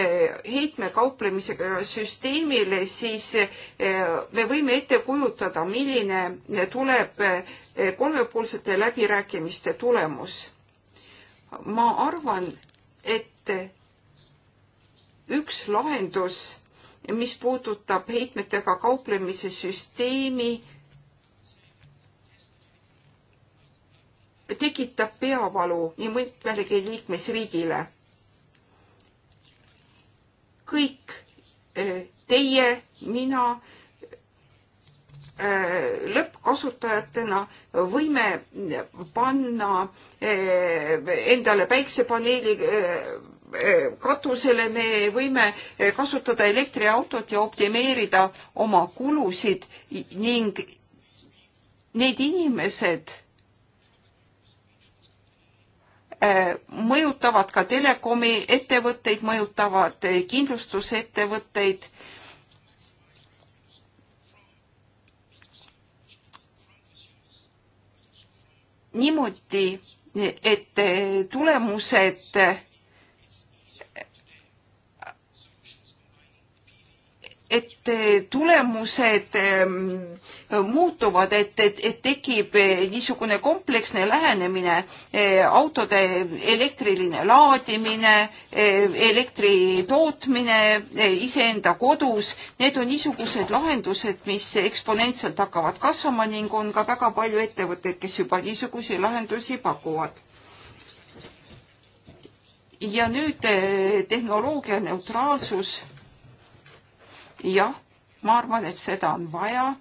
eh, heitmekauplemisega süsteemile, siis eh, me võime ette kujutada, milline tuleb kolmepoolsete läbirääkimiste tulemus. ma arvan, et üks lahendus, mis puudutab heitmetega kauplemise süsteemi, tekitab peavalu nii mõtmelegi liikmesriigile. kõik eh, teie, mina eh, lõppkasutajatena võime panna eh, endale päiksepaneeli katusele, me võime kasutada elektriautot ja optimeerida oma kulusid ning need inimesed Äh, mõjutavad ka telekomi ettevõtteid, mõjutavad äh, kindlustusettevõtteid. niimoodi, et äh, tulemused et eh, tulemused eh, muutuvad, et, et, et tekib eh, niisugune kompleksne lähenemine, autode elektriline laadimine, elektri tootmine iseenda kodus, need on niisugused lahendused, mis eksponentselt hakkavad kasvama ning on ka väga palju ettevõtteid, kes juba niisuguseid lahendusi pakuvad. ja nüüd tehnoloogia neutraalsus jah, ma arvan, et seda on vaja.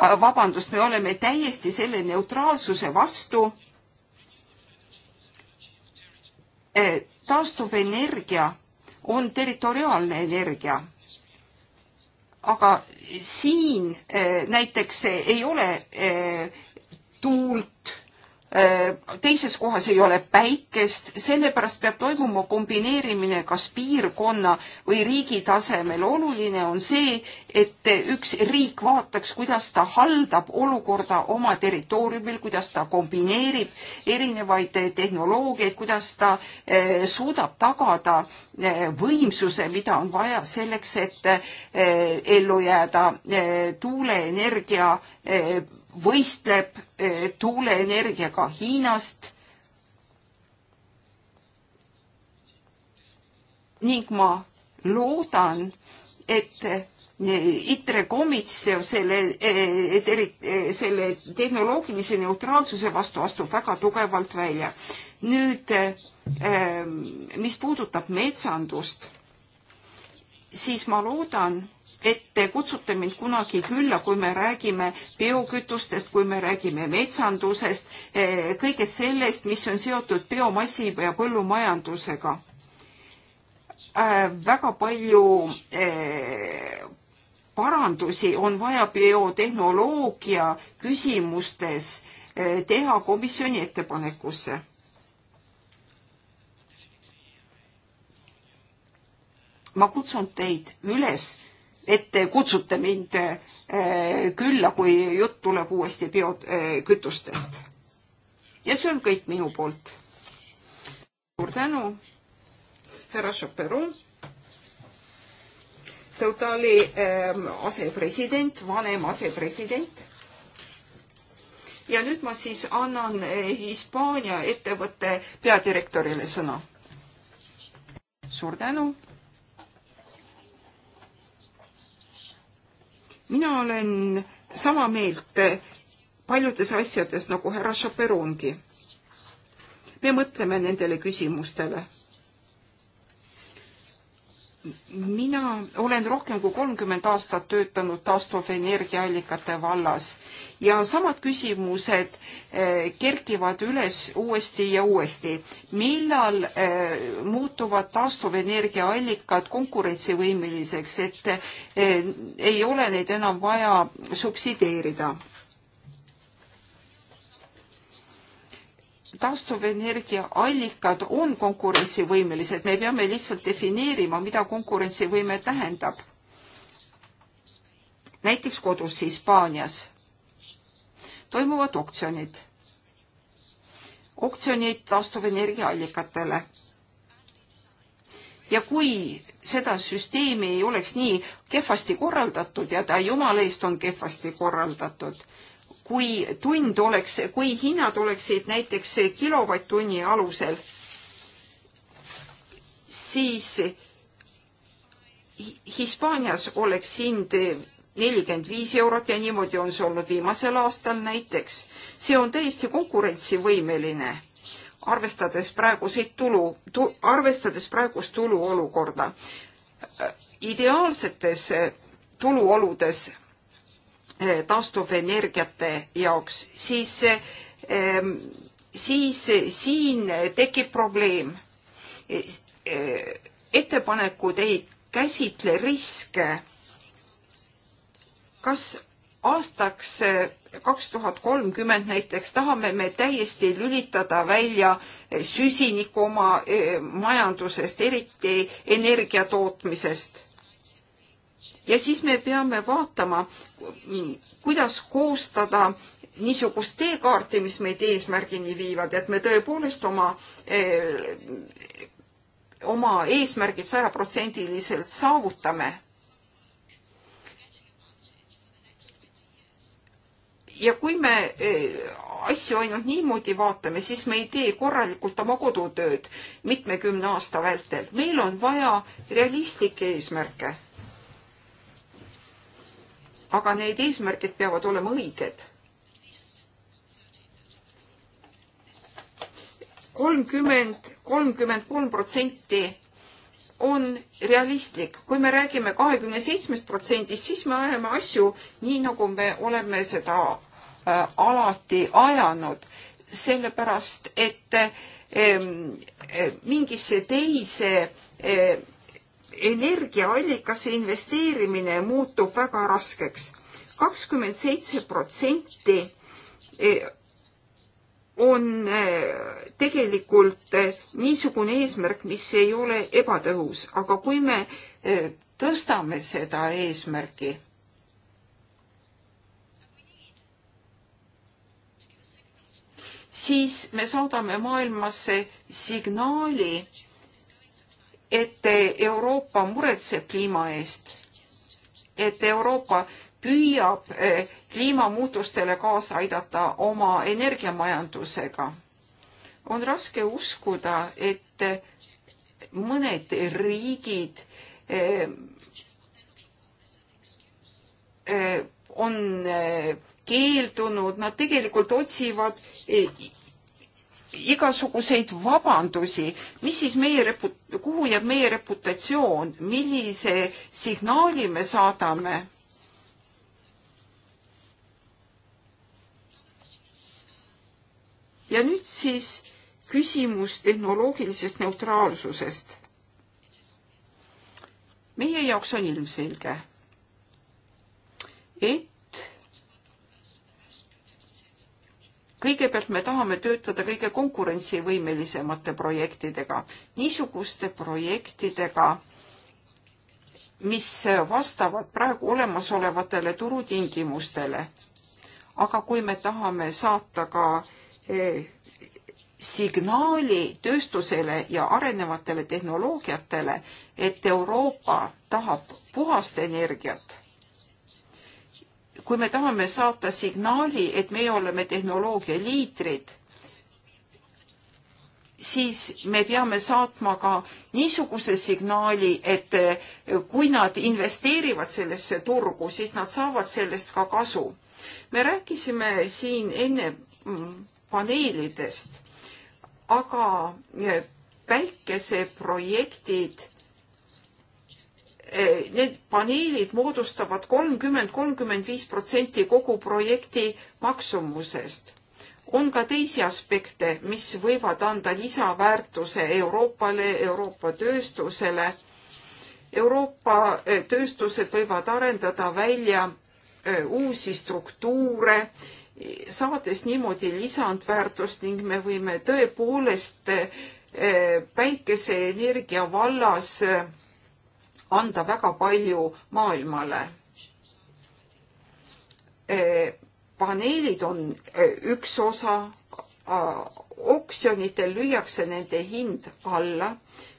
Äh, vabandust, me oleme täiesti selle neutraalsuse vastu. Äh, taastuvenergia on territoriaalne energia. aga siin äh, näiteks ei ole tuult, Äh, teises kohas ei ole päikest, sellepärast peab toimuma kombineerimine kas piirkonna või riigi tasemel. oluline on see, et üks riik vaataks, kuidas ta haldab olukorda oma territooriumil, kuidas ta kombineerib erinevaid tehnoloogiaid, kuidas ta äh, suudab tagada äh, võimsuse, mida on vaja selleks, et ellu jääda tuuleenergia võistleb eh, tuuleenergiaga Hiinast ning ma loodan, et eh, ITRE komisjon selle, eh, selle tehnoloogilise neutraalsuse vastu astub väga tugevalt välja. nüüd, mis puudutab metsandust, siis ma loodan, et te kutsute mind kunagi külla, kui me räägime biokütustest, kui me räägime metsandusest, eh, kõigest sellest, mis on seotud biomassi ja põllumajandusega. Eh, väga palju eh, parandusi on vaja biotehnoloogia küsimustes teha komisjoni ettepanekusse ma kutsun teid üles et te kutsute mind eh, külla, kui jutt tuleb uuesti biokütustest. Eh, ja see on kõik minu poolt. suur tänu, härra Šaperu. ta oli ehm, asepresident, vanem asepresident ja nüüd ma siis annan eh, Hispaania ettevõtte peadirektorile sõna. suur tänu mina olen sama meelt paljudes asjades nagu härra Chaperongi. me mõtleme nendele küsimustele mina olen rohkem kui kolmkümmend aastat töötanud taastuvenergiaallikate vallas ja samad küsimused eh, kerkivad üles uuesti ja uuesti. millal eh, muutuvad taastuvenergiaallikad konkurentsivõimeliseks, et eh, ei ole neid enam vaja subsideerida? taastuvenergia allikad on konkurentsivõimelised, me peame lihtsalt defineerima, mida konkurentsivõime tähendab. näiteks kodus Hispaanias toimuvad oktsionid, oktsionid taastuvenergia allikatele. ja kui seda süsteemi ei oleks nii kehvasti korraldatud ja ta jumala eest on kehvasti korraldatud kui tund oleks, kui hinnad oleksid näiteks kilovatt-tunni alusel, siis Hispaanias oleks hind nelikümmend viis eurot ja niimoodi on see olnud viimasel aastal näiteks. see on täiesti konkurentsivõimeline, arvestades praeguseid tulu tu,, arvestades praegust tuluolukorda. ideaalsetes tuluoludes Eh, taastuvenergiate jaoks, siis, ehm, siis siin tekib probleem. Eh, ettepanekud ei käsitle riske. kas aastaks eh, kaks tuhat kolmkümmend näiteks tahame me täiesti lülitada välja süsiniku oma majandusest, eriti energia tootmisest ja siis me peame vaatama, kuidas koostada niisugust teekaarti, mis meid eesmärgini viivad, et me tõepoolest oma eh, oma eesmärgid sajaprotsendiliselt saavutame. ja kui me eh, asju ainult niimoodi vaatame, siis me ei tee korralikult oma kodutööd mitmekümne aasta vältel. meil on vaja realistlikke eesmärke aga need eesmärgid peavad olema õiged. kolmkümmend, kolmkümmend kolm protsenti on realistlik. kui me räägime kahekümne seitsmest protsendist, siis me ajame asju nii, nagu me oleme seda äh, alati ajanud, sellepärast et äh, äh mingisse teise äh, energiaallikasse investeerimine muutub väga raskeks. kakskümmend seitse protsenti eh, on eh, tegelikult eh, niisugune eesmärk, mis ei ole ebatõhus, aga kui me tõstame seda eesmärki, siis me saadame maailmasse signaali, et Euroopa muretseb kliima eest, et Euroopa püüab eh, kliimamuutustele kaasa aidata oma energiamajandusega. on raske uskuda, et mõned riigid eh, eh, on keeldunud, nad tegelikult otsivad igasuguseid vabandusi, mis siis meie repu-, kuhu jääb meie reputatsioon, millise signaali me saadame? ja nüüd siis küsimus tehnoloogilisest neutraalsusest. meie jaoks on ilmselge, et kõigepealt me tahame töötada kõige konkurentsivõimelisemate projektidega, niisuguste projektidega, mis vastavad praegu olemasolevatele turutingimustele. aga kui me tahame saata ka eh, signaali tööstusele ja arenevatele tehnoloogiatele, et Euroopa tahab puhast energiat kui me tahame saata signaali, et meie oleme tehnoloogia liidrid, siis me peame saatma ka niisuguse signaali, et eh, kui nad investeerivad sellesse turgu, siis nad saavad sellest ka kasu. me rääkisime siin enne mm, paneelidest, aga eh, päikeseprojektid Eh, need paneelid moodustavad kolmkümmend, kolmkümmend viis protsenti kogu projekti maksumusest. on ka teisi aspekte, mis võivad anda lisaväärtuse Euroopale, Euroopa tööstusele. Euroopa eh, tööstused võivad arendada välja eh, uusi struktuure, saades niimoodi lisandväärtust ning me võime tõepoolest päikeseenergia vallas anda väga palju maailmale. paneelid on e, üks osa, oksjonitel lüüakse nende hind alla.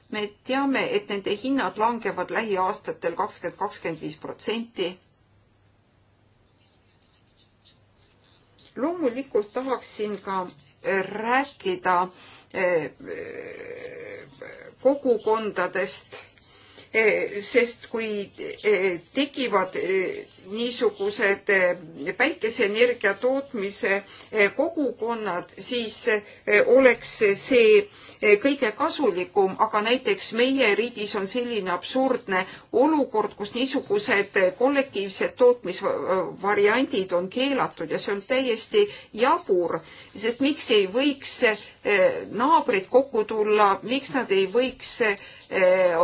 me teame, et nende hinnad langevad lähiaastatel kakskümmend, kakskümmend viis protsenti. loomulikult tahaksin ka e, rääkida e, kogukondadest Eh, sest kui eh, tekivad eh, niisugused päikeseenergia tootmise kogukonnad, siis oleks see kõige kasulikum, aga näiteks meie riigis on selline absurdne olukord, kus niisugused kollektiivsed tootmisvariandid on keelatud ja see on täiesti jabur, sest miks ei võiks Eh, naabrid kokku tulla, miks nad ei võiks eh,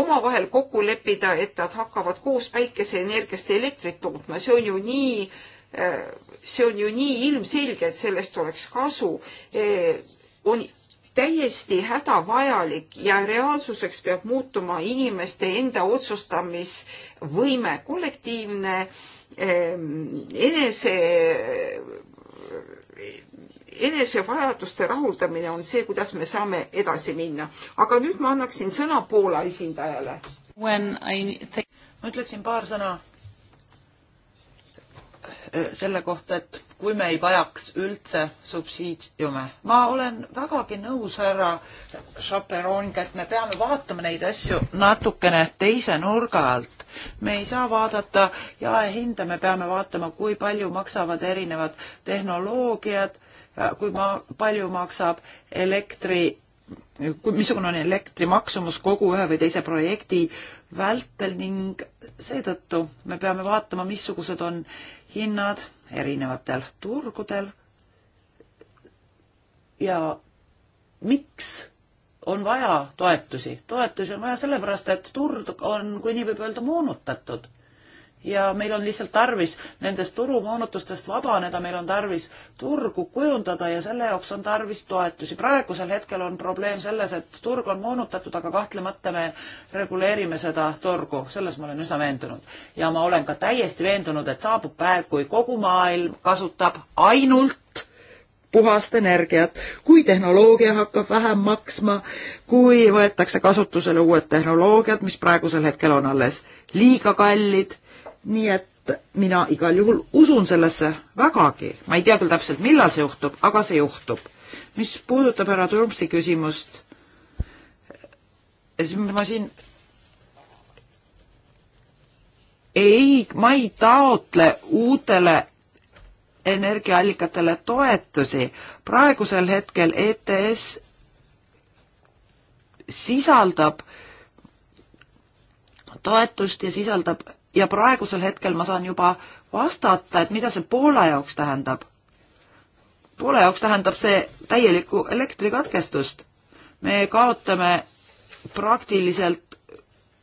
omavahel kokku leppida, et nad hakkavad koos päikeseenergiast elektrit tootma, see on ju nii, eh, see on ju nii ilmselge, et sellest oleks kasu. on täiesti hädavajalik ja reaalsuseks peab muutuma inimeste enda otsustamisvõime, kollektiivne enese enesevajaduste rahuldamine on see, kuidas me saame edasi minna. aga nüüd ma annaksin sõna Poola esindajale. ma ütleksin paar sõna äh, selle kohta, et kui me ei vajaks üldse subsiidiume. ma olen vägagi nõus härra Chaperoniga, et me peame vaatama neid asju natukene teise nurga alt. me ei saa vaadata jaehinda, me peame vaatama, kui palju maksavad erinevad tehnoloogiad, Äh, kui ma, palju maksab elektri, missugune on elektri maksumus kogu ühe või teise projekti vältel ning seetõttu me peame vaatama, missugused on hinnad erinevatel turgudel ja miks on vaja toetusi. toetusi on vaja sellepärast, et turg on, kui nii võib öelda, moonutatud ja meil on lihtsalt tarvis nendest turumoonutustest vabaneda, meil on tarvis turgu kujundada ja selle jaoks on tarvis toetusi. praegusel hetkel on probleem selles, et turg on moonutatud, aga kahtlemata me reguleerime seda turgu, selles ma olen üsna veendunud. ja ma olen ka täiesti veendunud, et saabub päev, kui kogu maailm kasutab ainult puhast energiat, kui tehnoloogia hakkab vähem maksma, kui võetakse kasutusele uued tehnoloogiad, mis praegusel hetkel on alles liiga kallid nii et mina igal juhul usun sellesse vägagi. ma ei tea küll täpselt, millal see juhtub, aga see juhtub. mis puudutab härra Turmsi küsimust, siis ma siin ei, ma ei taotle uutele energiaallikatele toetusi. praegusel hetkel ETS sisaldab toetust ja sisaldab ja praegusel hetkel ma saan juba vastata, et mida see Poola jaoks tähendab. Poola jaoks tähendab see täielikku elektrikatkestust. me kaotame praktiliselt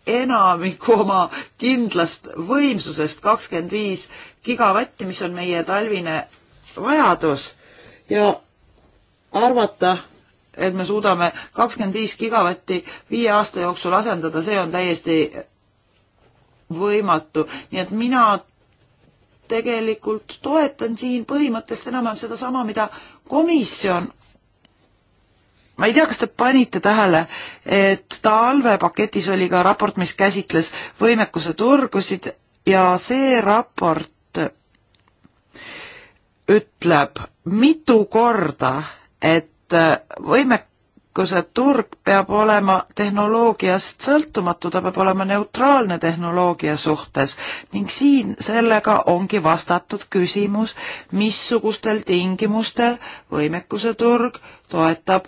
enamiku oma kindlast võimsusest, kakskümmend viis gigavatti, mis on meie talvine vajadus ja arvata, et me suudame kakskümmend viis gigavatti viie aasta jooksul asendada, see on täiesti võimatu. nii et mina tegelikult toetan siin põhimõtteliselt enam-vähem sedasama, mida komisjon ma ei tea, kas te panite tähele, et talvepaketis oli ka raport, mis käsitles võimekuse turgusid ja see raport ütleb mitu korda, et võimek-, kütuseturg peab olema tehnoloogiast sõltumatu, ta peab olema neutraalne tehnoloogia suhtes ning siin sellega ongi vastatud küsimus, missugustel tingimustel võimekuse turg toetab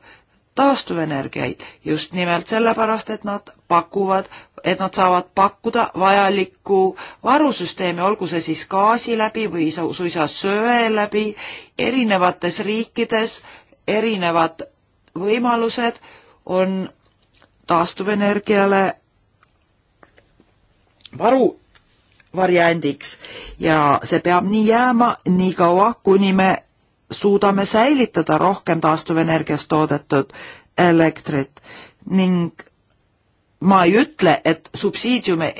taastuvenergiaid just nimelt sellepärast, et nad pakuvad, et nad saavad pakkuda vajalikku varusüsteemi, olgu see siis gaasi läbi või suisa söe läbi. erinevates riikides erinevad võimalused on taastuvenergiale varu variandiks ja see peab nii jääma nii kaua, kuni me suudame säilitada rohkem taastuvenergiast toodetud elektrit ning ma ei ütle, et subsiidiume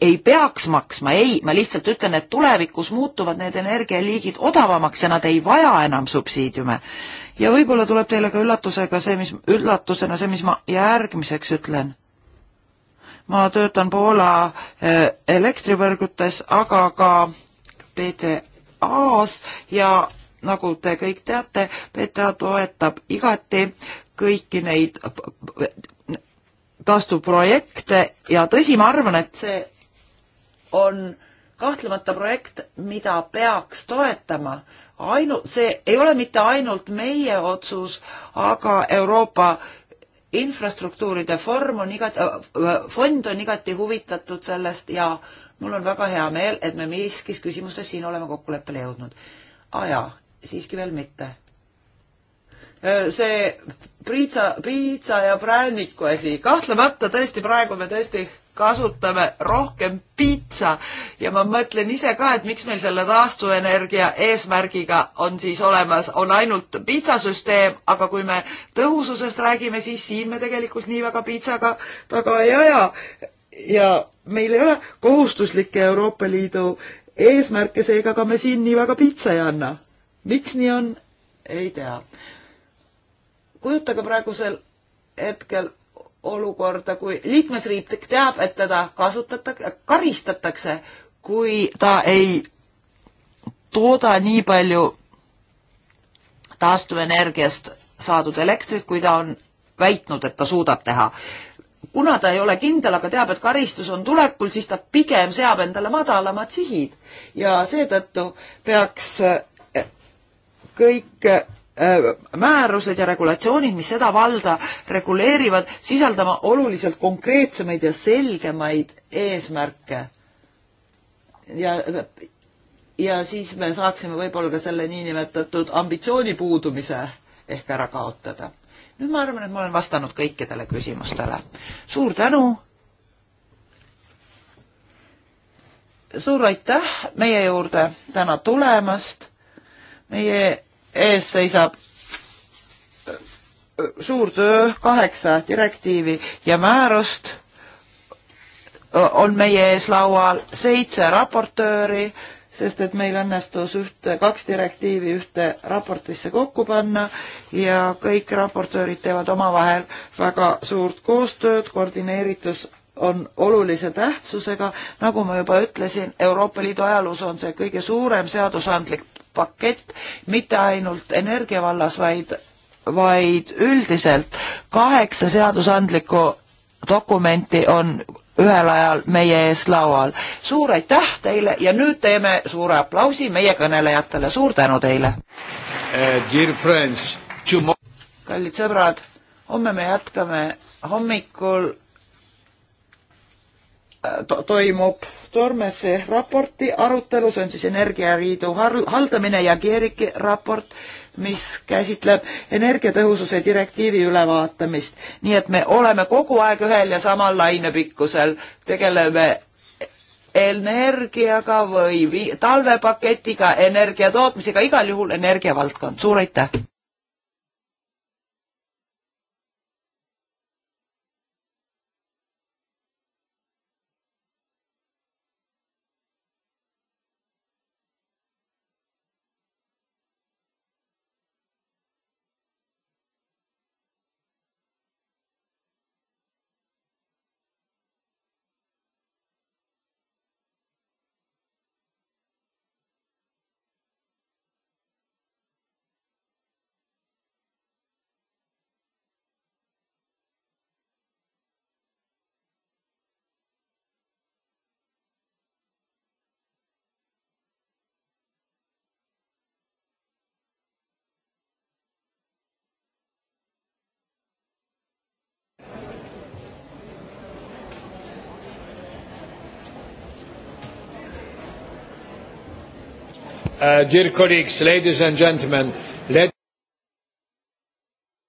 ei peaks maksma, ei, ma lihtsalt ütlen, et tulevikus muutuvad need energialiigid odavamaks ja nad ei vaja enam subsiidiume. ja võib-olla tuleb teile ka üllatusega see, mis, üllatusena see, mis ma järgmiseks ütlen. ma töötan Poola eh, elektrivõrgutes, aga ka PTA-s ja nagu te kõik teate, PTA toetab igati kõiki neid eh, taastuprojekte ja tõsi, ma arvan, et see on kahtlemata projekt, mida peaks toetama. ainu-, see ei ole mitte ainult meie otsus, aga Euroopa infrastruktuuride form on igati, äh, fond on igati huvitatud sellest ja mul on väga hea meel, et me miskis küsimuses siin oleme kokkuleppele jõudnud. aa jaa, siiski veel mitte. Äh, see priitsa, priitsa ja prääniku asi, kahtlemata tõesti praegu me tõesti kasutame rohkem piitsa ja ma mõtlen ise ka, et miks meil selle taastuvenergia eesmärgiga on siis olemas, on ainult piitsasüsteem, aga kui me tõhususest räägime, siis siin me tegelikult nii väga piitsaga taga ei aja. ja meil ei ole kohustuslikke Euroopa Liidu eesmärke, seega ka me siin nii väga piitsa ei anna. miks nii on, ei tea. kujutage praegusel hetkel olukorda, kui liikmesriik teab, et teda kasutatakse, karistatakse, kui ta ei tooda nii palju taastuvenergiast saadud elektrit, kui ta on väitnud, et ta suudab teha. kuna ta ei ole kindel, aga teab, et karistus on tulekul, siis ta pigem seab endale madalamad sihid ja seetõttu peaks kõik Äh, määrused ja regulatsioonid, mis seda valda reguleerivad, sisaldama oluliselt konkreetsemaid ja selgemaid eesmärke. ja, ja siis me saaksime võib-olla ka selle niinimetatud ambitsiooni puudumise ehk ära kaotada. nüüd ma arvan, et ma olen vastanud kõikidele küsimustele. suur tänu. suur aitäh meie juurde täna tulemast. meie ees seisab suur töö, kaheksa direktiivi ja määrust on meie ees laual seitse raportööri, sest et meil õnnestus ühte, kaks direktiivi ühte raportisse kokku panna ja kõik raportöörid teevad omavahel väga suurt koostööd, koordineeritus on olulise tähtsusega, nagu ma juba ütlesin, Euroopa Liidu ajaloos on see kõige suurem seadusandlik pakett mitte ainult energia vallas, vaid, vaid üldiselt kaheksa seadusandlikku dokumenti on ühel ajal meie ees laual. suur aitäh teile ja nüüd teeme suure aplausi meie kõnelejatele, suur tänu teile uh,! kallid sõbrad, homme me jätkame hommikul to toimub Tormese raporti arutelu, see on siis Energialiidu haldamine ja Geeriki raport, mis käsitleb energiatõhususe direktiivi ülevaatamist. nii et me oleme kogu aeg ühel ja samal lainepikkusel, tegeleme energiaga või talvepaketiga, energia tootmisega, igal juhul energiavaldkond, suur aitäh! Uh, dear colleagues, ladies and gentlemen,